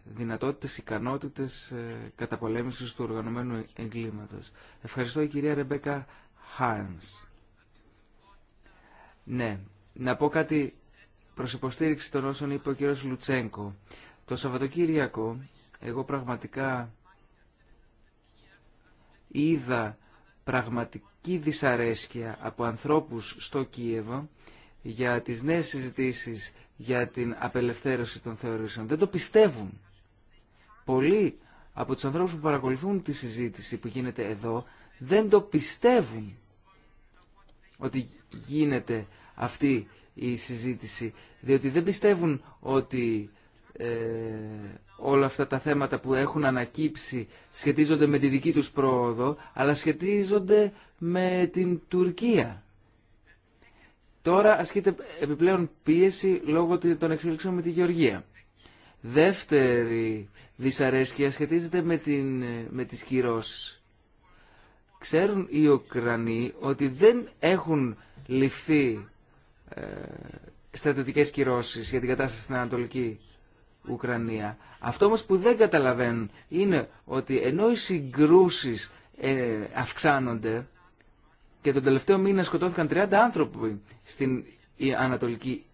δυνατότητες, ικανότητες ε, καταπολέμησης του οργανωμένου εγκλήματος. Ευχαριστώ η κυρία Ρεμπέκα Χάιμς. Ναι, να πω κάτι προς υποστήριξη των όσων είπε ο κύριος Λουτσέγκο. Το Σαββατοκύριακο εγώ πραγματικά είδα πραγματική δυσαρέσκεια από ανθρώπους στο Κίεβο για τις νέες συζητήσεις για την απελευθέρωση των θεωρήσεων. Δεν το πιστεύουν. Πολλοί από τους ανθρώπους που παρακολουθούν τη συζήτηση που γίνεται εδώ δεν το πιστεύουν ότι γίνεται αυτή η συζήτηση, διότι δεν πιστεύουν ότι ε, όλα αυτά τα θέματα που έχουν ανακύψει σχετίζονται με τη δική τους πρόοδο, αλλά σχετίζονται με την Τουρκία. Τώρα ασκείται επιπλέον πίεση λόγω των εξελίξεων με τη Γεωργία. Δεύτερη δυσαρέσκεια σχετίζεται με, την, με τις κυρώσεις. Ξέρουν οι Ουκρανοί ότι δεν έχουν ληφθεί ε, στρατιωτικές κυρώσεις για την κατάσταση στην Ανατολική Ουκρανία. Αυτό όμως που δεν καταλαβαίνουν είναι ότι ενώ οι συγκρούσεις ε, αυξάνονται και τον τελευταίο μήνα σκοτώθηκαν 30 άνθρωποι στην Ανατολική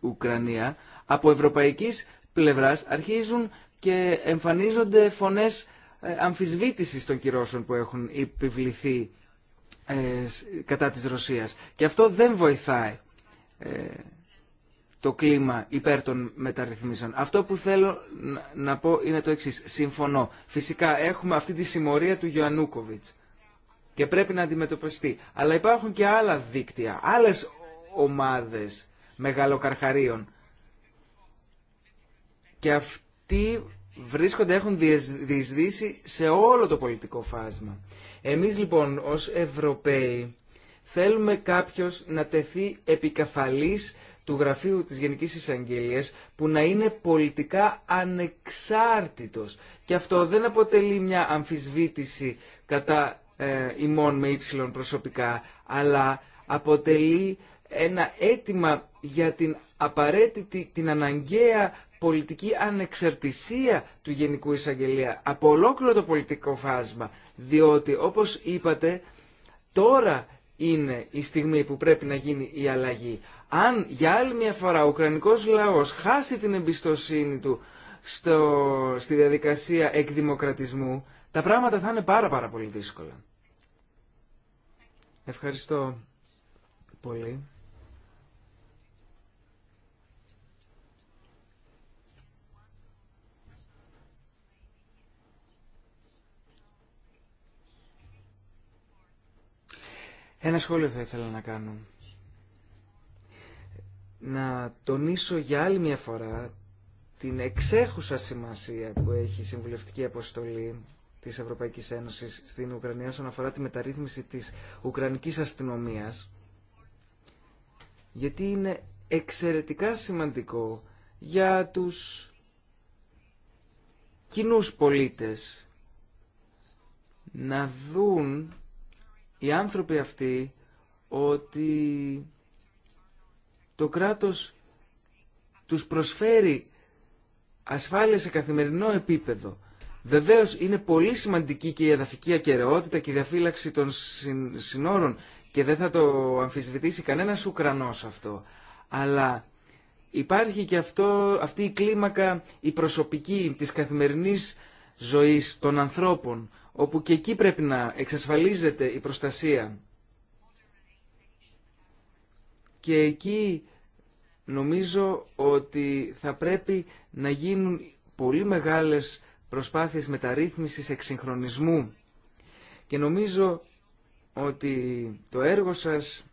Ουκρανία, από ευρωπαϊκής πλευράς αρχίζουν και εμφανίζονται φωνές ε, αμφισβήτησης των κυρώσεων που έχουν επιβληθεί ε, κατά της Ρωσίας. Και αυτό δεν βοηθάει το κλίμα υπέρ των μεταρρυθμίσεων. Αυτό που θέλω να πω είναι το εξής. Συμφωνώ. Φυσικά έχουμε αυτή τη συμμορία του Ιωαννούκοβιτς και πρέπει να αντιμετωπιστεί. Αλλά υπάρχουν και άλλα δίκτυα, άλλες ομάδες μεγαλοκαρχαρίων και αυτοί βρίσκονται, έχουν διεισδύσει σε όλο το πολιτικό φάσμα. Εμείς λοιπόν ως Ευρωπαίοι θέλουμε κάποιος να τεθεί επικαφαλής του Γραφείου της Γενικής Εισαγγελίας που να είναι πολιτικά ανεξάρτητος. Και αυτό δεν αποτελεί μια αμφισβήτηση κατά ε, ημών με ύψιλον προσωπικά, αλλά αποτελεί ένα αίτημα για την απαραίτητη, την αναγκαία πολιτική ανεξαρτησία του Γενικού Εισαγγελία από ολόκληρο το πολιτικό φάσμα. Διότι, όπως είπατε, τώρα είναι η στιγμή που πρέπει να γίνει η αλλαγή αν για άλλη μια φορά ο Ουκρανικός λαός χάσει την εμπιστοσύνη του στο, στη διαδικασία εκδημοκρατισμού, τα πράγματα θα είναι πάρα πάρα πολύ δύσκολα. Ευχαριστώ πολύ. Ένα σχόλιο θα ήθελα να κάνω να τονίσω για άλλη μια φορά την εξέχουσα σημασία που έχει η συμβουλευτική αποστολή της Ευρωπαϊκής Ένωσης στην Ουκρανία όσον αφορά τη μεταρρύθμιση της Ουκρανικής αστυνομίας γιατί είναι εξαιρετικά σημαντικό για τους κοινού πολίτες να δουν οι άνθρωποι αυτοί ότι το κράτος τους προσφέρει ασφάλεια σε καθημερινό επίπεδο. Βεβαίως είναι πολύ σημαντική και η εδαφική ακαιρεότητα και η διαφύλαξη των συνόρων και δεν θα το αμφισβητήσει κανένας Ουκρανός αυτό. Αλλά υπάρχει και αυτό, αυτή η κλίμακα η προσωπική της καθημερινής ζωής των ανθρώπων όπου και εκεί πρέπει να εξασφαλίζεται η προστασία και εκεί νομίζω ότι θα πρέπει να γίνουν πολύ μεγάλες προσπάθειες μεταρρύθμισης εξυγχρονισμού και νομίζω ότι το έργο σας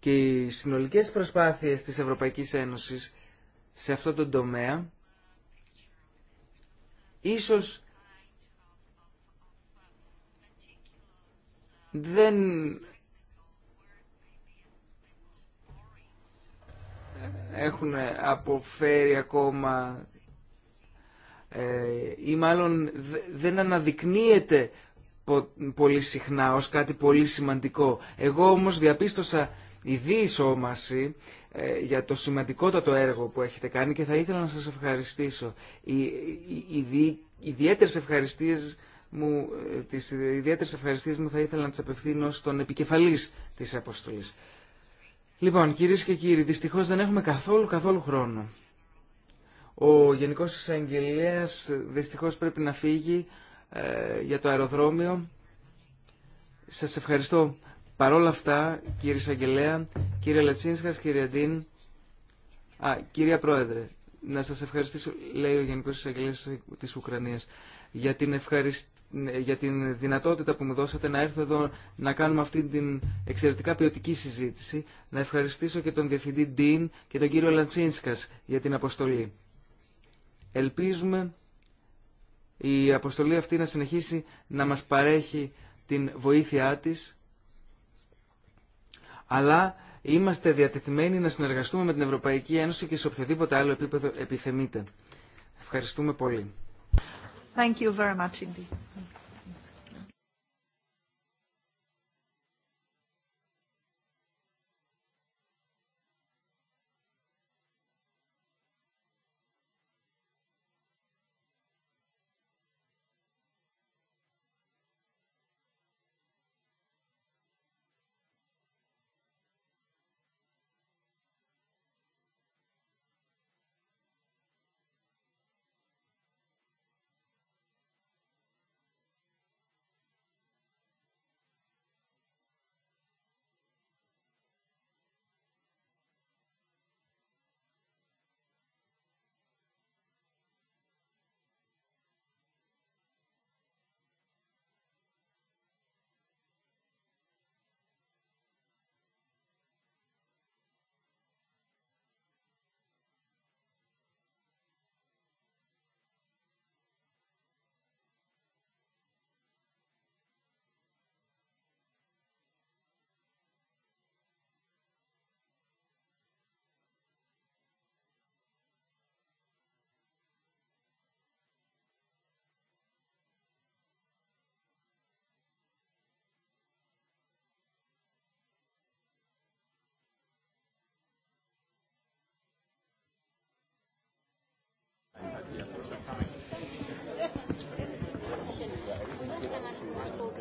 και οι συνολικές προσπάθειες της Ευρωπαϊκής Ένωσης σε αυτό τον τομέα ίσως δεν έχουν αποφέρει ακόμα ε, ή μάλλον δεν αναδεικνύεται πολύ συχνά ως κάτι πολύ σημαντικό. Εγώ όμως διαπίστωσα η μαλλον δεν αναδεικνυεται πολυ συχνα ως κατι πολυ σημαντικο εγω ομως διαπιστωσα η όμαση ε, για το σημαντικότατο έργο που έχετε κάνει και θα ήθελα να σας ευχαριστήσω. Οι, οι, οι ιδιαίτερες μου, ε, τις ιδιαίτερες ευχαριστίες μου θα ήθελα να τις απευθύνω στον επικεφαλής της αποστολής. Λοιπόν, κυρίε και κύριοι, δυστυχώς δεν έχουμε καθόλου καθόλου χρόνο. Ο Γενικός Εισαγγελέας ε, δυστυχώς πρέπει να φύγει ε, για το αεροδρόμιο. Σας ευχαριστώ παρόλα αυτά, κύριε Εισαγγελέα, κύριε Λατσίνσκας, κύριε Αντίν. Α, κυρία Πρόεδρε, να σας ευχαριστήσω, λέει ο Γενικός Εισαγγελέας της Ουκρανίας, για την ευχαριστή για την δυνατότητα που μου δώσατε να έρθω εδώ να κάνουμε αυτή την εξαιρετικά ποιοτική συζήτηση. Να ευχαριστήσω και τον Διευθυντή Ντίν και τον κύριο Λαντσίνσκας για την αποστολή. Ελπίζουμε η αποστολή αυτή να συνεχίσει να μας παρέχει την βοήθειά της, αλλά είμαστε διατεθειμένοι να συνεργαστούμε με την Ευρωπαϊκή Ένωση και σε οποιοδήποτε άλλο επίπεδο επιθεμείτε. Ευχαριστούμε πολύ. Thank you very much indeed.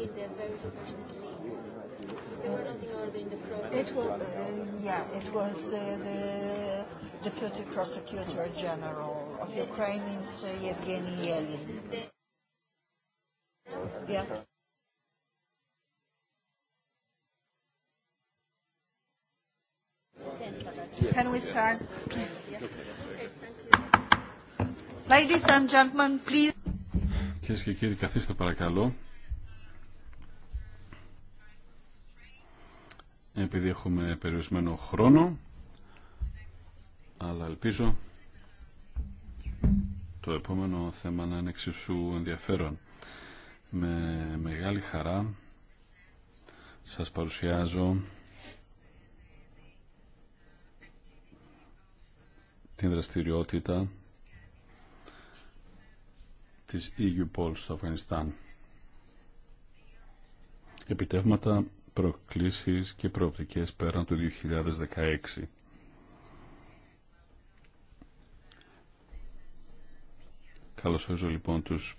in very first They were not in order in the program. It was, yeah, it was the Deputy Prosecutor General of Ukraine, Mr. Yevgeny Yelin. Yeah. Can we start? Ladies and gentlemen, please. Κύριε και κύριοι, καθίστε παρακαλώ. επειδή έχουμε περιορισμένο χρόνο αλλά ελπίζω το επόμενο θέμα να είναι εξίσου ενδιαφέρον. Με μεγάλη χαρά σας παρουσιάζω την δραστηριότητα της EU Pol στο Αφγανιστάν. Επιτεύγματα προκλήσεις και προοπτικές πέραν του 2016. Καλωσορίζω λοιπόν τους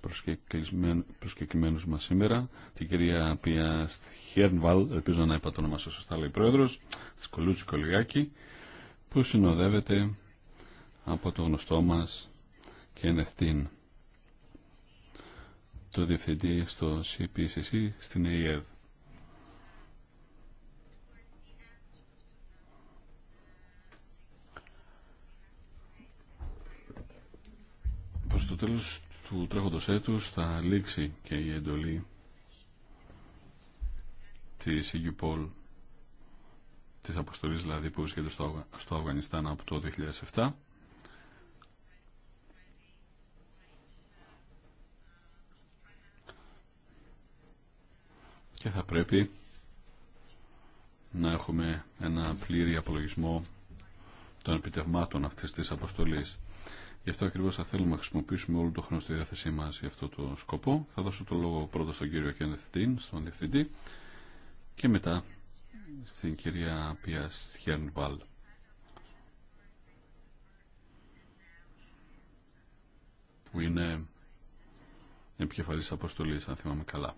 προσκεκλημένους μας σήμερα, την κυρία Πία Χέρνβαλ ελπίζω να είπα το όνομα σας σωστά λέει πρόεδρος, Σκολούτσι Κολυγάκη, που συνοδεύεται από το γνωστό μας και ενευθύν το διευθυντή στο CPCC στην ΕΕΔ. τέλος του τρέχοντος έτους θα λήξει και η εντολή της EUPOL της αποστολής δηλαδή που βρίσκεται στο, στο Αφγανιστάν από το 2007 και θα πρέπει να έχουμε ένα πλήρη απολογισμό των επιτευμάτων αυτής της αποστολής. Γι' αυτό ακριβώ θα θέλουμε να χρησιμοποιήσουμε όλο τον χρόνο στη διάθεσή μα για αυτό το σκοπό. Θα δώσω το λόγο πρώτα στον κύριο Τιν, στον διευθυντή, και μετά στην κυρία Πία Βαλ, που είναι επικεφαλής αποστολής, αν θυμάμαι καλά.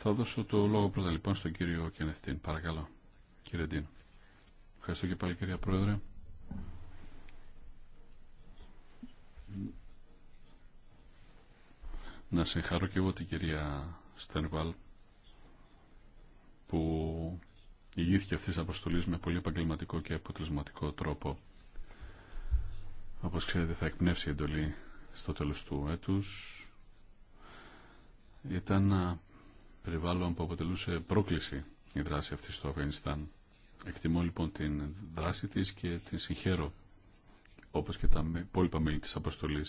Θα δώσω το λόγο πρώτα λοιπόν στον κύριο Κενευτίν. Παρακαλώ. Κύριε Ντίν. Ευχαριστώ και πάλι κυρία Πρόεδρε. Να συγχαρώ και εγώ την κυρία Στένβαλ που ηγήθηκε αυτής της αποστολής με πολύ επαγγελματικό και αποτελεσματικό τρόπο. Όπως ξέρετε θα εκπνεύσει η εντολή στο τέλος του έτους. Ήταν περιβάλλον που αποτελούσε πρόκληση η δράση αυτή στο Αφγανιστάν. Εκτιμώ λοιπόν την δράση τη και την συγχαίρω όπω και τα υπόλοιπα μέλη τη Αποστολή,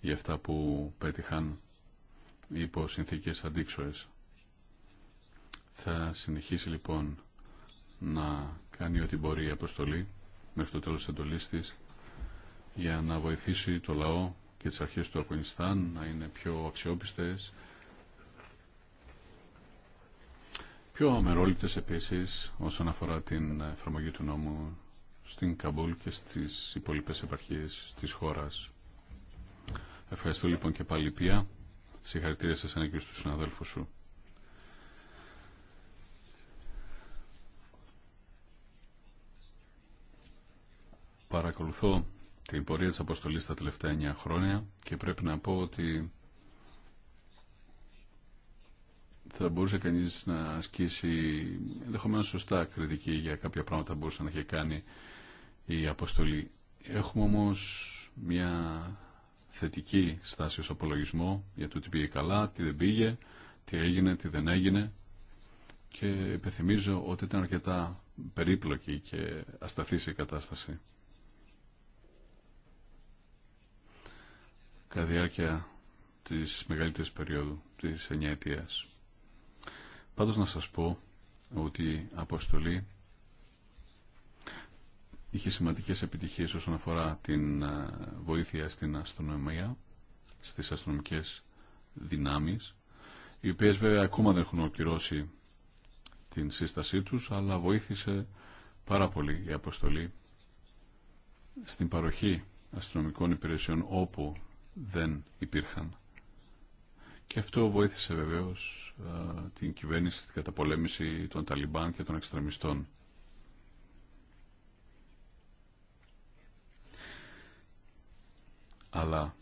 για αυτά που πέτυχαν υπό συνθήκες αντίξωε. Θα συνεχίσει λοιπόν να κάνει ό,τι μπορεί η αποστολή μέχρι το τέλο τη εντολή τη, για να βοηθήσει το λαό και τις αρχές του Αφγανιστάν να είναι πιο αξιόπιστες πιο αμερόληπτες επίσης όσον αφορά την εφαρμογή του νόμου στην Καμπούλ και στις υπόλοιπες επαρχίες της χώρας. Ευχαριστώ λοιπόν και πάλι πια. Συγχαρητήρια σας και στους συναδέλφους σου. Παρακολουθώ την πορεία της αποστολής τα τελευταία 9 χρόνια και πρέπει να πω ότι θα μπορούσε κανεί να ασκήσει ενδεχομένω σωστά κριτική για κάποια πράγματα που μπορούσε να έχει κάνει η αποστολή. Έχουμε όμως μια θετική στάση ω απολογισμό για το τι πήγε καλά, τι δεν πήγε, τι έγινε, τι δεν έγινε και υπενθυμίζω ότι ήταν αρκετά περίπλοκη και ασταθής η κατάσταση. Κατά διάρκεια της μεγαλύτερης περίοδου της Πάντως να σας πω ότι η αποστολή είχε σημαντικές επιτυχίες όσον αφορά την ε, βοήθεια στην αστυνομία, στις αστυνομικές δυνάμεις, οι οποίες βέβαια ακόμα δεν έχουν ολοκληρώσει την σύστασή τους, αλλά βοήθησε πάρα πολύ η αποστολή στην παροχή αστυνομικών υπηρεσιών όπου δεν υπήρχαν. Και αυτό βοήθησε βεβαίως την κυβέρνηση στην καταπολέμηση των Ταλιμπάν και των εξτρεμιστών. Αλλά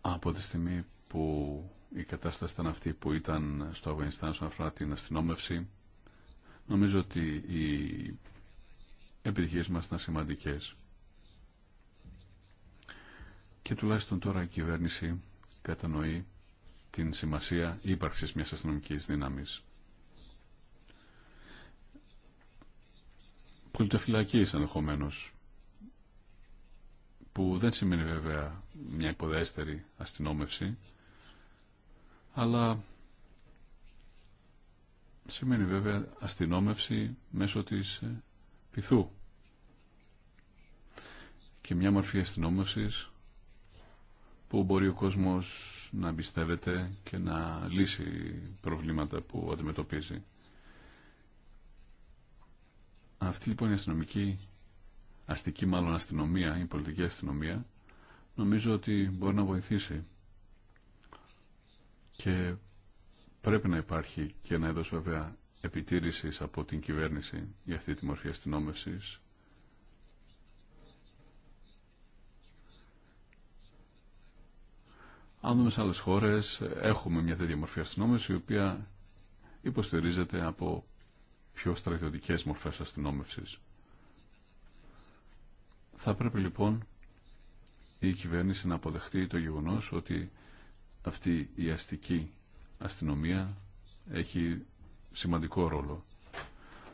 από τη στιγμή που η κατάσταση ήταν αυτή που ήταν στο Αφγανιστάν όσον αφορά την αστυνόμευση, νομίζω ότι οι επιτυχίες μας ήταν σημαντικές και τουλάχιστον τώρα η κυβέρνηση κατανοεί την σημασία ύπαρξης μιας αστυνομικής δύναμης. Πολιτοφυλακής ενδεχομένω, που δεν σημαίνει βέβαια μια υποδέστερη αστυνόμευση, αλλά σημαίνει βέβαια αστυνόμευση μέσω της ε, πυθού και μια μορφή αστυνόμευσης που μπορεί ο κόσμος να εμπιστεύεται και να λύσει προβλήματα που αντιμετωπίζει. Αυτή λοιπόν η αστυνομική, αστική μάλλον αστυνομία, η πολιτική αστυνομία, νομίζω ότι μπορεί να βοηθήσει και πρέπει να υπάρχει και να έδωσε βέβαια επιτήρησης από την κυβέρνηση για αυτή τη μορφή αστυνόμευσης Αν δούμε σε άλλες χώρες, έχουμε μια τέτοια μορφή αστυνόμευση, η οποία υποστηρίζεται από πιο στρατιωτικές μορφές αστυνόμευσης. Θα πρέπει λοιπόν η κυβέρνηση να αποδεχτεί το γεγονός ότι αυτή η αστική αστυνομία έχει σημαντικό ρόλο.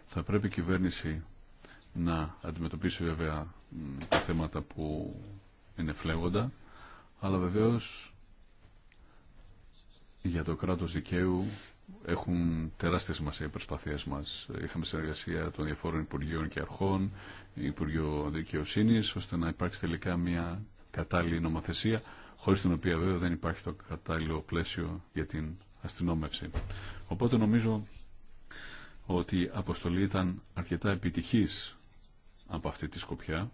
Θα πρέπει η κυβέρνηση να αντιμετωπίσει βέβαια τα θέματα που είναι φλέγοντα, αλλά βεβαίως για το κράτος δικαίου έχουν τεράστια σημασία οι μα. Είχαμε συνεργασία των διαφόρων Υπουργείων και Αρχών, Υπουργείο Δικαιοσύνη, ώστε να υπάρξει τελικά μια κατάλληλη νομοθεσία, χωρίς την οποία βέβαια δεν υπάρχει το κατάλληλο πλαίσιο για την αστυνόμευση. Οπότε νομίζω ότι η αποστολή ήταν αρκετά επιτυχή από αυτή τη σκοπιά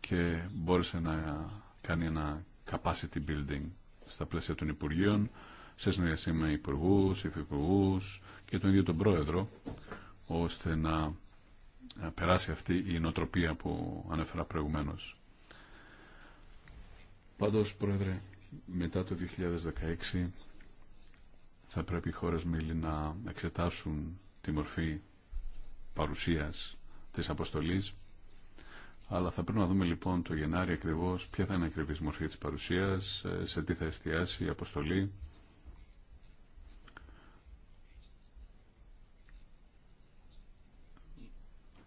και μπόρεσε να κάνει ένα capacity building στα πλαίσια των Υπουργείων, σε συνεργασία με υπουργού, υφυπουργού και τον ίδιο τον πρόεδρο, ώστε να περάσει αυτή η νοοτροπία που ανέφερα προηγουμένω. Πάντω, Πρόεδρε, μετά το 2016 θα πρέπει οι χώρες μίλη να εξετάσουν τη μορφή παρουσίας της αποστολής αλλά θα πρέπει να δούμε λοιπόν το Γενάρη ακριβώς ποια θα είναι ακριβή μορφή της παρουσίας σε τι θα εστιάσει η αποστολή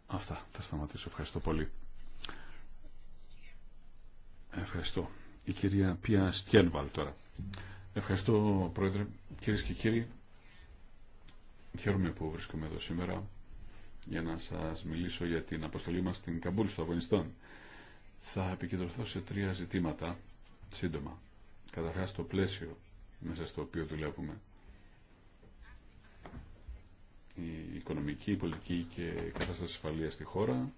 Αυτά. Θα σταματήσω. Ευχαριστώ πολύ. Ευχαριστώ. Η κυρία Πία Στιένβαλ τώρα. Ευχαριστώ, Πρόεδρε. Κυρίε και κύριοι, χαίρομαι που βρίσκομαι εδώ σήμερα για να σας μιλήσω για την αποστολή μας στην Καμπούλ, στο Αφγανιστάν. Θα επικεντρωθώ σε τρία ζητήματα, σύντομα. Καταρχάς το πλαίσιο μέσα στο οποίο δουλεύουμε η οικονομική, η πολιτική και η κατάσταση ασφαλεία στη χώρα.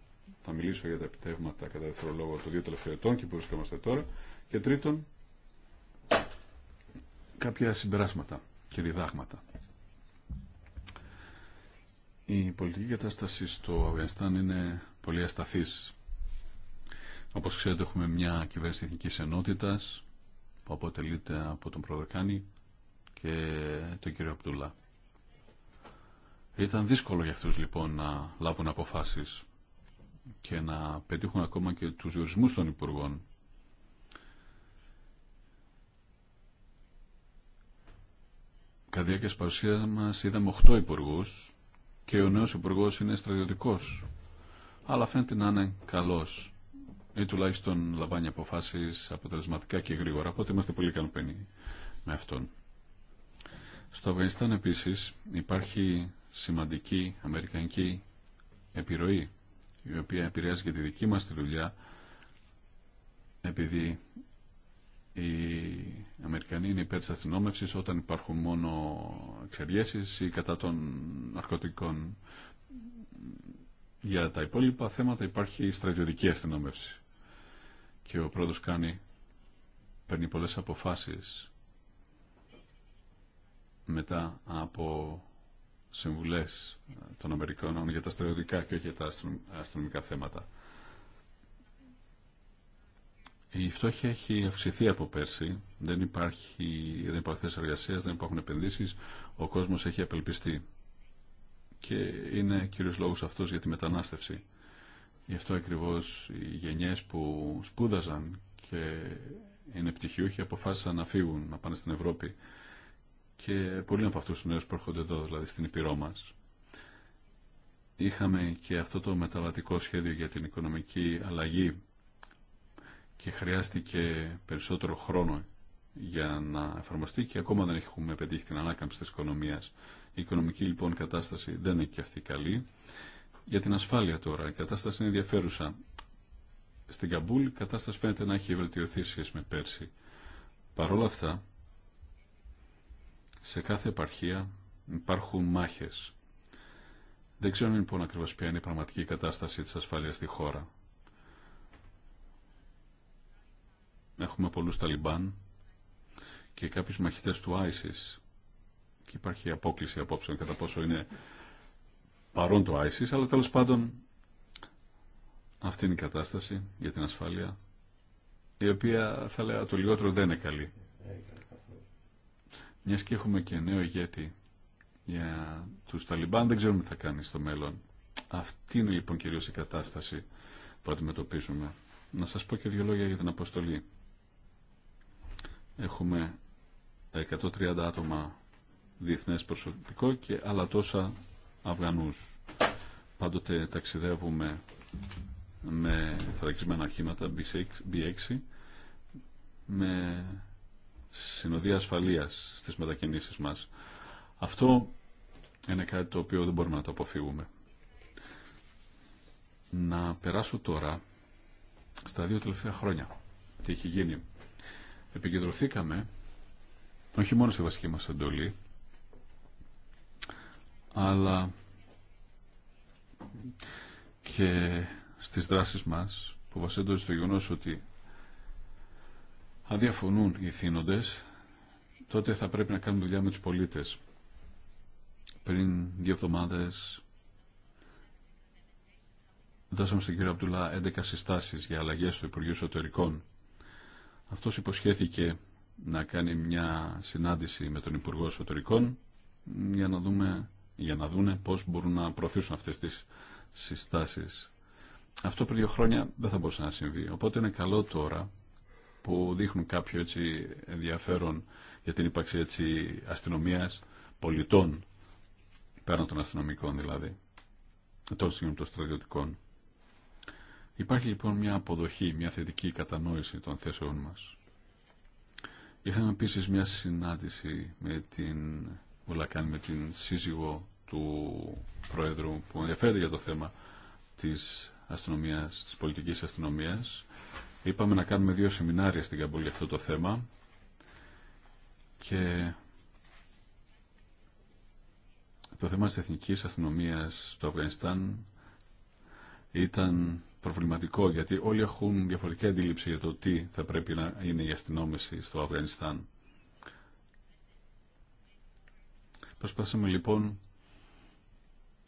Θα μιλήσω για τα επιτεύγματα κατά δεύτερο λόγο των δύο τελευταίων ετών και που βρισκόμαστε τώρα. Και τρίτον, κάποια συμπεράσματα και διδάγματα. Η πολιτική κατάσταση στο Αφγανιστάν είναι πολύ ασταθής. Όπως ξέρετε έχουμε μια κυβέρνηση εθνική ενότητας που αποτελείται από τον Προδεκάνη και τον κύριο Απτούλα. Ήταν δύσκολο για αυτούς λοιπόν να λάβουν αποφάσεις και να πετύχουν ακόμα και τους διορισμούς των Υπουργών. Κατά διάρκεια παρουσία μα είδαμε 8 υπουργού και ο νέος υπουργό είναι στρατιωτικός. Αλλά φαίνεται να είναι καλό. ή τουλάχιστον λαμβάνει αποφάσεις αποτελεσματικά και γρήγορα, οπότε είμαστε πολύ ικανοποιημένοι με αυτόν. Στο Αφγανιστάν επίση υπάρχει σημαντική αμερικανική επιρροή η οποία επηρεάζει και τη δική μας τη δουλειά επειδή οι Αμερικανοί είναι υπέρ της αστυνόμευσης όταν υπάρχουν μόνο εξεργέσεις ή κατά των ναρκωτικών για τα υπόλοιπα θέματα υπάρχει η στρατιωτική αστυνόμευση και ο πρόεδρος κάνει παίρνει πολλές αποφάσεις μετά από Συμβουλέ ε, των Αμερικανών για τα στρατιωτικά και όχι για τα αστυνομικά θέματα. Η φτώχεια έχει αυξηθεί από πέρσι. Δεν, υπάρχει, δεν υπάρχουν θέσει εργασία, δεν υπάρχουν επενδύσει. Ο κόσμο έχει απελπιστεί. Και είναι κύριο λόγο αυτό για τη μετανάστευση. Γι' αυτό ακριβώ οι γενιέ που σπούδαζαν και είναι πτυχιούχοι αποφάσισαν να φύγουν, να πάνε στην Ευρώπη και πολλοί από αυτούς τους νέους που έρχονται εδώ, δηλαδή στην Υπηρώ μας. Είχαμε και αυτό το μεταβατικό σχέδιο για την οικονομική αλλαγή και χρειάστηκε περισσότερο χρόνο για να εφαρμοστεί και ακόμα δεν έχουμε πετύχει την ανάκαμψη της οικονομίας. Η οικονομική λοιπόν κατάσταση δεν είναι και αυτή καλή. Για την ασφάλεια τώρα, η κατάσταση είναι ενδιαφέρουσα. Στην Καμπούλ η κατάσταση φαίνεται να έχει βελτιωθεί σχέση με πέρσι. Παρ' όλα αυτά, σε κάθε επαρχία υπάρχουν μάχες. Δεν ξέρουμε λοιπόν ακριβώ ποια είναι η πραγματική κατάσταση της ασφάλειας στη χώρα. Έχουμε πολλούς Ταλιμπάν και κάποιους μαχητές του ISIS. Και υπάρχει απόκληση απόψεων κατά πόσο είναι παρόν το ISIS, αλλά τέλος πάντων αυτή είναι η κατάσταση για την ασφάλεια, η οποία θα λέω το λιγότερο δεν είναι καλή. Μια και έχουμε και νέο ηγέτη για του Ταλιμπάν, δεν ξέρουμε τι θα κάνει στο μέλλον. Αυτή είναι λοιπόν κυρίως η κατάσταση που αντιμετωπίζουμε. Να σας πω και δύο λόγια για την αποστολή. Έχουμε 130 άτομα διεθνέ προσωπικό και άλλα τόσα Αφγανούς. Πάντοτε ταξιδεύουμε με θωρακισμένα αρχήματα b B6 με συνοδεία ασφαλείας στις μετακινήσεις μας. Αυτό είναι κάτι το οποίο δεν μπορούμε να το αποφύγουμε. Να περάσω τώρα στα δύο τελευταία χρόνια. Τι έχει γίνει. Επικεντρωθήκαμε όχι μόνο στη βασική μας εντολή, αλλά και στις δράσεις μας που βασίζονται στο γεγονό ότι αν διαφωνούν οι θύνοντες, τότε θα πρέπει να κάνουν δουλειά με τους πολίτες. Πριν δύο εβδομάδες δώσαμε στον κύριο Απτουλά 11 συστάσεις για αλλαγές στο Υπουργείο Εσωτερικών. Αυτός υποσχέθηκε να κάνει μια συνάντηση με τον Υπουργό Εσωτερικών για να, δούμε, για να δούνε πώς μπορούν να προωθήσουν αυτές τις συστάσεις. Αυτό πριν δύο χρόνια δεν θα μπορούσε να συμβεί. Οπότε είναι καλό τώρα που δείχνουν κάποιο έτσι ενδιαφέρον για την ύπαρξη έτσι αστυνομίας πολιτών πέραν των αστυνομικών δηλαδή των συγγνώμη των στρατιωτικών υπάρχει λοιπόν μια αποδοχή μια θετική κατανόηση των θέσεών μας είχαμε επίση μια συνάντηση με την Ουλακάν με την σύζυγο του Πρόεδρου που ενδιαφέρεται για το θέμα της αστυνομίας, της πολιτικής αστυνομίας Είπαμε να κάνουμε δύο σεμινάρια στην Καμπούλη για αυτό το θέμα και το θέμα της εθνικής αστυνομίας στο Αφγανιστάν ήταν προβληματικό γιατί όλοι έχουν διαφορετική αντίληψη για το τι θα πρέπει να είναι η αστυνόμεση στο Αφγανιστάν. Προσπαθήσαμε λοιπόν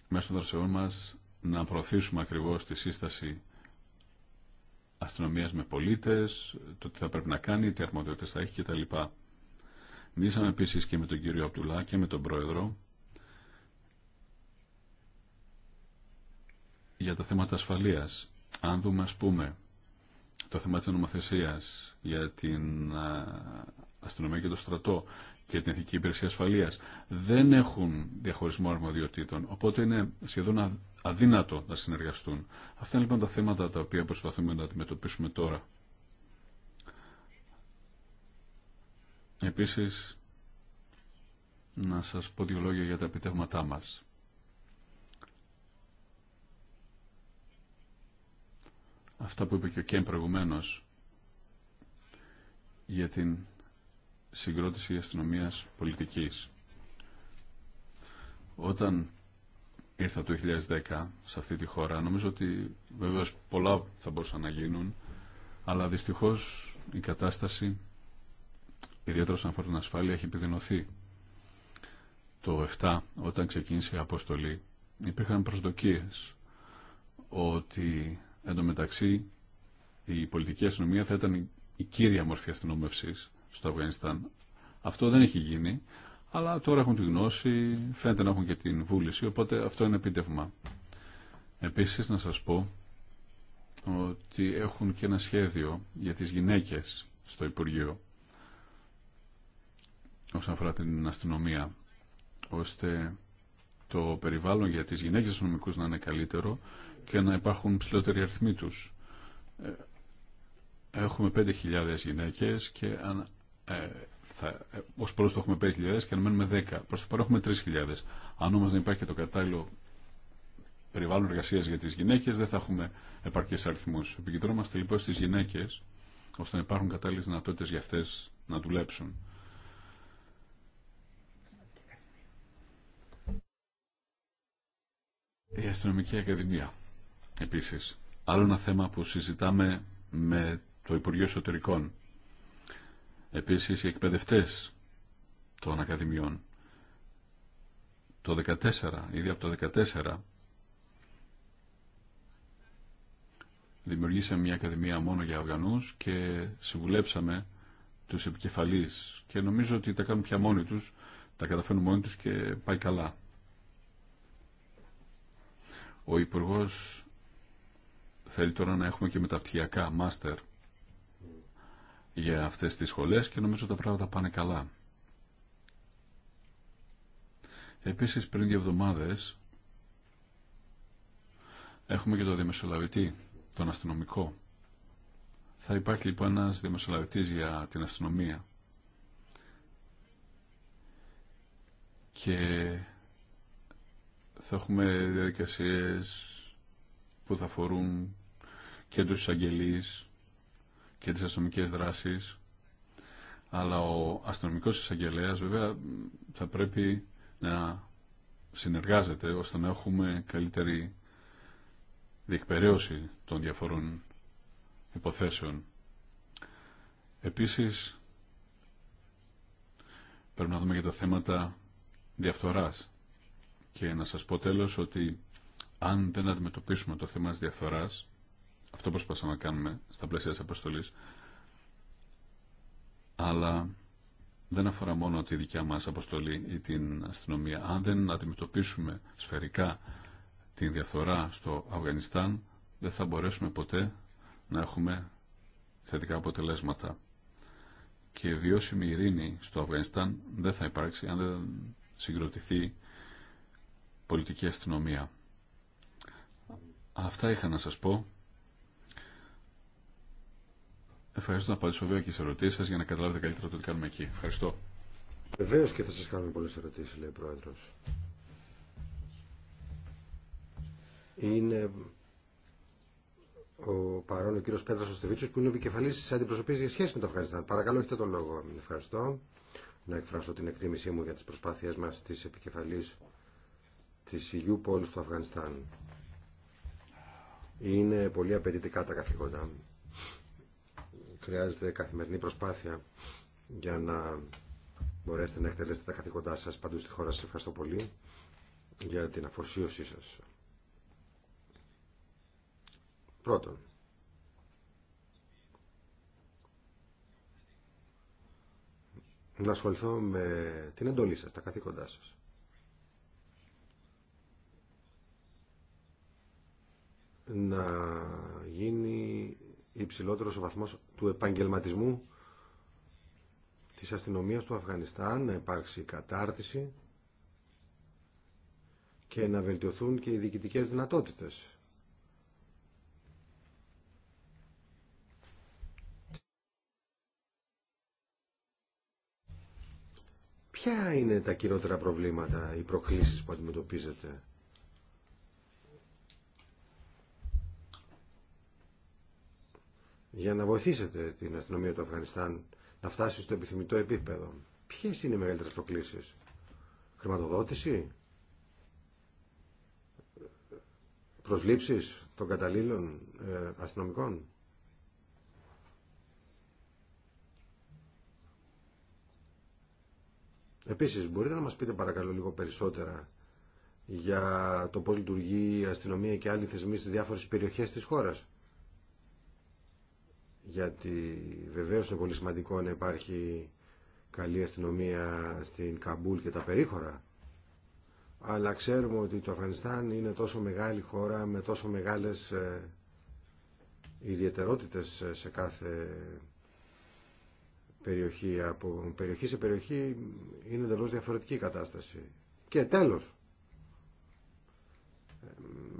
μέσω των δρασεών μας να προωθήσουμε ακριβώς τη σύσταση αστυνομία με πολίτε, το τι θα πρέπει να κάνει, τι αρμοδιότητε θα έχει κτλ. Μιλήσαμε επίση και με τον κύριο Απτουλά και με τον πρόεδρο για τα θέματα ασφαλεία. Αν δούμε, α πούμε, το θέμα τη νομοθεσία για την αστυνομία και το στρατό και την Εθνική Υπηρεσία Ασφαλεία δεν έχουν διαχωρισμό αρμοδιοτήτων. Οπότε είναι σχεδόν αδύνατο να συνεργαστούν. Αυτά είναι λοιπόν τα θέματα τα οποία προσπαθούμε να αντιμετωπίσουμε τώρα. Επίσης, να σας πω δύο λόγια για τα επιτεύγματά μας. Αυτά που είπε και ο Κέν προηγουμένως για την συγκρότηση αστυνομίας πολιτικής. Όταν ήρθα το 2010 σε αυτή τη χώρα. Νομίζω ότι βέβαια πολλά θα μπορούσαν να γίνουν, αλλά δυστυχώ η κατάσταση, ιδιαίτερα σαν αφορά την ασφάλεια, έχει επιδεινωθεί. Το 7, όταν ξεκίνησε η αποστολή, υπήρχαν προσδοκίε ότι εντωμεταξύ η πολιτική αστυνομία θα ήταν η κύρια μορφή αστυνομεύση στο Αφγανιστάν. Αυτό δεν έχει γίνει, αλλά τώρα έχουν τη γνώση, φαίνεται να έχουν και την βούληση, οπότε αυτό είναι επίτευγμα. Επίσης να σας πω ότι έχουν και ένα σχέδιο για τις γυναίκες στο Υπουργείο όσον αφορά την αστυνομία, ώστε το περιβάλλον για τις γυναίκες αστυνομικούς να είναι καλύτερο και να υπάρχουν ψηλότεροι αριθμοί τους. Ε, έχουμε 5.000 γυναίκες και ε, θα, ε, ως το έχουμε 5.000 και αν μένουμε 10. Προς το παρόν έχουμε 3.000. Αν όμως δεν υπάρχει και το κατάλληλο περιβάλλον εργασίας για τις γυναίκες δεν θα έχουμε επαρκέ αριθμούς. Επικεντρώμαστε λοιπόν στις γυναίκες ώστε να υπάρχουν κατάλληλες δυνατότητε για αυτές να δουλέψουν. Η Αστυνομική Ακαδημία επίσης. Άλλο ένα θέμα που συζητάμε με το Υπουργείο Εσωτερικών Επίσης οι εκπαιδευτές των Ακαδημιών. Το 14, ήδη από το 14, δημιουργήσαμε μια Ακαδημία μόνο για Αυγανούς και συμβουλέψαμε τους επικεφαλείς και νομίζω ότι τα κάνουν πια μόνοι τους, τα καταφέρνουν μόνοι τους και πάει καλά. Ο Υπουργός θέλει τώρα να έχουμε και μεταπτυχιακά, μάστερ, για αυτές τις σχολές και νομίζω τα πράγματα πάνε καλά. Επίσης πριν δύο εβδομάδες έχουμε και το δημοσιολαβητή, τον αστυνομικό. Θα υπάρχει λοιπόν ένας δημοσιολαβητής για την αστυνομία. Και θα έχουμε διαδικασίες που θα αφορούν και τους και τις αστυνομικές δράσεις αλλά ο αστυνομικός εισαγγελέας βέβαια θα πρέπει να συνεργάζεται ώστε να έχουμε καλύτερη διεκπαιρέωση των διαφορών υποθέσεων. Επίσης, πρέπει να δούμε και τα θέματα διαφθοράς. Και να σας πω τέλος ότι αν δεν αντιμετωπίσουμε το θέμα της διαφθοράς, αυτό προσπαθούμε να κάνουμε στα πλαίσια της αποστολής. Αλλά δεν αφορά μόνο τη δικιά μας αποστολή ή την αστυνομία. Αν δεν αντιμετωπίσουμε σφαιρικά την διαφθορά στο Αφγανιστάν, δεν θα μπορέσουμε ποτέ να έχουμε θετικά αποτελέσματα. Και βιώσιμη ειρήνη στο Αφγανιστάν δεν θα υπάρξει αν δεν συγκροτηθεί πολιτική αστυνομία. Αυτά είχα να σας πω Ευχαριστώ να απαντήσω βέβαια και σε ερωτήσει σα για να καταλάβετε καλύτερα το τι κάνουμε εκεί. Ευχαριστώ. Βεβαίω και θα σα κάνουμε πολλέ ερωτήσει, λέει ο Πρόεδρο. Είναι ο παρόν ο κύριο Πέτρα Οστεβίτσο που είναι ο επικεφαλή τη αντιπροσωπή για σχέση με το Αφγανιστάν. Παρακαλώ, έχετε τον λόγο. Ευχαριστώ. Να εκφράσω την εκτίμησή μου για τι προσπάθειέ μα τη επικεφαλή τη Ιού Πόλη του Αφγανιστάν. Είναι πολύ απαιτητικά τα καθήκοντα χρειάζεται καθημερινή προσπάθεια για να μπορέσετε να εκτελέσετε τα καθήκοντά σας παντού στη χώρα σας. Ευχαριστώ πολύ για την αφοσίωσή σας. Πρώτον, να ασχοληθώ με την εντολή σας, τα καθήκοντά σας. Να γίνει υψηλότερος ο βαθμός του επαγγελματισμού της αστυνομίας του Αφγανιστάν, να υπάρξει κατάρτιση και να βελτιωθούν και οι διοικητικές δυνατότητες. Ποια είναι τα κυριότερα προβλήματα, οι προκλήσεις που αντιμετωπίζετε για να βοηθήσετε την αστυνομία του Αφγανιστάν να φτάσει στο επιθυμητό επίπεδο. Ποιες είναι οι μεγαλύτερες προκλήσεις. Χρηματοδότηση. Προσλήψεις των καταλήλων ε, αστυνομικών. Επίσης, μπορείτε να μας πείτε παρακαλώ λίγο περισσότερα για το πώς λειτουργεί η αστυνομία και άλλοι θεσμοί στις διάφορες περιοχές της χώρας γιατί βεβαίως είναι πολύ σημαντικό να υπάρχει καλή αστυνομία στην Καμπούλ και τα περίχωρα αλλά ξέρουμε ότι το Αφγανιστάν είναι τόσο μεγάλη χώρα με τόσο μεγάλες ε, ιδιαιτερότητες σε κάθε περιοχή. Από περιοχή σε περιοχή είναι εντελώ διαφορετική κατάσταση. Και τέλος,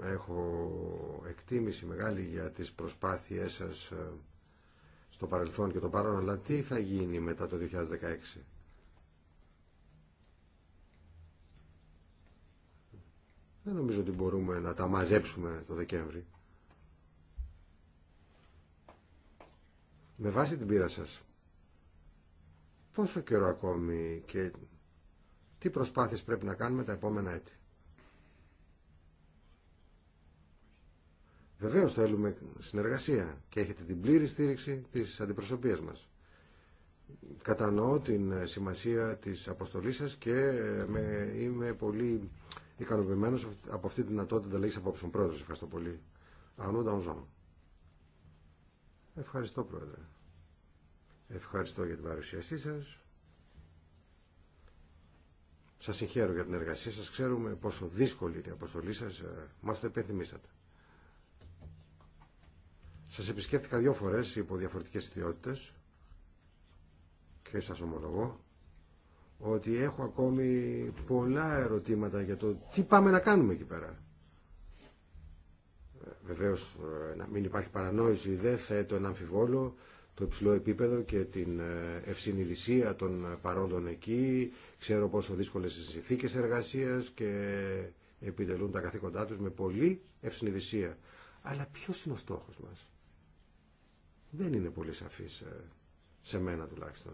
ε, έχω εκτίμηση μεγάλη για τις προσπάθειές σας ε, στο παρελθόν και το παρόν, αλλά τι θα γίνει μετά το 2016. Δεν νομίζω ότι μπορούμε να τα μαζέψουμε το Δεκέμβρη. Με βάση την πείρα σας, πόσο καιρό ακόμη και τι προσπάθειες πρέπει να κάνουμε τα επόμενα έτη. Βεβαίω θέλουμε συνεργασία και έχετε την πλήρη στήριξη τη αντιπροσωπεία μα. Κατανοώ την σημασία τη αποστολή σα και ε, με, είμαι πολύ ικανοποιημένο από αυτή τη δυνατότητα ανταλλαγή απόψεων. Πρόεδρο, ευχαριστώ πολύ. Ανούντα Οζόν. Ευχαριστώ, Πρόεδρε. Ευχαριστώ για την παρουσίασή σα. Σα συγχαίρω για την εργασία σας. Ξέρουμε πόσο δύσκολη είναι η αποστολή σας. Ε, μας το επενθυμίσατε. Σας επισκέφθηκα δύο φορές υπό διαφορετικές ιδιότητες και σας ομολογώ ότι έχω ακόμη πολλά ερωτήματα για το τι πάμε να κάνουμε εκεί πέρα. Ε, βεβαίως ε, να μην υπάρχει παρανόηση, δεν θέτω ένα αμφιβόλο το υψηλό επίπεδο και την ε, ευσυνειδησία των παρόντων εκεί. Ξέρω πόσο δύσκολες οι συνθήκες εργασίας και επιτελούν τα καθήκοντά τους με πολλή ευσυνειδησία. Αλλά ποιος είναι ο στόχος μας δεν είναι πολύ σαφής ε, σε μένα τουλάχιστον.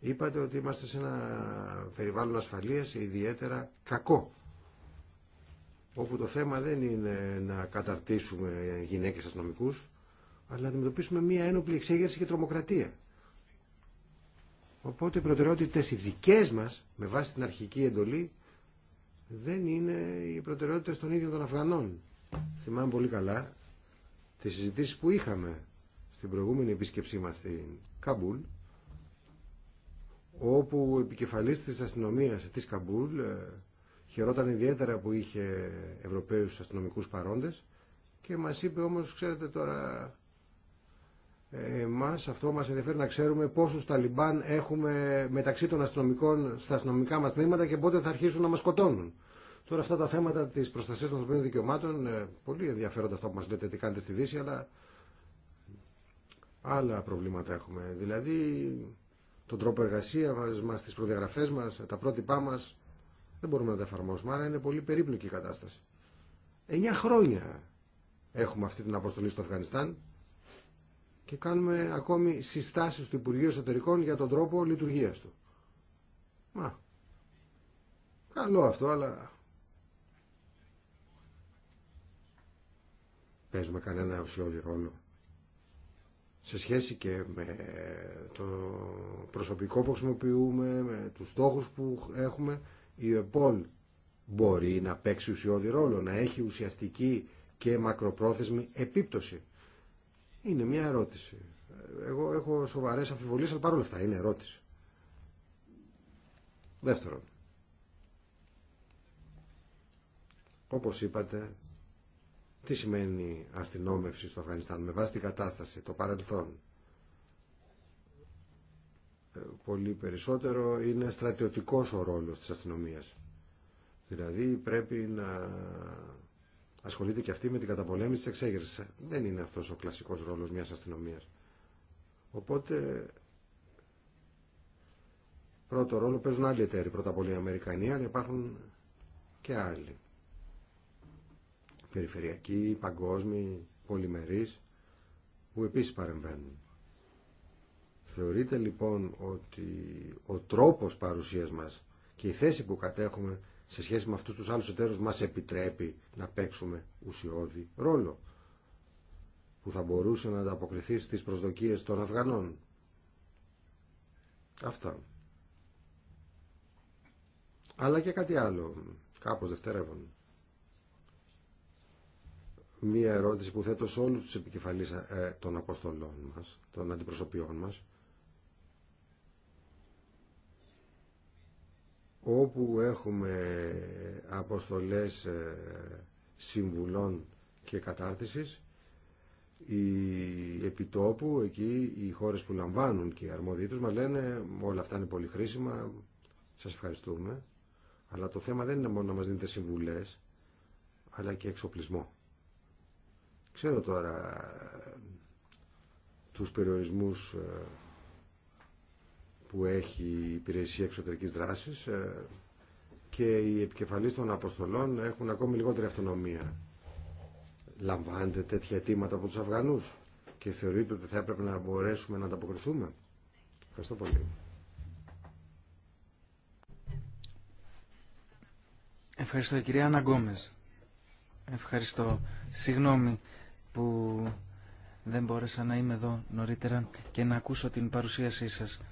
Είπατε ότι είμαστε σε ένα περιβάλλον ασφαλείας ιδιαίτερα κακό όπου το θέμα δεν είναι να καταρτήσουμε γυναίκες αστυνομικούς αλλά να αντιμετωπίσουμε μία ένοπλη εξέγερση και τρομοκρατία. Οπότε οι προτεραιότητες οι δικές μας με βάση την αρχική εντολή δεν είναι οι προτεραιότητες των ίδιων των Αφγανών. Θυμάμαι πολύ καλά τις συζητήσεις που είχαμε στην προηγούμενη επίσκεψή μας στην Καμπούλ όπου ο επικεφαλής της αστυνομίας της Καμπούλ ε, χαιρόταν ιδιαίτερα που είχε Ευρωπαίους αστυνομικούς παρόντες και μας είπε όμως, ξέρετε τώρα, εμάς αυτό μας ενδιαφέρει να ξέρουμε πόσους Ταλιμπάν έχουμε μεταξύ των αστυνομικών στα αστυνομικά μας τμήματα και πότε θα αρχίσουν να μας σκοτώνουν. Τώρα αυτά τα θέματα της προστασίας των ανθρωπίνων δικαιωμάτων, ε, πολύ ενδιαφέροντα αυτό που μας λέτε τι κάνετε στη Δύση, αλλά άλλα προβλήματα έχουμε. Δηλαδή, τον τρόπο εργασία μας, τις προδιαγραφές μας, τα πρότυπά μα δεν μπορούμε να τα εφαρμόσουμε. Άρα είναι πολύ περίπλοκη η κατάσταση. Εννιά χρόνια έχουμε αυτή την αποστολή στο Αφγανιστάν και κάνουμε ακόμη συστάσεις του Υπουργείου Εσωτερικών για τον τρόπο λειτουργίας του. Μα, καλό αυτό, αλλά παίζουμε κανένα ουσιώδη ρόλο σε σχέση και με το προσωπικό που χρησιμοποιούμε, με τους στόχους που έχουμε, η ΕΠΟΛ μπορεί να παίξει ουσιώδη ρόλο, να έχει ουσιαστική και μακροπρόθεσμη επίπτωση. Είναι μια ερώτηση. Εγώ έχω σοβαρές αμφιβολίες, αλλά παρόλα αυτά είναι ερώτηση. Δεύτερον, όπως είπατε, τι σημαίνει αστυνόμευση στο Αφγανιστάν με βάση την κατάσταση, το παρελθόν. Ε, πολύ περισσότερο είναι στρατιωτικός ο ρόλος της αστυνομίας. Δηλαδή πρέπει να ασχολείται και αυτή με την καταπολέμηση της εξέγερσης. Δεν είναι αυτός ο κλασικός ρόλος μιας αστυνομίας. Οπότε πρώτο ρόλο παίζουν άλλοι εταίροι. Πρώτα απ' όλα οι Αμερικανοί, αλλά υπάρχουν και άλλοι περιφερειακοί, παγκόσμιοι, πολυμερείς, που επίσης παρεμβαίνουν. Θεωρείται λοιπόν ότι ο τρόπος παρουσίας μας και η θέση που κατέχουμε σε σχέση με αυτούς τους άλλους εταίρους μας επιτρέπει να παίξουμε ουσιώδη ρόλο που θα μπορούσε να ανταποκριθεί στις προσδοκίες των Αφγανών. Αυτά. Αλλά και κάτι άλλο, κάπως δευτερεύον μία ερώτηση που θέτω σε όλους τους επικεφαλείς ε, των αποστολών μας, των αντιπροσωπιών μας, όπου έχουμε αποστολές ε, συμβουλών και κατάρτισης, οι επιτόπου, εκεί οι χώρες που λαμβάνουν και οι αρμόδιοι τους μας λένε όλα αυτά είναι πολύ χρήσιμα, σας ευχαριστούμε. Αλλά το θέμα δεν είναι μόνο να μας δίνετε συμβουλές, αλλά και εξοπλισμό. Ξέρω τώρα τους περιορισμούς ε, που έχει η υπηρεσία εξωτερικής δράσης ε, και οι επικεφαλής των αποστολών έχουν ακόμη λιγότερη αυτονομία. Λαμβάνετε τέτοια αιτήματα από τους Αφγανούς και θεωρείτε ότι θα έπρεπε να μπορέσουμε να ανταποκριθούμε. Ευχαριστώ πολύ. Ευχαριστώ κυρία Αναγκόμες. Ευχαριστώ. Συγγνώμη που δεν μπόρεσα να είμαι εδώ νωρίτερα και να ακούσω την παρουσίασή σας.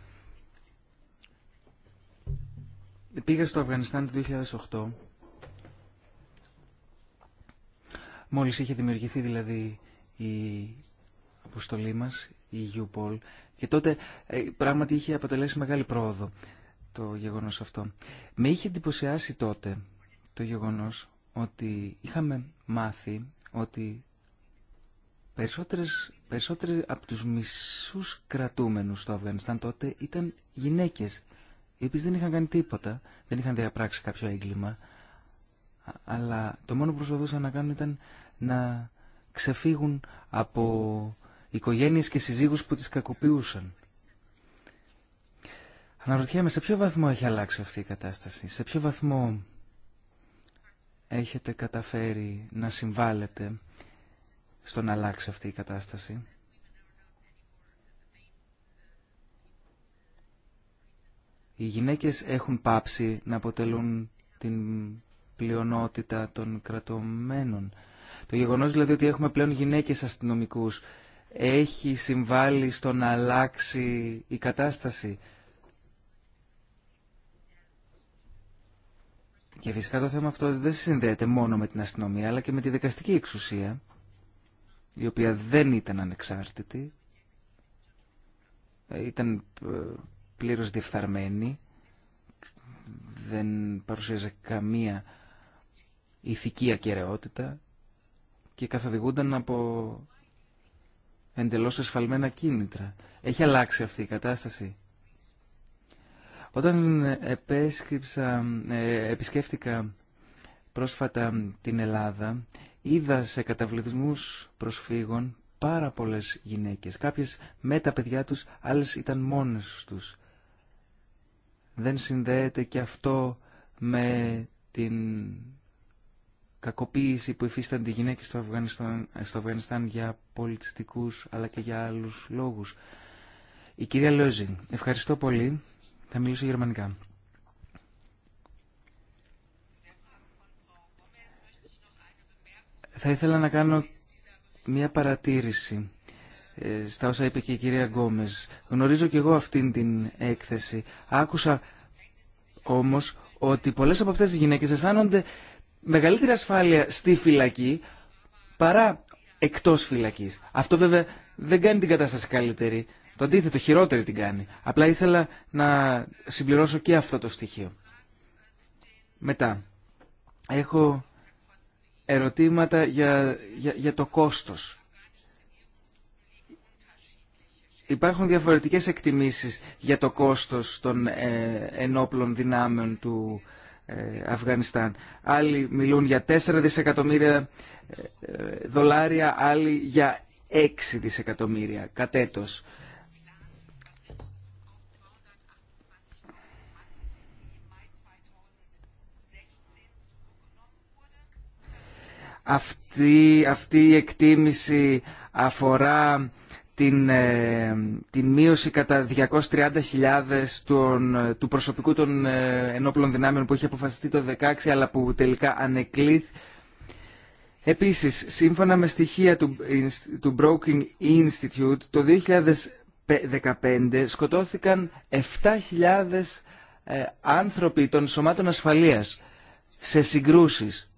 Πήγα στο Αφγανιστάν το 2008, μόλις είχε δημιουργηθεί δηλαδή η αποστολή μας, η UPOL, και τότε ε, πράγματι είχε αποτελέσει μεγάλη πρόοδο το γεγονός αυτό. Με είχε εντυπωσιάσει τότε το γεγονός ότι είχαμε μάθει ότι Περισσότερες, περισσότεροι από τους μισούς κρατούμενους στο Αφγανιστάν τότε ήταν γυναίκες, οι δεν είχαν κάνει τίποτα, δεν είχαν διαπράξει κάποιο έγκλημα, αλλά το μόνο που προσπαθούσαν να κάνουν ήταν να ξεφύγουν από οικογένειες και συζύγους που τις κακοποιούσαν. Αναρωτιέμαι σε ποιο βαθμό έχει αλλάξει αυτή η κατάσταση, σε ποιο βαθμό έχετε καταφέρει να συμβάλλετε στο να αλλάξει αυτή η κατάσταση. Οι γυναίκες έχουν πάψει να αποτελούν την πλειονότητα των κρατωμένων. Το γεγονός δηλαδή ότι έχουμε πλέον γυναίκες αστυνομικούς έχει συμβάλει στο να αλλάξει η κατάσταση. Και φυσικά το θέμα αυτό δεν συνδέεται μόνο με την αστυνομία αλλά και με τη δικαστική εξουσία η οποία δεν ήταν ανεξάρτητη, ήταν ε, πλήρως διεφθαρμένη, δεν παρουσίαζε καμία ηθική ακαιρεότητα και καθοδηγούνταν από εντελώς εσφαλμένα κίνητρα. Έχει αλλάξει αυτή η κατάσταση. Όταν ε, ε, επισκέφτηκα πρόσφατα την Ελλάδα, είδα σε καταβλητισμούς προσφύγων πάρα πολλές γυναίκες. Κάποιες με τα παιδιά τους, άλλες ήταν μόνες τους. Δεν συνδέεται και αυτό με την κακοποίηση που υφίστανται οι γυναίκες στο Αφγανιστάν, στο για πολιτιστικούς αλλά και για άλλους λόγους. Η κυρία Λόζιν, ευχαριστώ πολύ. Θα μιλήσω γερμανικά. Θα ήθελα να κάνω μια παρατήρηση ε, στα όσα είπε και η κυρία Γκόμες. Γνωρίζω και εγώ αυτήν την έκθεση. Άκουσα όμως ότι πολλές από αυτές τις γυναίκες αισθάνονται μεγαλύτερη ασφάλεια στη φυλακή παρά εκτός φυλακής. Αυτό βέβαια δεν κάνει την κατάσταση καλύτερη. Το αντίθετο, χειρότερη την κάνει. Απλά ήθελα να συμπληρώσω και αυτό το στοιχείο. Μετά, έχω ερωτήματα για, το κόστος. Υπάρχουν διαφορετικές εκτιμήσεις για το κόστος των ε, ενόπλων δυνάμεων του ε, Αφγανιστάν. Άλλοι μιλούν για 4 δισεκατομμύρια ε, δολάρια, άλλοι για 6 δισεκατομμύρια κατέτος. Αυτή, η εκτίμηση αφορά την, ε, την μείωση κατά 230.000 του προσωπικού των ε, ενόπλων δυνάμεων που είχε αποφασιστεί το 2016 αλλά που τελικά ανεκλήθη. Επίσης, σύμφωνα με στοιχεία του, του Broking Institute, το 2015 σκοτώθηκαν 7.000 ε, άνθρωποι των σωμάτων ασφαλείας σε συγκρούσεις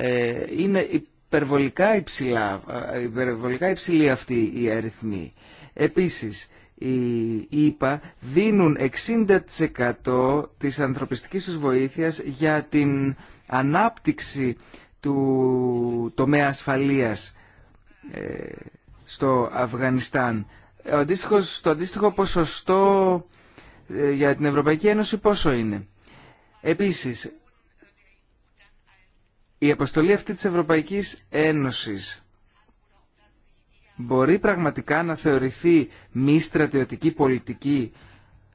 ε, είναι υπερβολικά, υψηλά, ε, υπερβολικά υψηλή αυτή η αριθμή. Επίσης, οι ΙΠΑ δίνουν 60% της ανθρωπιστικής τους βοήθειας για την ανάπτυξη του τομέα ασφαλείας ε, στο Αφγανιστάν. Το αντίστοιχο ποσοστό για την Ευρωπαϊκή Ένωση πόσο είναι. Επίσης, η αποστολή αυτή της Ευρωπαϊκής Ένωσης μπορεί πραγματικά να θεωρηθεί μη στρατιωτική πολιτική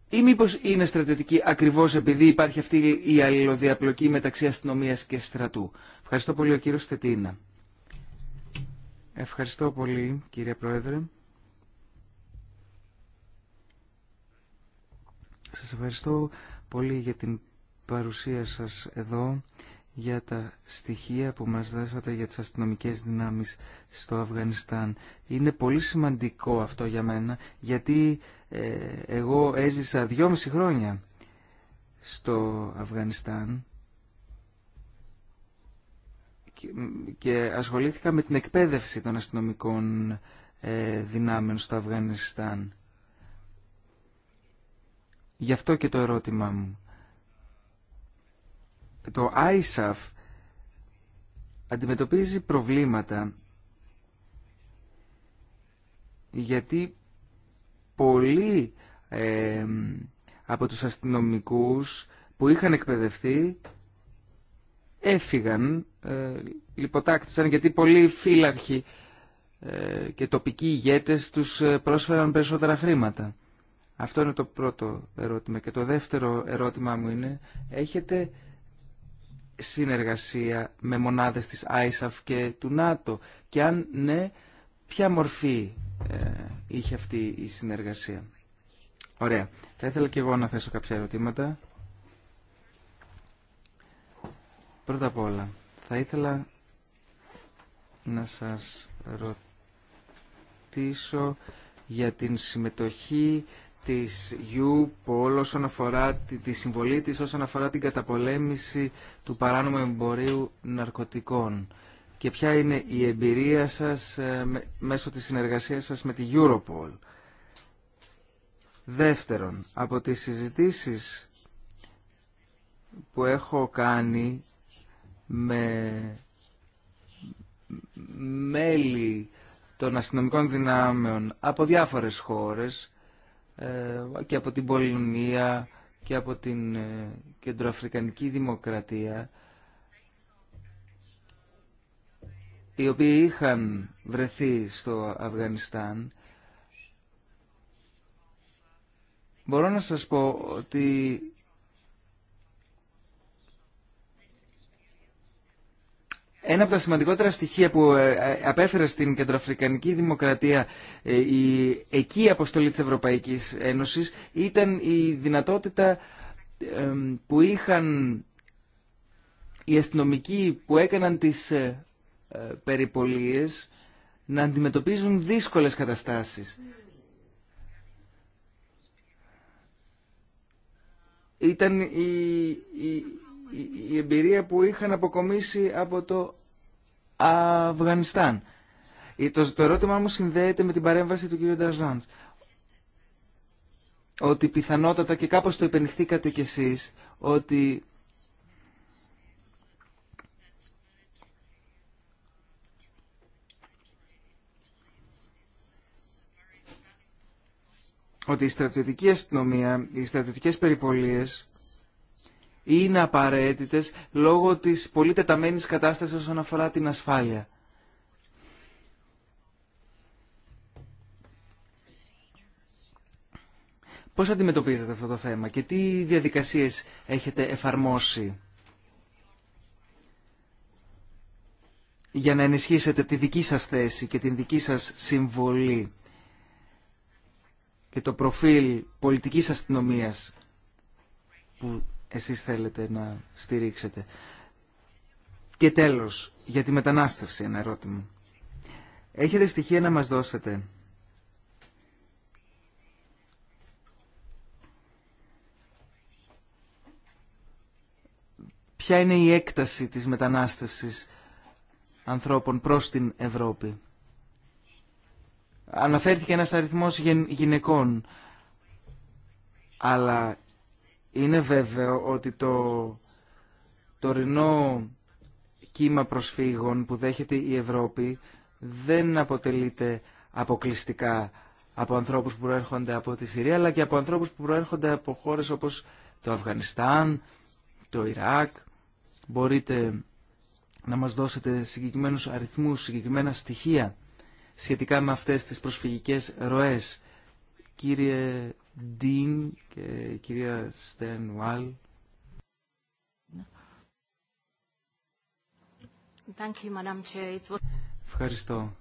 ή μήπω είναι στρατιωτική ακριβώς επειδή υπάρχει αυτή η αλληλοδιαπλοκή μεταξύ αστυνομία και στρατού. Ευχαριστώ πολύ ο κύριος Στετίνα. Ευχαριστώ πολύ κύριε Πρόεδρε. Σας ευχαριστώ πολύ για την παρουσία σας εδώ για τα στοιχεία που μας δώσατε για τις αστυνομικές δυνάμεις στο Αφγανιστάν. Είναι πολύ σημαντικό αυτό για μένα, γιατί ε, εγώ έζησα δυόμιση χρόνια στο Αφγανιστάν και ασχολήθηκα με την εκπαίδευση των αστυνομικών ε, δυνάμεων στο Αφγανιστάν. Γι' αυτό και το ερώτημά μου το ISAF αντιμετωπίζει προβλήματα γιατί πολλοί από τους αστυνομικούς που είχαν εκπαιδευτεί έφυγαν, ε, λιποτάκτησαν γιατί πολλοί φύλαρχοι ε, και τοπικοί ηγέτες τους ε, πρόσφεραν περισσότερα χρήματα. Αυτό είναι το πρώτο ερώτημα. Και το δεύτερο ερώτημά μου είναι, έχετε συνεργασία με μονάδες της ISAF και του ΝΑΤΟ και αν ναι, ποια μορφή ε, είχε αυτή η συνεργασία. Ωραία. Θα ήθελα και εγώ να θέσω κάποια ερωτήματα. Πρώτα απ' όλα, θα ήθελα να σας ρωτήσω για την συμμετοχή της ΙΟΥΠΟ όσον αφορά τη συμβολή της όσον αφορά την καταπολέμηση του παράνομου εμπορίου ναρκωτικών και ποια είναι η εμπειρία σας ε, μέσω της συνεργασίας σας με τη Europol. Δεύτερον, από τις συζητήσεις που έχω κάνει με μέλη των αστυνομικών δυνάμεων από διάφορες χώρες ε, και από την Πολωνία και από την ε, Κεντροαφρικανική Δημοκρατία οι οποίοι είχαν βρεθεί στο Αφγανιστάν μπορώ να σας πω ότι Ένα από τα σημαντικότερα στοιχεία που ε, ε, απέφερε στην κεντροαφρικανική δημοκρατία ε, η εκεί αποστολή της Ευρωπαϊκής Ένωσης ήταν η δυνατότητα που είχαν οι αστυνομικοί που έκαναν τις περιπολίες να αντιμετωπίζουν δύσκολες καταστάσεις. Ήταν η, η εμπειρία που είχαν αποκομίσει από το Αφγανιστάν. Το, το ερώτημά μου συνδέεται με την παρέμβαση του κ. Νταζάντ. Ότι πιθανότατα και κάπως το επενηθήκατε κι εσείς ότι ότι η στρατιωτική αστυνομία, οι στρατιωτικές περιπολίες είναι απαραίτητε λόγω της πολύ τεταμένη κατάστασης όσον αφορά την ασφάλεια. Πώς αντιμετωπίζετε αυτό το θέμα και τι διαδικασίες έχετε εφαρμόσει για να ενισχύσετε τη δική σας θέση και την δική σας συμβολή και το προφίλ πολιτικής αστυνομίας που εσείς θέλετε να στηρίξετε. Και τέλος, για τη μετανάστευση ένα ερώτημα. Έχετε στοιχεία να μας δώσετε. Ποια είναι η έκταση της μετανάστευσης ανθρώπων προς την Ευρώπη. Αναφέρθηκε ένας αριθμός γυναικών, αλλά είναι βέβαιο ότι το τωρινό κύμα προσφύγων που δέχεται η Ευρώπη δεν αποτελείται αποκλειστικά από ανθρώπους που προέρχονται από τη Συρία αλλά και από ανθρώπους που προέρχονται από χώρες όπως το Αφγανιστάν, το Ιράκ. Μπορείτε να μας δώσετε συγκεκριμένους αριθμούς, συγκεκριμένα στοιχεία σχετικά με αυτές τις προσφυγικές ροές Κύριε Ντίν και κυρία Στενουάλ. Ευχαριστώ.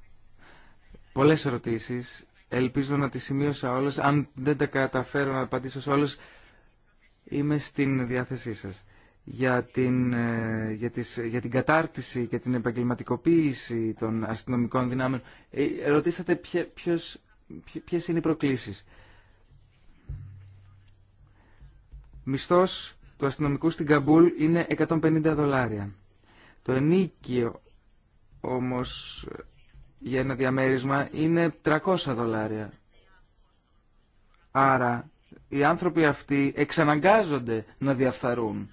Πολλές ερωτήσεις. Ελπίζω να τις σημείωσα όλες. Αν δεν τα καταφέρω να απαντήσω σε όλες, είμαι στην διάθεσή σας. Για την, ε, για, τις, την κατάρτιση και την επαγγελματικοποίηση των αστυνομικών δυνάμεων. Ε, ρωτήσατε ποιος Ποιε είναι οι προκλήσει. Μισθός του αστυνομικού στην Καμπούλ είναι 150 δολάρια. Το ενίκιο όμως για ένα διαμέρισμα είναι 300 δολάρια. Άρα οι άνθρωποι αυτοί εξαναγκάζονται να διαφθαρούν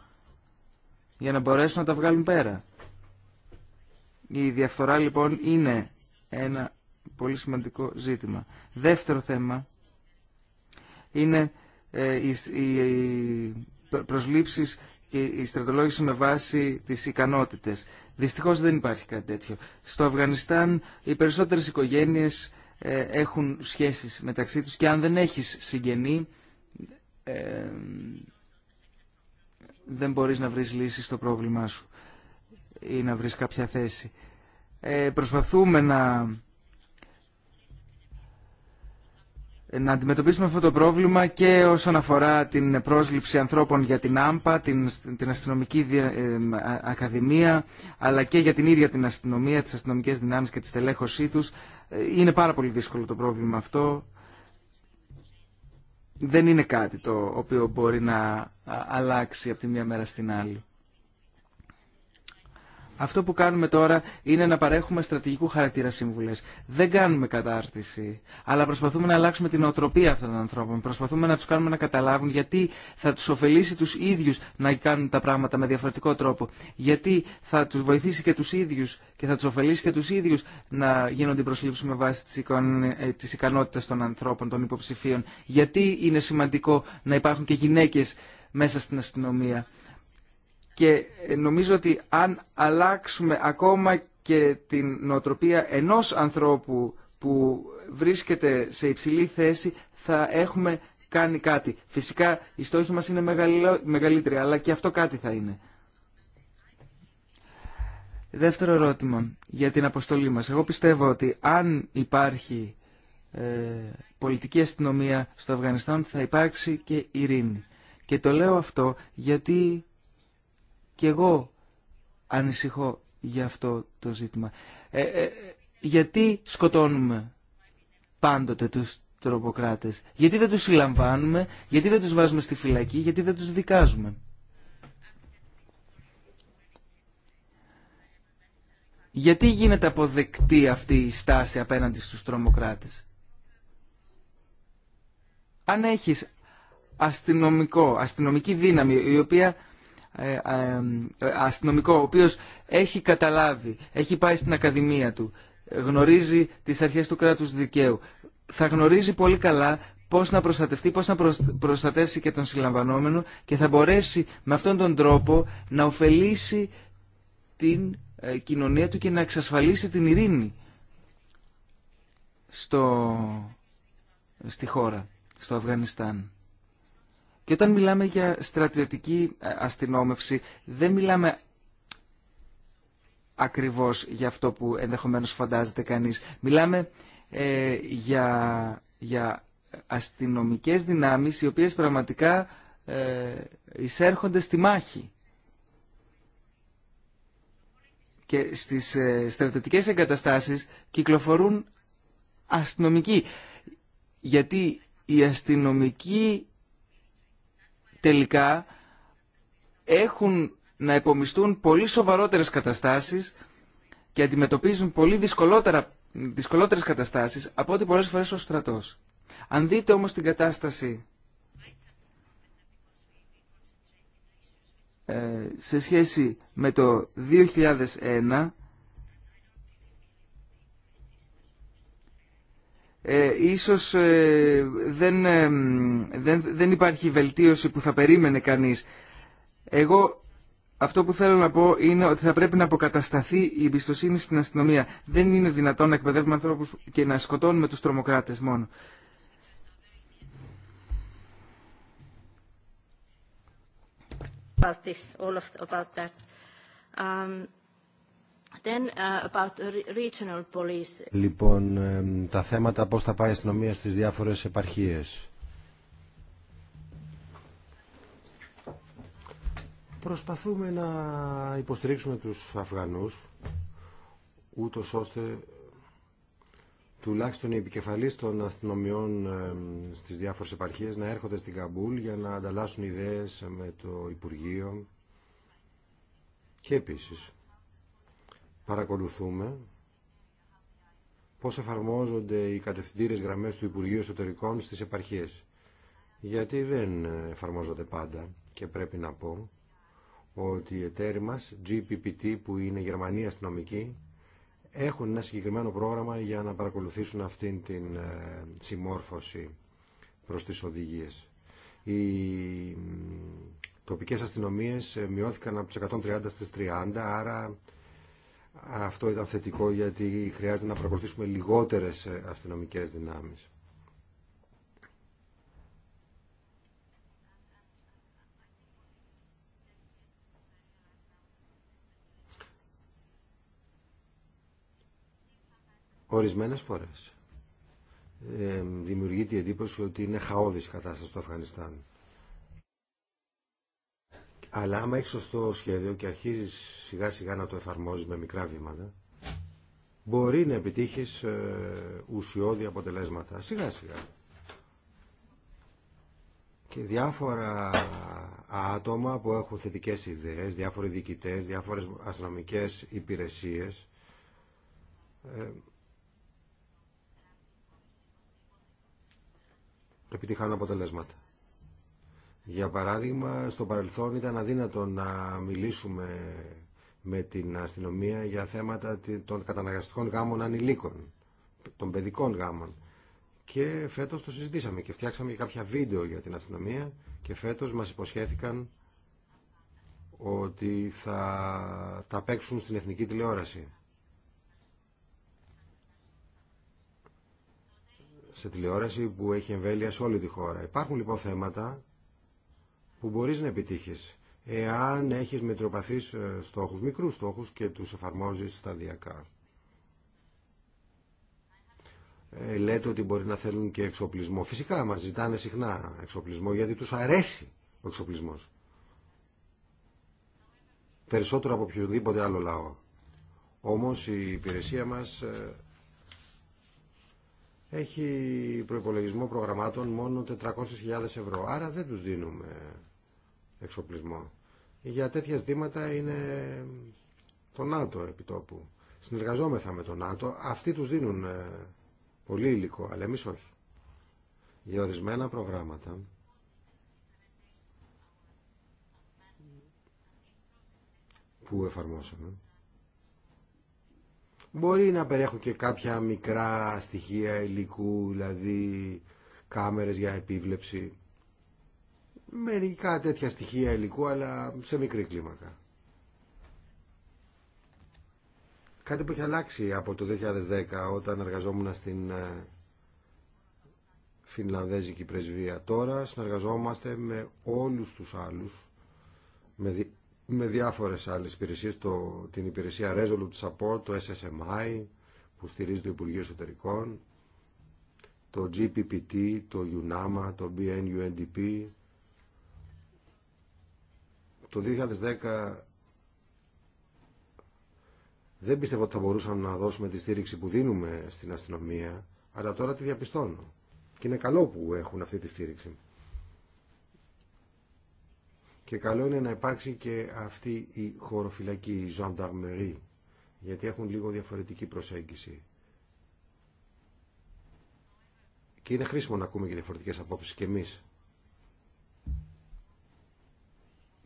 για να μπορέσουν να τα βγάλουν πέρα. Η διαφθορά λοιπόν είναι ένα πολύ σημαντικό ζήτημα. Δεύτερο θέμα είναι ε, οι προσλήψεις και η στρατολόγηση με βάση τις ικανότητες. Δυστυχώς δεν υπάρχει κάτι τέτοιο. Στο Αφγανιστάν οι περισσότερες οικογένειες ε, έχουν σχέσεις μεταξύ τους και αν δεν έχεις συγγενή ε, δεν μπορείς να βρεις λύση στο πρόβλημά σου ή να βρεις κάποια θέση. Προσπαθούμε να να αντιμετωπίσουμε αυτό το πρόβλημα και όσον αφορά την πρόσληψη ανθρώπων για την ΆΜΠΑ, την, την Αστυνομική ε, Ακαδημία, αλλά και για την ίδια την αστυνομία, τις αστυνομικές δυνάμεις και τη στελέχωσή τους. Ε, είναι πάρα πολύ δύσκολο το πρόβλημα αυτό. Δεν είναι κάτι το οποίο μπορεί να αλλάξει από τη μία μέρα στην άλλη. Αυτό που κάνουμε τώρα είναι να παρέχουμε στρατηγικού χαρακτήρα σύμβουλε. Δεν κάνουμε κατάρτιση, αλλά προσπαθούμε να αλλάξουμε την οτροπία αυτών των ανθρώπων. Προσπαθούμε να του κάνουμε να καταλάβουν γιατί θα του ωφελήσει του ίδιου να κάνουν τα πράγματα με διαφορετικό τρόπο. Γιατί θα του βοηθήσει και του ίδιου και θα του ωφελήσει και του ίδιου να γίνονται προσλήψει με βάση τι ε, ικανότητε των ανθρώπων, των υποψηφίων. Γιατί είναι σημαντικό να υπάρχουν και γυναίκε μέσα στην αστυνομία και ε, νομίζω ότι αν αλλάξουμε ακόμα και την νοοτροπία ενός ανθρώπου που βρίσκεται σε υψηλή θέση θα έχουμε κάνει κάτι. Φυσικά οι στόχοι μας είναι μεγαλύτεροι, αλλά και αυτό κάτι θα είναι. Δεύτερο ερώτημα για την αποστολή μας. Εγώ πιστεύω ότι αν υπάρχει ε, πολιτική αστυνομία στο Αφγανιστάν θα υπάρξει και ειρήνη. Και το λέω αυτό γιατί και εγώ ανησυχώ για αυτό το ζήτημα. Ε, ε, γιατί σκοτώνουμε πάντοτε τους τροποκράτες. Γιατί δεν τους συλλαμβάνουμε, γιατί δεν τους βάζουμε στη φυλακή, γιατί δεν τους δικάζουμε. Γιατί γίνεται αποδεκτή αυτή η στάση απέναντι στους τρομοκράτες. Αν έχεις αστυνομικό, αστυνομική δύναμη η οποία ε, ε, αστυνομικό ο οποίος έχει καταλάβει, έχει πάει στην ακαδημία του, γνωρίζει τις αρχές του κράτους δικαίου, θα γνωρίζει πολύ καλά πώς να προστατευτεί, πώς να προστατεύσει και τον συλλαμβανόμενο και θα μπορέσει με αυτόν τον τρόπο να ωφελήσει την ε, κοινωνία του και να εξασφαλίσει την ειρήνη στο, στη χώρα, στο Αφγανιστάν. Και όταν μιλάμε για στρατιωτική ε, αστυνόμευση, δεν μιλάμε ακριβώς για αυτό που ενδεχομένως φαντάζεται κανείς. Μιλάμε ε, για, για αστυνομικές δυνάμεις οι οποίες πραγματικά ε, εισέρχονται στη μάχη. Και στις ε, στρατιωτικές εγκαταστάσεις κυκλοφορούν αστυνομικοί. Γιατί οι αστυνομικοί τελικά έχουν να υπομιστούν πολύ σοβαρότερες καταστάσεις και αντιμετωπίζουν πολύ δυσκολότερα, δυσκολότερες καταστάσεις από ό,τι πολλές φορές ο στρατός. Αν δείτε όμως την κατάσταση ε, σε σχέση με το 2001 ε, ίσως ε, δεν, ε, δεν, δεν υπάρχει βελτίωση που θα περίμενε κανείς. Εγώ αυτό που θέλω να πω είναι ότι θα πρέπει να αποκατασταθεί η εμπιστοσύνη στην αστυνομία. Δεν είναι δυνατόν να εκπαιδεύουμε ανθρώπους και να σκοτώνουμε τους τρομοκράτες μόνο. About all of, about that. Um... Uh, λοιπόν, τα θέματα πώς θα πάει η αστυνομία στις διάφορες επαρχίες. Προσπαθούμε να υποστηρίξουμε τους Αφγανούς, ούτως ώστε τουλάχιστον οι επικεφαλείς των αστυνομιών στις διάφορες επαρχίες να έρχονται στην Καμπούλ για να ανταλλάσσουν ιδέες με το Υπουργείο και επίσης παρακολουθούμε πώς εφαρμόζονται οι κατευθυντήρες γραμμές του Υπουργείου Εσωτερικών στις επαρχίες. Γιατί δεν εφαρμόζονται πάντα και πρέπει να πω ότι οι εταίροι μας, GPPT που είναι Γερμανία αστυνομική, έχουν ένα συγκεκριμένο πρόγραμμα για να παρακολουθήσουν αυτήν την ε, συμμόρφωση προς τις οδηγίες. Οι τοπικές αστυνομίες ε, μειώθηκαν από τις 130 στις 30, άρα αυτό ήταν θετικό γιατί χρειάζεται να παρακολουθήσουμε λιγότερες ε, αστυνομικές δυνάμεις. Ορισμένες φορές ε, δημιουργείται η εντύπωση ότι είναι χαόδης η κατάσταση στο Αφγανιστάν. Αλλά άμα έχει σωστό σχέδιο και αρχίζει σιγά σιγά να το εφαρμόζει με μικρά βήματα, μπορεί να επιτύχει ε, ουσιώδη αποτελέσματα. Σιγά σιγά. Και διάφορα άτομα που έχουν θετικές ιδέες, διάφοροι διοικητές, διάφορες αστυνομικές υπηρεσίες, ε, επιτυχάνουν αποτελέσματα. Για παράδειγμα, στο παρελθόν ήταν αδύνατο να μιλήσουμε με την αστυνομία για θέματα των καταναγκαστικών γάμων ανηλίκων, των παιδικών γάμων. Και φέτος το συζητήσαμε και φτιάξαμε κάποια βίντεο για την αστυνομία και φέτος μας υποσχέθηκαν ότι θα τα παίξουν στην εθνική τηλεόραση. Σε τηλεόραση που έχει εμβέλεια σε όλη τη χώρα. Υπάρχουν λοιπόν θέματα που μπορείς να επιτύχεις εάν έχεις μετροπαθεί ε, στόχους, μικρούς στόχους και τους εφαρμόζεις σταδιακά. Ε, λέτε ότι μπορεί να θέλουν και εξοπλισμό. Φυσικά μας ζητάνε συχνά εξοπλισμό γιατί τους αρέσει ο εξοπλισμός. Περισσότερο από οποιοδήποτε άλλο λαό. Όμως η υπηρεσία μας ε, έχει προϋπολογισμό προγραμμάτων μόνο 400.000 ευρώ. Άρα δεν τους δίνουμε εξοπλισμό. Για τέτοια ζητήματα είναι το ΝΑΤΟ επιτόπου. Συνεργαζόμεθα με το ΝΑΤΟ. Αυτοί τους δίνουν ε, πολύ υλικό, αλλά εμείς όχι. Για ορισμένα προγράμματα που εφαρμόσαμε μπορεί να περιέχουν και κάποια μικρά στοιχεία υλικού, δηλαδή κάμερες για επίβλεψη μερικά τέτοια στοιχεία υλικού, αλλά σε μικρή κλίμακα. Κάτι που έχει αλλάξει από το 2010 όταν εργαζόμουν στην ε, Φινλανδέζικη Πρεσβεία. Τώρα συνεργαζόμαστε με όλους τους άλλους, με, δι... με διάφορες άλλες υπηρεσίες, το... την υπηρεσία Resolute Support, το SSMI που στηρίζει το Υπουργείο Εσωτερικών, το GPPT, το UNAMA, το BNUNDP, το 2010 δεν πιστεύω ότι θα μπορούσαμε να δώσουμε τη στήριξη που δίνουμε στην αστυνομία, αλλά τώρα τη διαπιστώνω. Και είναι καλό που έχουν αυτή τη στήριξη. Και καλό είναι να υπάρξει και αυτή η χωροφυλακή, η gendarmerie, γιατί έχουν λίγο διαφορετική προσέγγιση. Και είναι χρήσιμο να ακούμε και διαφορετικές απόψεις και εμείς.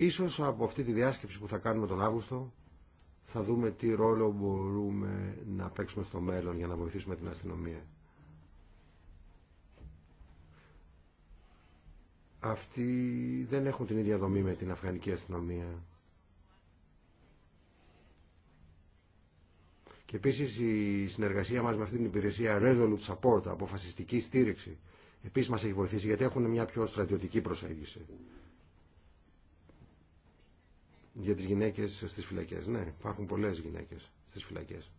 Ίσως από αυτή τη διάσκεψη που θα κάνουμε τον Αύγουστο θα δούμε τι ρόλο μπορούμε να παίξουμε στο μέλλον για να βοηθήσουμε την αστυνομία. Αυτοί δεν έχουν την ίδια δομή με την αφγανική αστυνομία. Και επίσης η συνεργασία μας με αυτή την υπηρεσία Resolute Support, αποφασιστική στήριξη, επίσης μας έχει βοηθήσει γιατί έχουν μια πιο στρατιωτική προσέγγιση για τις γυναίκες στις φυλακές. Ναι, υπάρχουν πολλές γυναίκες στις φυλακές.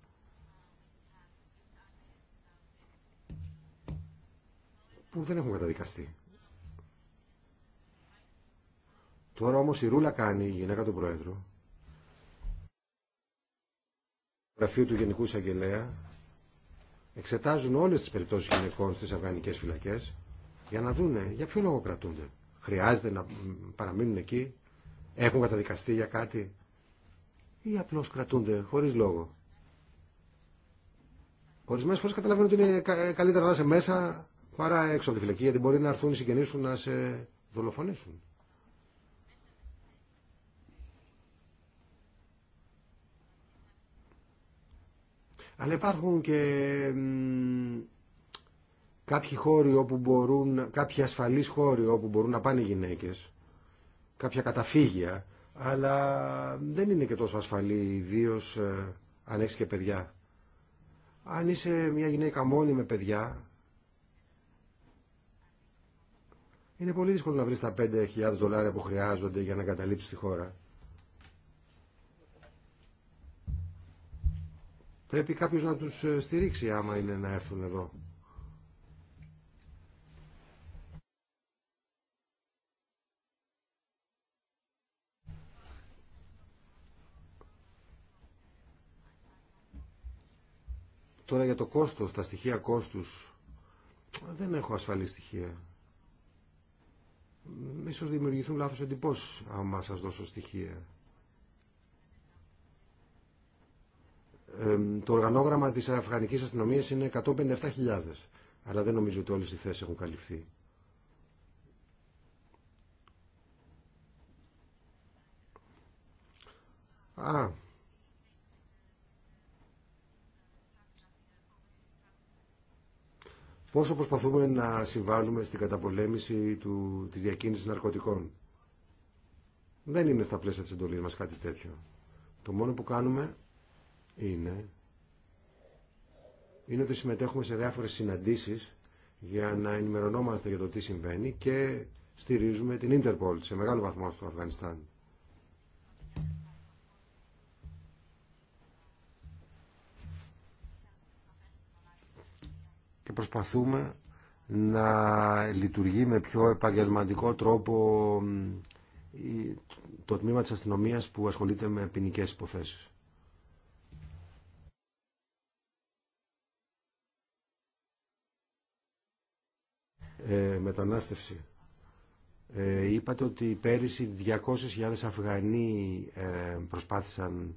Που δεν έχουν καταδικαστεί. Τώρα όμως η Ρούλα κάνει, η γυναίκα του Πρόεδρου, γραφείο του Γενικού Εισαγγελέα εξετάζουν όλες τις περιπτώσεις γυναικών στις αφγανικές φυλακές για να δούνε για ποιο λόγο κρατούνται. Χρειάζεται να παραμείνουν εκεί έχουν καταδικαστεί για κάτι ή απλώς κρατούνται χωρίς λόγο. Ορισμένες φορές καταλαβαίνω ότι είναι καλύτερα να είσαι μέσα παρά έξω από τη φυλακή γιατί μπορεί να έρθουν οι συγγενείς σου να σε δολοφονήσουν. Αλλά υπάρχουν και κάποιοι χώροι όπου μπορούν, κάποιοι ασφαλείς χώροι όπου μπορούν να πάνε οι γυναίκες κάποια καταφύγια, αλλά δεν είναι και τόσο ασφαλή, ιδίω ε, αν έχει και παιδιά. Αν είσαι μια γυναίκα μόνη με παιδιά, είναι πολύ δύσκολο να βρει τα 5.000 δολάρια που χρειάζονται για να καταλήψεις τη χώρα. Πρέπει κάποιος να τους ε, στηρίξει άμα είναι να έρθουν εδώ. Τώρα για το κόστος, τα στοιχεία κόστους, δεν έχω ασφαλή στοιχεία. Ίσως δημιουργηθούν λάθος εντυπώσεις άμα σας δώσω στοιχεία. το οργανόγραμμα της Αφγανικής Αστυνομίας είναι 157.000, αλλά δεν νομίζω ότι όλες οι θέσεις έχουν καλυφθεί. Α, πόσο προσπαθούμε να συμβάλλουμε στην καταπολέμηση του, της διακίνησης ναρκωτικών. Δεν είναι στα πλαίσια της εντολής μας κάτι τέτοιο. Το μόνο που κάνουμε είναι, είναι ότι συμμετέχουμε σε διάφορες συναντήσεις για να ενημερωνόμαστε για το τι συμβαίνει και στηρίζουμε την Ίντερπολ σε μεγάλο βαθμό στο Αφγανιστάν. προσπαθούμε να λειτουργεί με πιο επαγγελματικό τρόπο το τμήμα της αστυνομίας που ασχολείται με ποινικέ υποθέσεις. Ε, μετανάστευση. Ε, είπατε ότι πέρυσι 200.000 Αφγανοί ε, προσπάθησαν,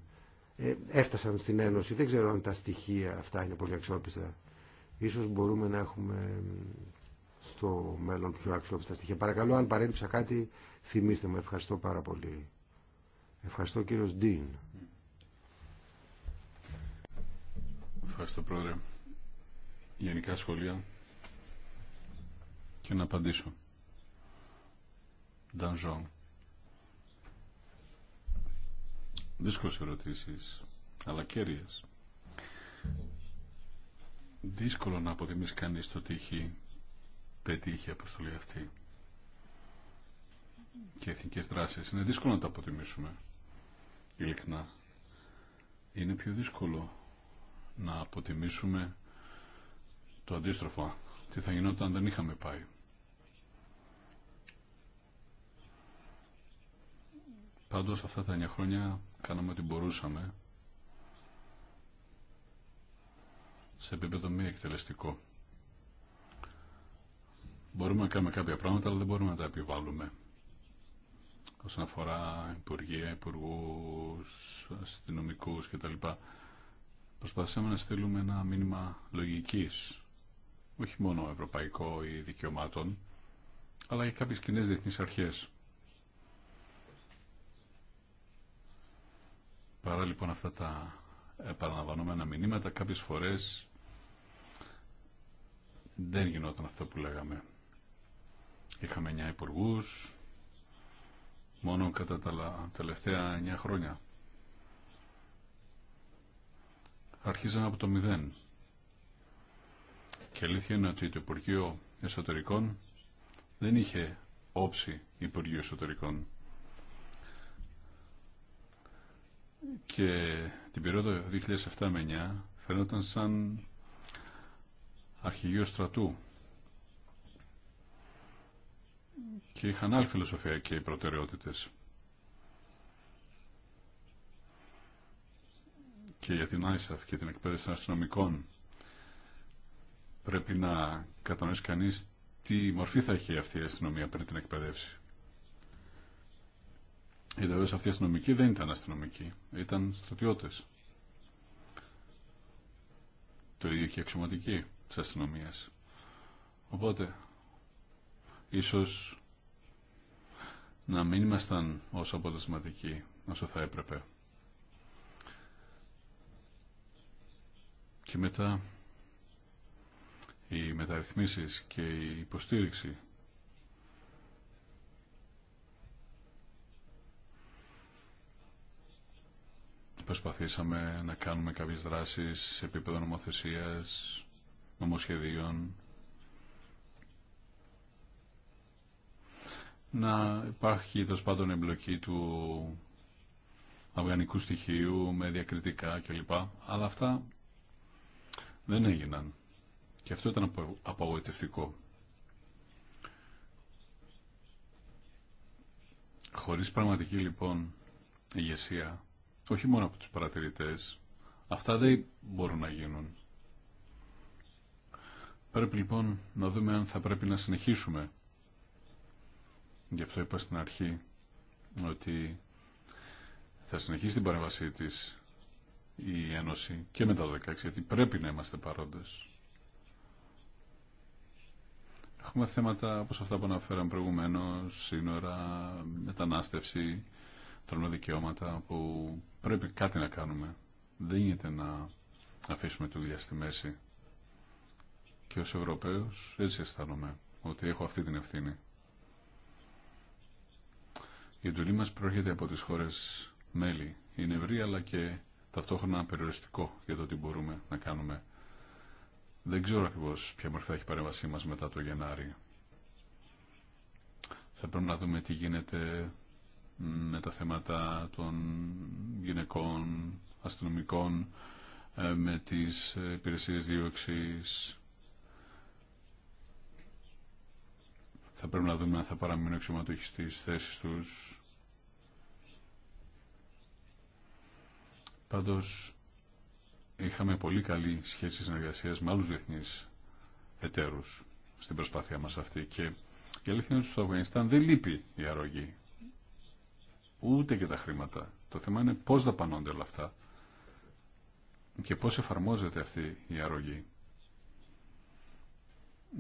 ε, έφτασαν στην Ένωση. Δεν ξέρω αν τα στοιχεία αυτά είναι πολύ αξιόπιστα. Ίσως μπορούμε να έχουμε στο μέλλον πιο αξιόπιστα στοιχεία. Παρακαλώ, αν παρέλειψα κάτι, θυμίστε με. Ευχαριστώ πάρα πολύ. Ευχαριστώ, κύριος Ντίν. Ευχαριστώ, Πρόεδρε. Γενικά σχολεία και να απαντήσω. Ντανζόν. Δύσκολες ερωτήσεις, αλλά κέρυες δύσκολο να αποτιμήσει κανείς το ότι έχει πετύχει η αποστολή αυτή και εθνικέ δράσεις. Είναι δύσκολο να τα αποτιμήσουμε, ειλικρινά. Είναι πιο δύσκολο να αποτιμήσουμε το αντίστροφο, τι θα γινόταν αν δεν είχαμε πάει. Πάντως αυτά τα 9 χρόνια κάναμε ό,τι μπορούσαμε σε επίπεδο μη εκτελεστικό. Μπορούμε να κάνουμε κάποια πράγματα, αλλά δεν μπορούμε να τα επιβάλλουμε. Όσον αφορά υπουργεία, υπουργού, αστυνομικού κτλ. Προσπαθήσαμε να στείλουμε ένα μήνυμα λογικής, όχι μόνο ευρωπαϊκό ή δικαιωμάτων, αλλά και κάποιες κοινέ διεθνείς αρχές. Παρά λοιπόν αυτά τα επαναλαμβανόμενα μηνύματα, κάποιε φορές δεν γινόταν αυτό που λέγαμε. Είχαμε 9 υπουργού μόνο κατά τα τελευταία 9 χρόνια. Αρχίζαν από το μηδέν. Και αλήθεια είναι ότι το Υπουργείο Εσωτερικών δεν είχε όψη Υπουργείου Εσωτερικών. Και την περίοδο 2007 με 9 σαν αρχηγείο στρατού και είχαν άλλη φιλοσοφία και οι προτεραιότητες. Και για την ISAF και την εκπαίδευση των αστυνομικών πρέπει να κατανοήσει κανείς τι μορφή θα έχει αυτή η αστυνομία πριν την εκπαίδευση. Γιατί βέβαια αυτή η αστυνομική δεν ήταν αστυνομική, ήταν στρατιώτες. Το ίδιο και αξιωματικοί. Τη αστυνομία. Οπότε, ίσως να μην ήμασταν όσο αποτελεσματικοί όσο θα έπρεπε. Και μετά οι μεταρρυθμίσεις και η υποστήριξη προσπαθήσαμε να κάνουμε κάποιες δράσεις σε επίπεδο νομοθεσίας νομοσχεδίων να υπάρχει τόσο πάντων εμπλοκή του αυγανικού στοιχείου με διακριτικά κλπ. Αλλά αυτά δεν έγιναν. Και αυτό ήταν απαγοητευτικό. Χωρίς πραγματική λοιπόν ηγεσία, όχι μόνο από τους παρατηρητές, αυτά δεν μπορούν να γίνουν. Πρέπει λοιπόν να δούμε αν θα πρέπει να συνεχίσουμε. Γι' αυτό είπα στην αρχή ότι θα συνεχίσει την παρέμβασή της η Ένωση και μετά το 16, γιατί πρέπει να είμαστε παρόντες. Έχουμε θέματα όπως αυτά που αναφέραμε προηγουμένως, σύνορα, μετανάστευση, τρομερά δικαιώματα που πρέπει κάτι να κάνουμε. Δεν γίνεται να αφήσουμε τη δουλειά και ως Ευρωπαίος έτσι αισθάνομαι ότι έχω αυτή την ευθύνη. Η εντολή μας προέρχεται από τις χώρες μέλη. Είναι ευρύ αλλά και ταυτόχρονα περιοριστικό για το τι μπορούμε να κάνουμε. Δεν ξέρω ακριβώ ποια μορφή θα έχει η παρέμβασή μας μετά το Γενάρη. Θα πρέπει να δούμε τι γίνεται με τα θέματα των γυναικών, αστυνομικών, ε, με τις ε, υπηρεσίες δίωξης, θα πρέπει να δούμε αν θα παραμείνουν αξιωματούχοι στις θέσεις τους. Πάντως, είχαμε πολύ καλή σχέση συνεργασία με άλλους διεθνείς εταίρους στην προσπάθειά μας αυτή και η αλήθεια είναι ότι στο Αφγανιστάν δεν λείπει η αρρωγή. Ούτε και τα χρήματα. Το θέμα είναι πώς δαπανώνται όλα αυτά και πώς εφαρμόζεται αυτή η αρρωγή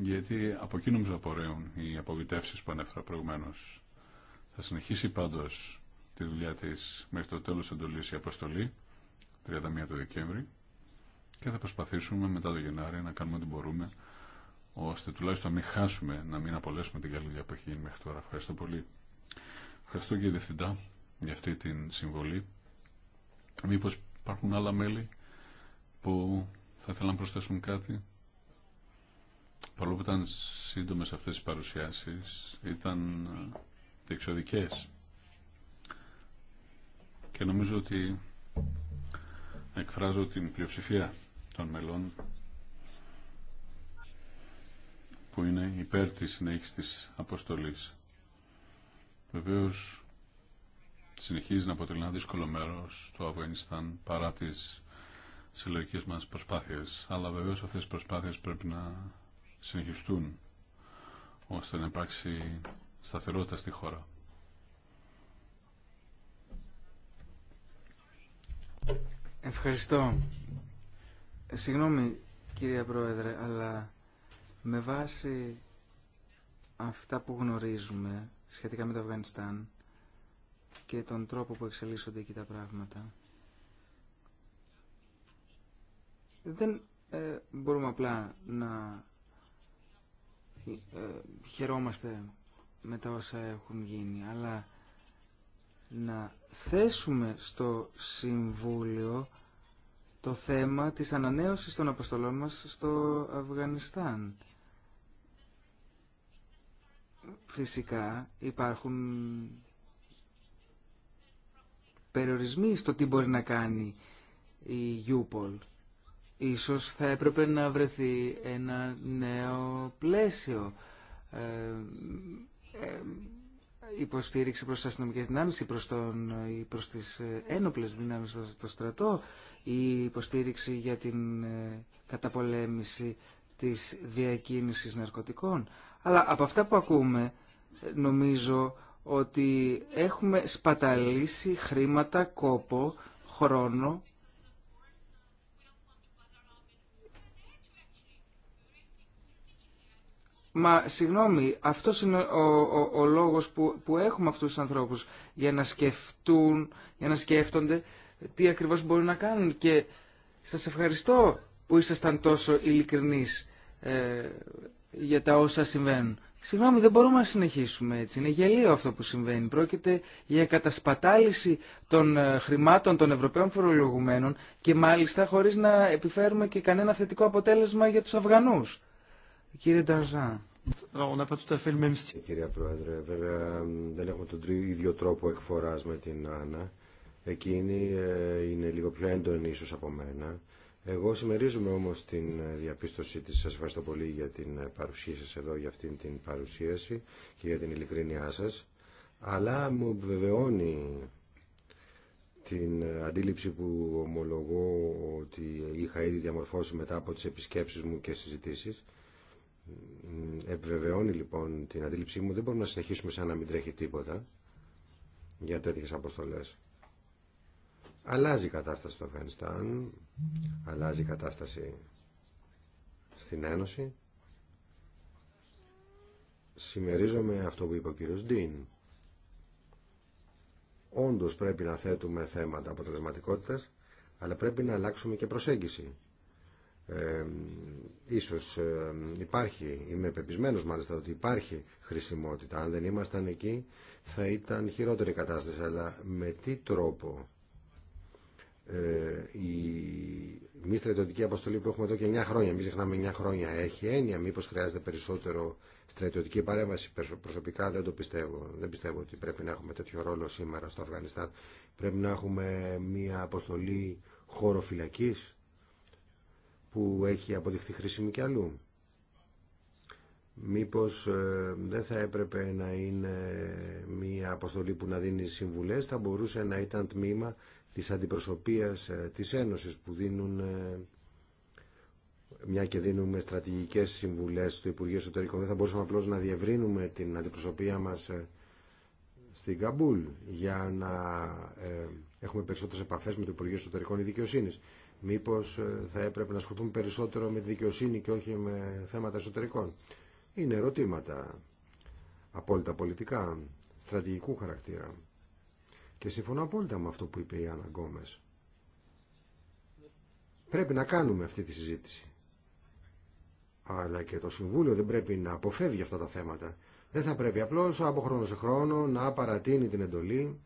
γιατί από εκείνου νομίζω απορρέουν οι απογοητεύσει που ανέφερα προηγουμένω. Θα συνεχίσει πάντως τη δουλειά της μέχρι το τέλος εντολής η αποστολή, 31 του Δεκέμβρη, και θα προσπαθήσουμε μετά το Γενάρη να κάνουμε ό,τι μπορούμε, ώστε τουλάχιστον να μην χάσουμε, να μην απολέσουμε την καλή δουλειά που έχει γίνει μέχρι τώρα. Ευχαριστώ πολύ. Ευχαριστώ κύριε Διευθυντά για αυτή την συμβολή. Μήπως υπάρχουν άλλα μέλη που θα ήθελαν να προσθέσουν κάτι παρόλο που ήταν σύντομες αυτές τι παρουσιάσεις, ήταν ε, διεξοδικές. Και νομίζω ότι εκφράζω την πλειοψηφία των μελών που είναι υπέρ της συνέχισης της αποστολής. Βεβαίως συνεχίζει να αποτελεί ένα δύσκολο μέρος το Αφγανιστάν παρά τις συλλογικές μας προσπάθειες. Αλλά βεβαίως αυτές οι προσπάθειες πρέπει να συνεχιστούν ώστε να υπάρξει σταθερότητα στη χώρα. Ευχαριστώ. Ε, συγγνώμη κύριε Πρόεδρε, αλλά με βάση αυτά που γνωρίζουμε σχετικά με το Αφγανιστάν και τον τρόπο που εξελίσσονται εκεί τα πράγματα, δεν ε, μπορούμε απλά να ε, χαιρόμαστε με τα όσα έχουν γίνει, αλλά να θέσουμε στο Συμβούλιο το θέμα της ανανέωσης των αποστολών μας στο Αφγανιστάν. Φυσικά υπάρχουν περιορισμοί στο τι μπορεί να κάνει η Γιούπολ Ίσως θα έπρεπε να βρεθεί ένα νέο πλαίσιο. Ε, ε, υποστήριξη προς τις αστυνομικές δυνάμεις ή προς, τον, ή προς τις ε, ένοπλες δυνάμεις στο στρατό ή υποστήριξη για την ε, καταπολέμηση της διακίνησης ναρκωτικών. Αλλά από αυτά που ακούμε νομίζω ότι έχουμε σπαταλήσει χρήματα, κόπο, χρόνο Μα συγγνώμη, αυτό είναι ο, ο, λόγος που, που έχουμε αυτούς τους ανθρώπους για να σκεφτούν, για να σκέφτονται τι ακριβώς μπορούν να κάνουν και σας ευχαριστώ που ήσασταν τόσο ειλικρινείς ε, για τα όσα συμβαίνουν. Συγγνώμη, δεν μπορούμε να συνεχίσουμε έτσι. Είναι γελίο αυτό που συμβαίνει. Πρόκειται για κατασπατάληση των ε, χρημάτων των Ευρωπαίων φορολογουμένων και μάλιστα χωρίς να επιφέρουμε και κανένα θετικό αποτέλεσμα για τους Αφγανούς. Κύριε Κυρία Πρόεδρε, βέβαια δεν έχουμε τον ίδιο τρόπο εκφοράς με την Άννα. Εκείνη ε, είναι λίγο πιο έντονη ίσω από μένα. Εγώ συμμερίζομαι όμως την ε, διαπίστωσή της. σα ευχαριστώ πολύ για την ε, παρουσία σα εδώ, για αυτήν την παρουσίαση και για την ειλικρίνειά σα, Αλλά μου επιβεβαιώνει την αντίληψη που ομολογώ ότι είχα ήδη διαμορφώσει μετά από τι επισκέψει μου και συζητήσει. Επιβεβαιώνει λοιπόν την αντίληψή μου, δεν μπορούμε να συνεχίσουμε σαν να μην τρέχει τίποτα για τέτοιες αποστολές. Αλλάζει η κατάσταση στο Αφγανιστάν, αλλάζει η κατάσταση στην Ένωση. Συμμερίζομαι αυτό που είπε ο κύριος Ντίν. Όντως πρέπει να θέτουμε θέματα αποτελεσματικότητας, αλλά πρέπει να αλλάξουμε και προσέγγιση ε, ίσως υπάρχει, είμαι πεπισμένος μάλιστα ότι υπάρχει χρησιμότητα. Αν δεν ήμασταν εκεί θα ήταν χειρότερη κατάσταση, αλλά με τι τρόπο ε, η μη στρατιωτική αποστολή που έχουμε εδώ και 9 χρόνια, μην ξεχνάμε 9 χρόνια, έχει έννοια, μήπως χρειάζεται περισσότερο στρατιωτική παρέμβαση. Προσωπικά δεν το πιστεύω. Δεν πιστεύω ότι πρέπει να έχουμε τέτοιο ρόλο σήμερα στο Αφγανιστάν. Πρέπει να έχουμε μια αποστολή χώρο φυλακής που έχει αποδειχθεί χρήσιμη και αλλού. Μήπως ε, δεν θα έπρεπε να είναι μία αποστολή που να δίνει συμβουλές, θα μπορούσε να ήταν τμήμα της αντιπροσωπείας ε, της Ένωσης που δίνουν ε, μια και δίνουμε στρατηγικές συμβουλές στο Υπουργείο Εσωτερικών. Δεν θα μπορούσαμε απλώς να διευρύνουμε την αντιπροσωπεία μας στην Καμπούλ για να έχουμε περισσότερες επαφές με το Υπουργείο Εσωτερικών ή Μήπως ε, θα έπρεπε να ασχοληθούμε περισσότερο με τη δικαιοσύνη και όχι με θέματα εσωτερικών. Είναι ερωτήματα απόλυτα πολιτικά, στρατηγικού χαρακτήρα. Και συμφωνώ απόλυτα με αυτό που είπε η Άννα Γκόμες. Πρέπει να κάνουμε αυτή τη συζήτηση. Αλλά και το Συμβούλιο δεν πρέπει να αποφεύγει αυτά τα θέματα. Δεν θα πρέπει απλώς από χρόνο σε χρόνο να παρατείνει την εντολή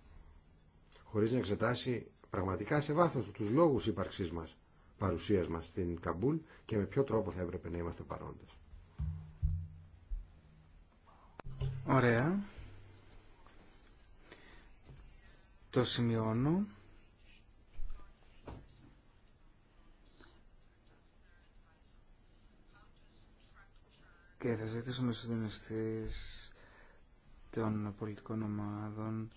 χωρίς να εξετάσει πραγματικά σε βάθος τους λόγους ύπαρξής μας, παρουσίας μας στην Καμπούλ και με ποιο τρόπο θα έπρεπε να είμαστε παρόντες. Ωραία. Το σημειώνω. Και θα ζητήσουμε στους των πολιτικών ομάδων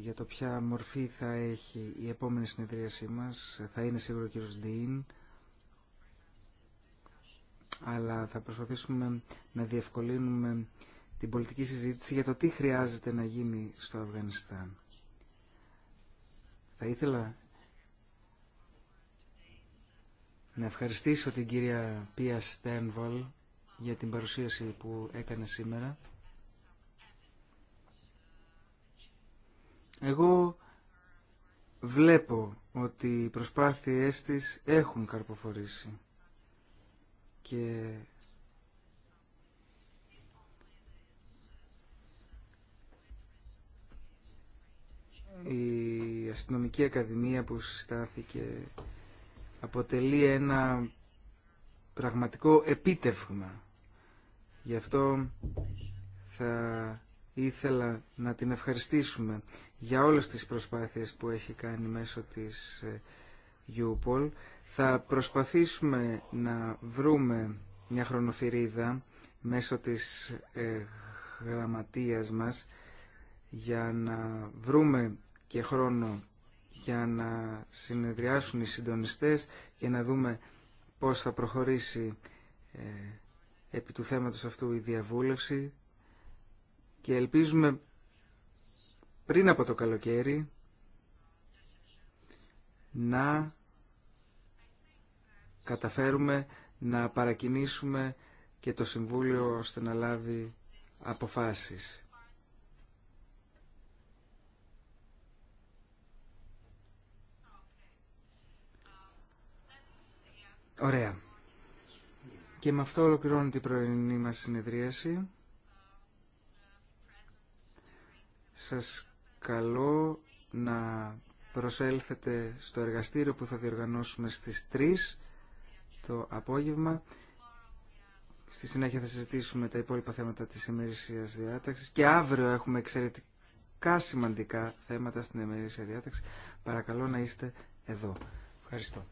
για το ποια μορφή θα έχει η επόμενη συνεδρίασή μας. Θα είναι σίγουρο ο κύριος Ντίν, αλλά θα προσπαθήσουμε να διευκολύνουμε την πολιτική συζήτηση για το τι χρειάζεται να γίνει στο Αφγανιστάν. Θα ήθελα να ευχαριστήσω την κυρία Πία Στένβολ για την παρουσίαση που έκανε σήμερα. Εγώ βλέπω ότι οι προσπάθειές της έχουν καρποφορήσει και η αστυνομική ακαδημία που συστάθηκε αποτελεί ένα πραγματικό επίτευγμα. Γι' αυτό θα ήθελα να την ευχαριστήσουμε για όλες τις προσπάθειες που έχει κάνει μέσω της ε, Ιούπολ. Θα προσπαθήσουμε να βρούμε μια χρονοθυρίδα μέσω της ε, γραμματείας μας για να βρούμε και χρόνο για να συνεδριάσουν οι συντονιστές και να δούμε πώς θα προχωρήσει ε, επί του θέματος αυτού η διαβούλευση και ελπίζουμε πριν από το καλοκαίρι να καταφέρουμε να παρακινήσουμε και το Συμβούλιο ώστε να λάβει αποφάσεις. Ωραία. Και με αυτό ολοκληρώνω την πρωινή μας συνεδρίαση. Σας καλώ να προσέλθετε στο εργαστήριο που θα διοργανώσουμε στις 3 το απόγευμα. Στη συνέχεια θα συζητήσουμε τα υπόλοιπα θέματα της ημερησίας διάταξης και αύριο έχουμε εξαιρετικά σημαντικά θέματα στην ημερησία διάταξη. Παρακαλώ να είστε εδώ. Ευχαριστώ.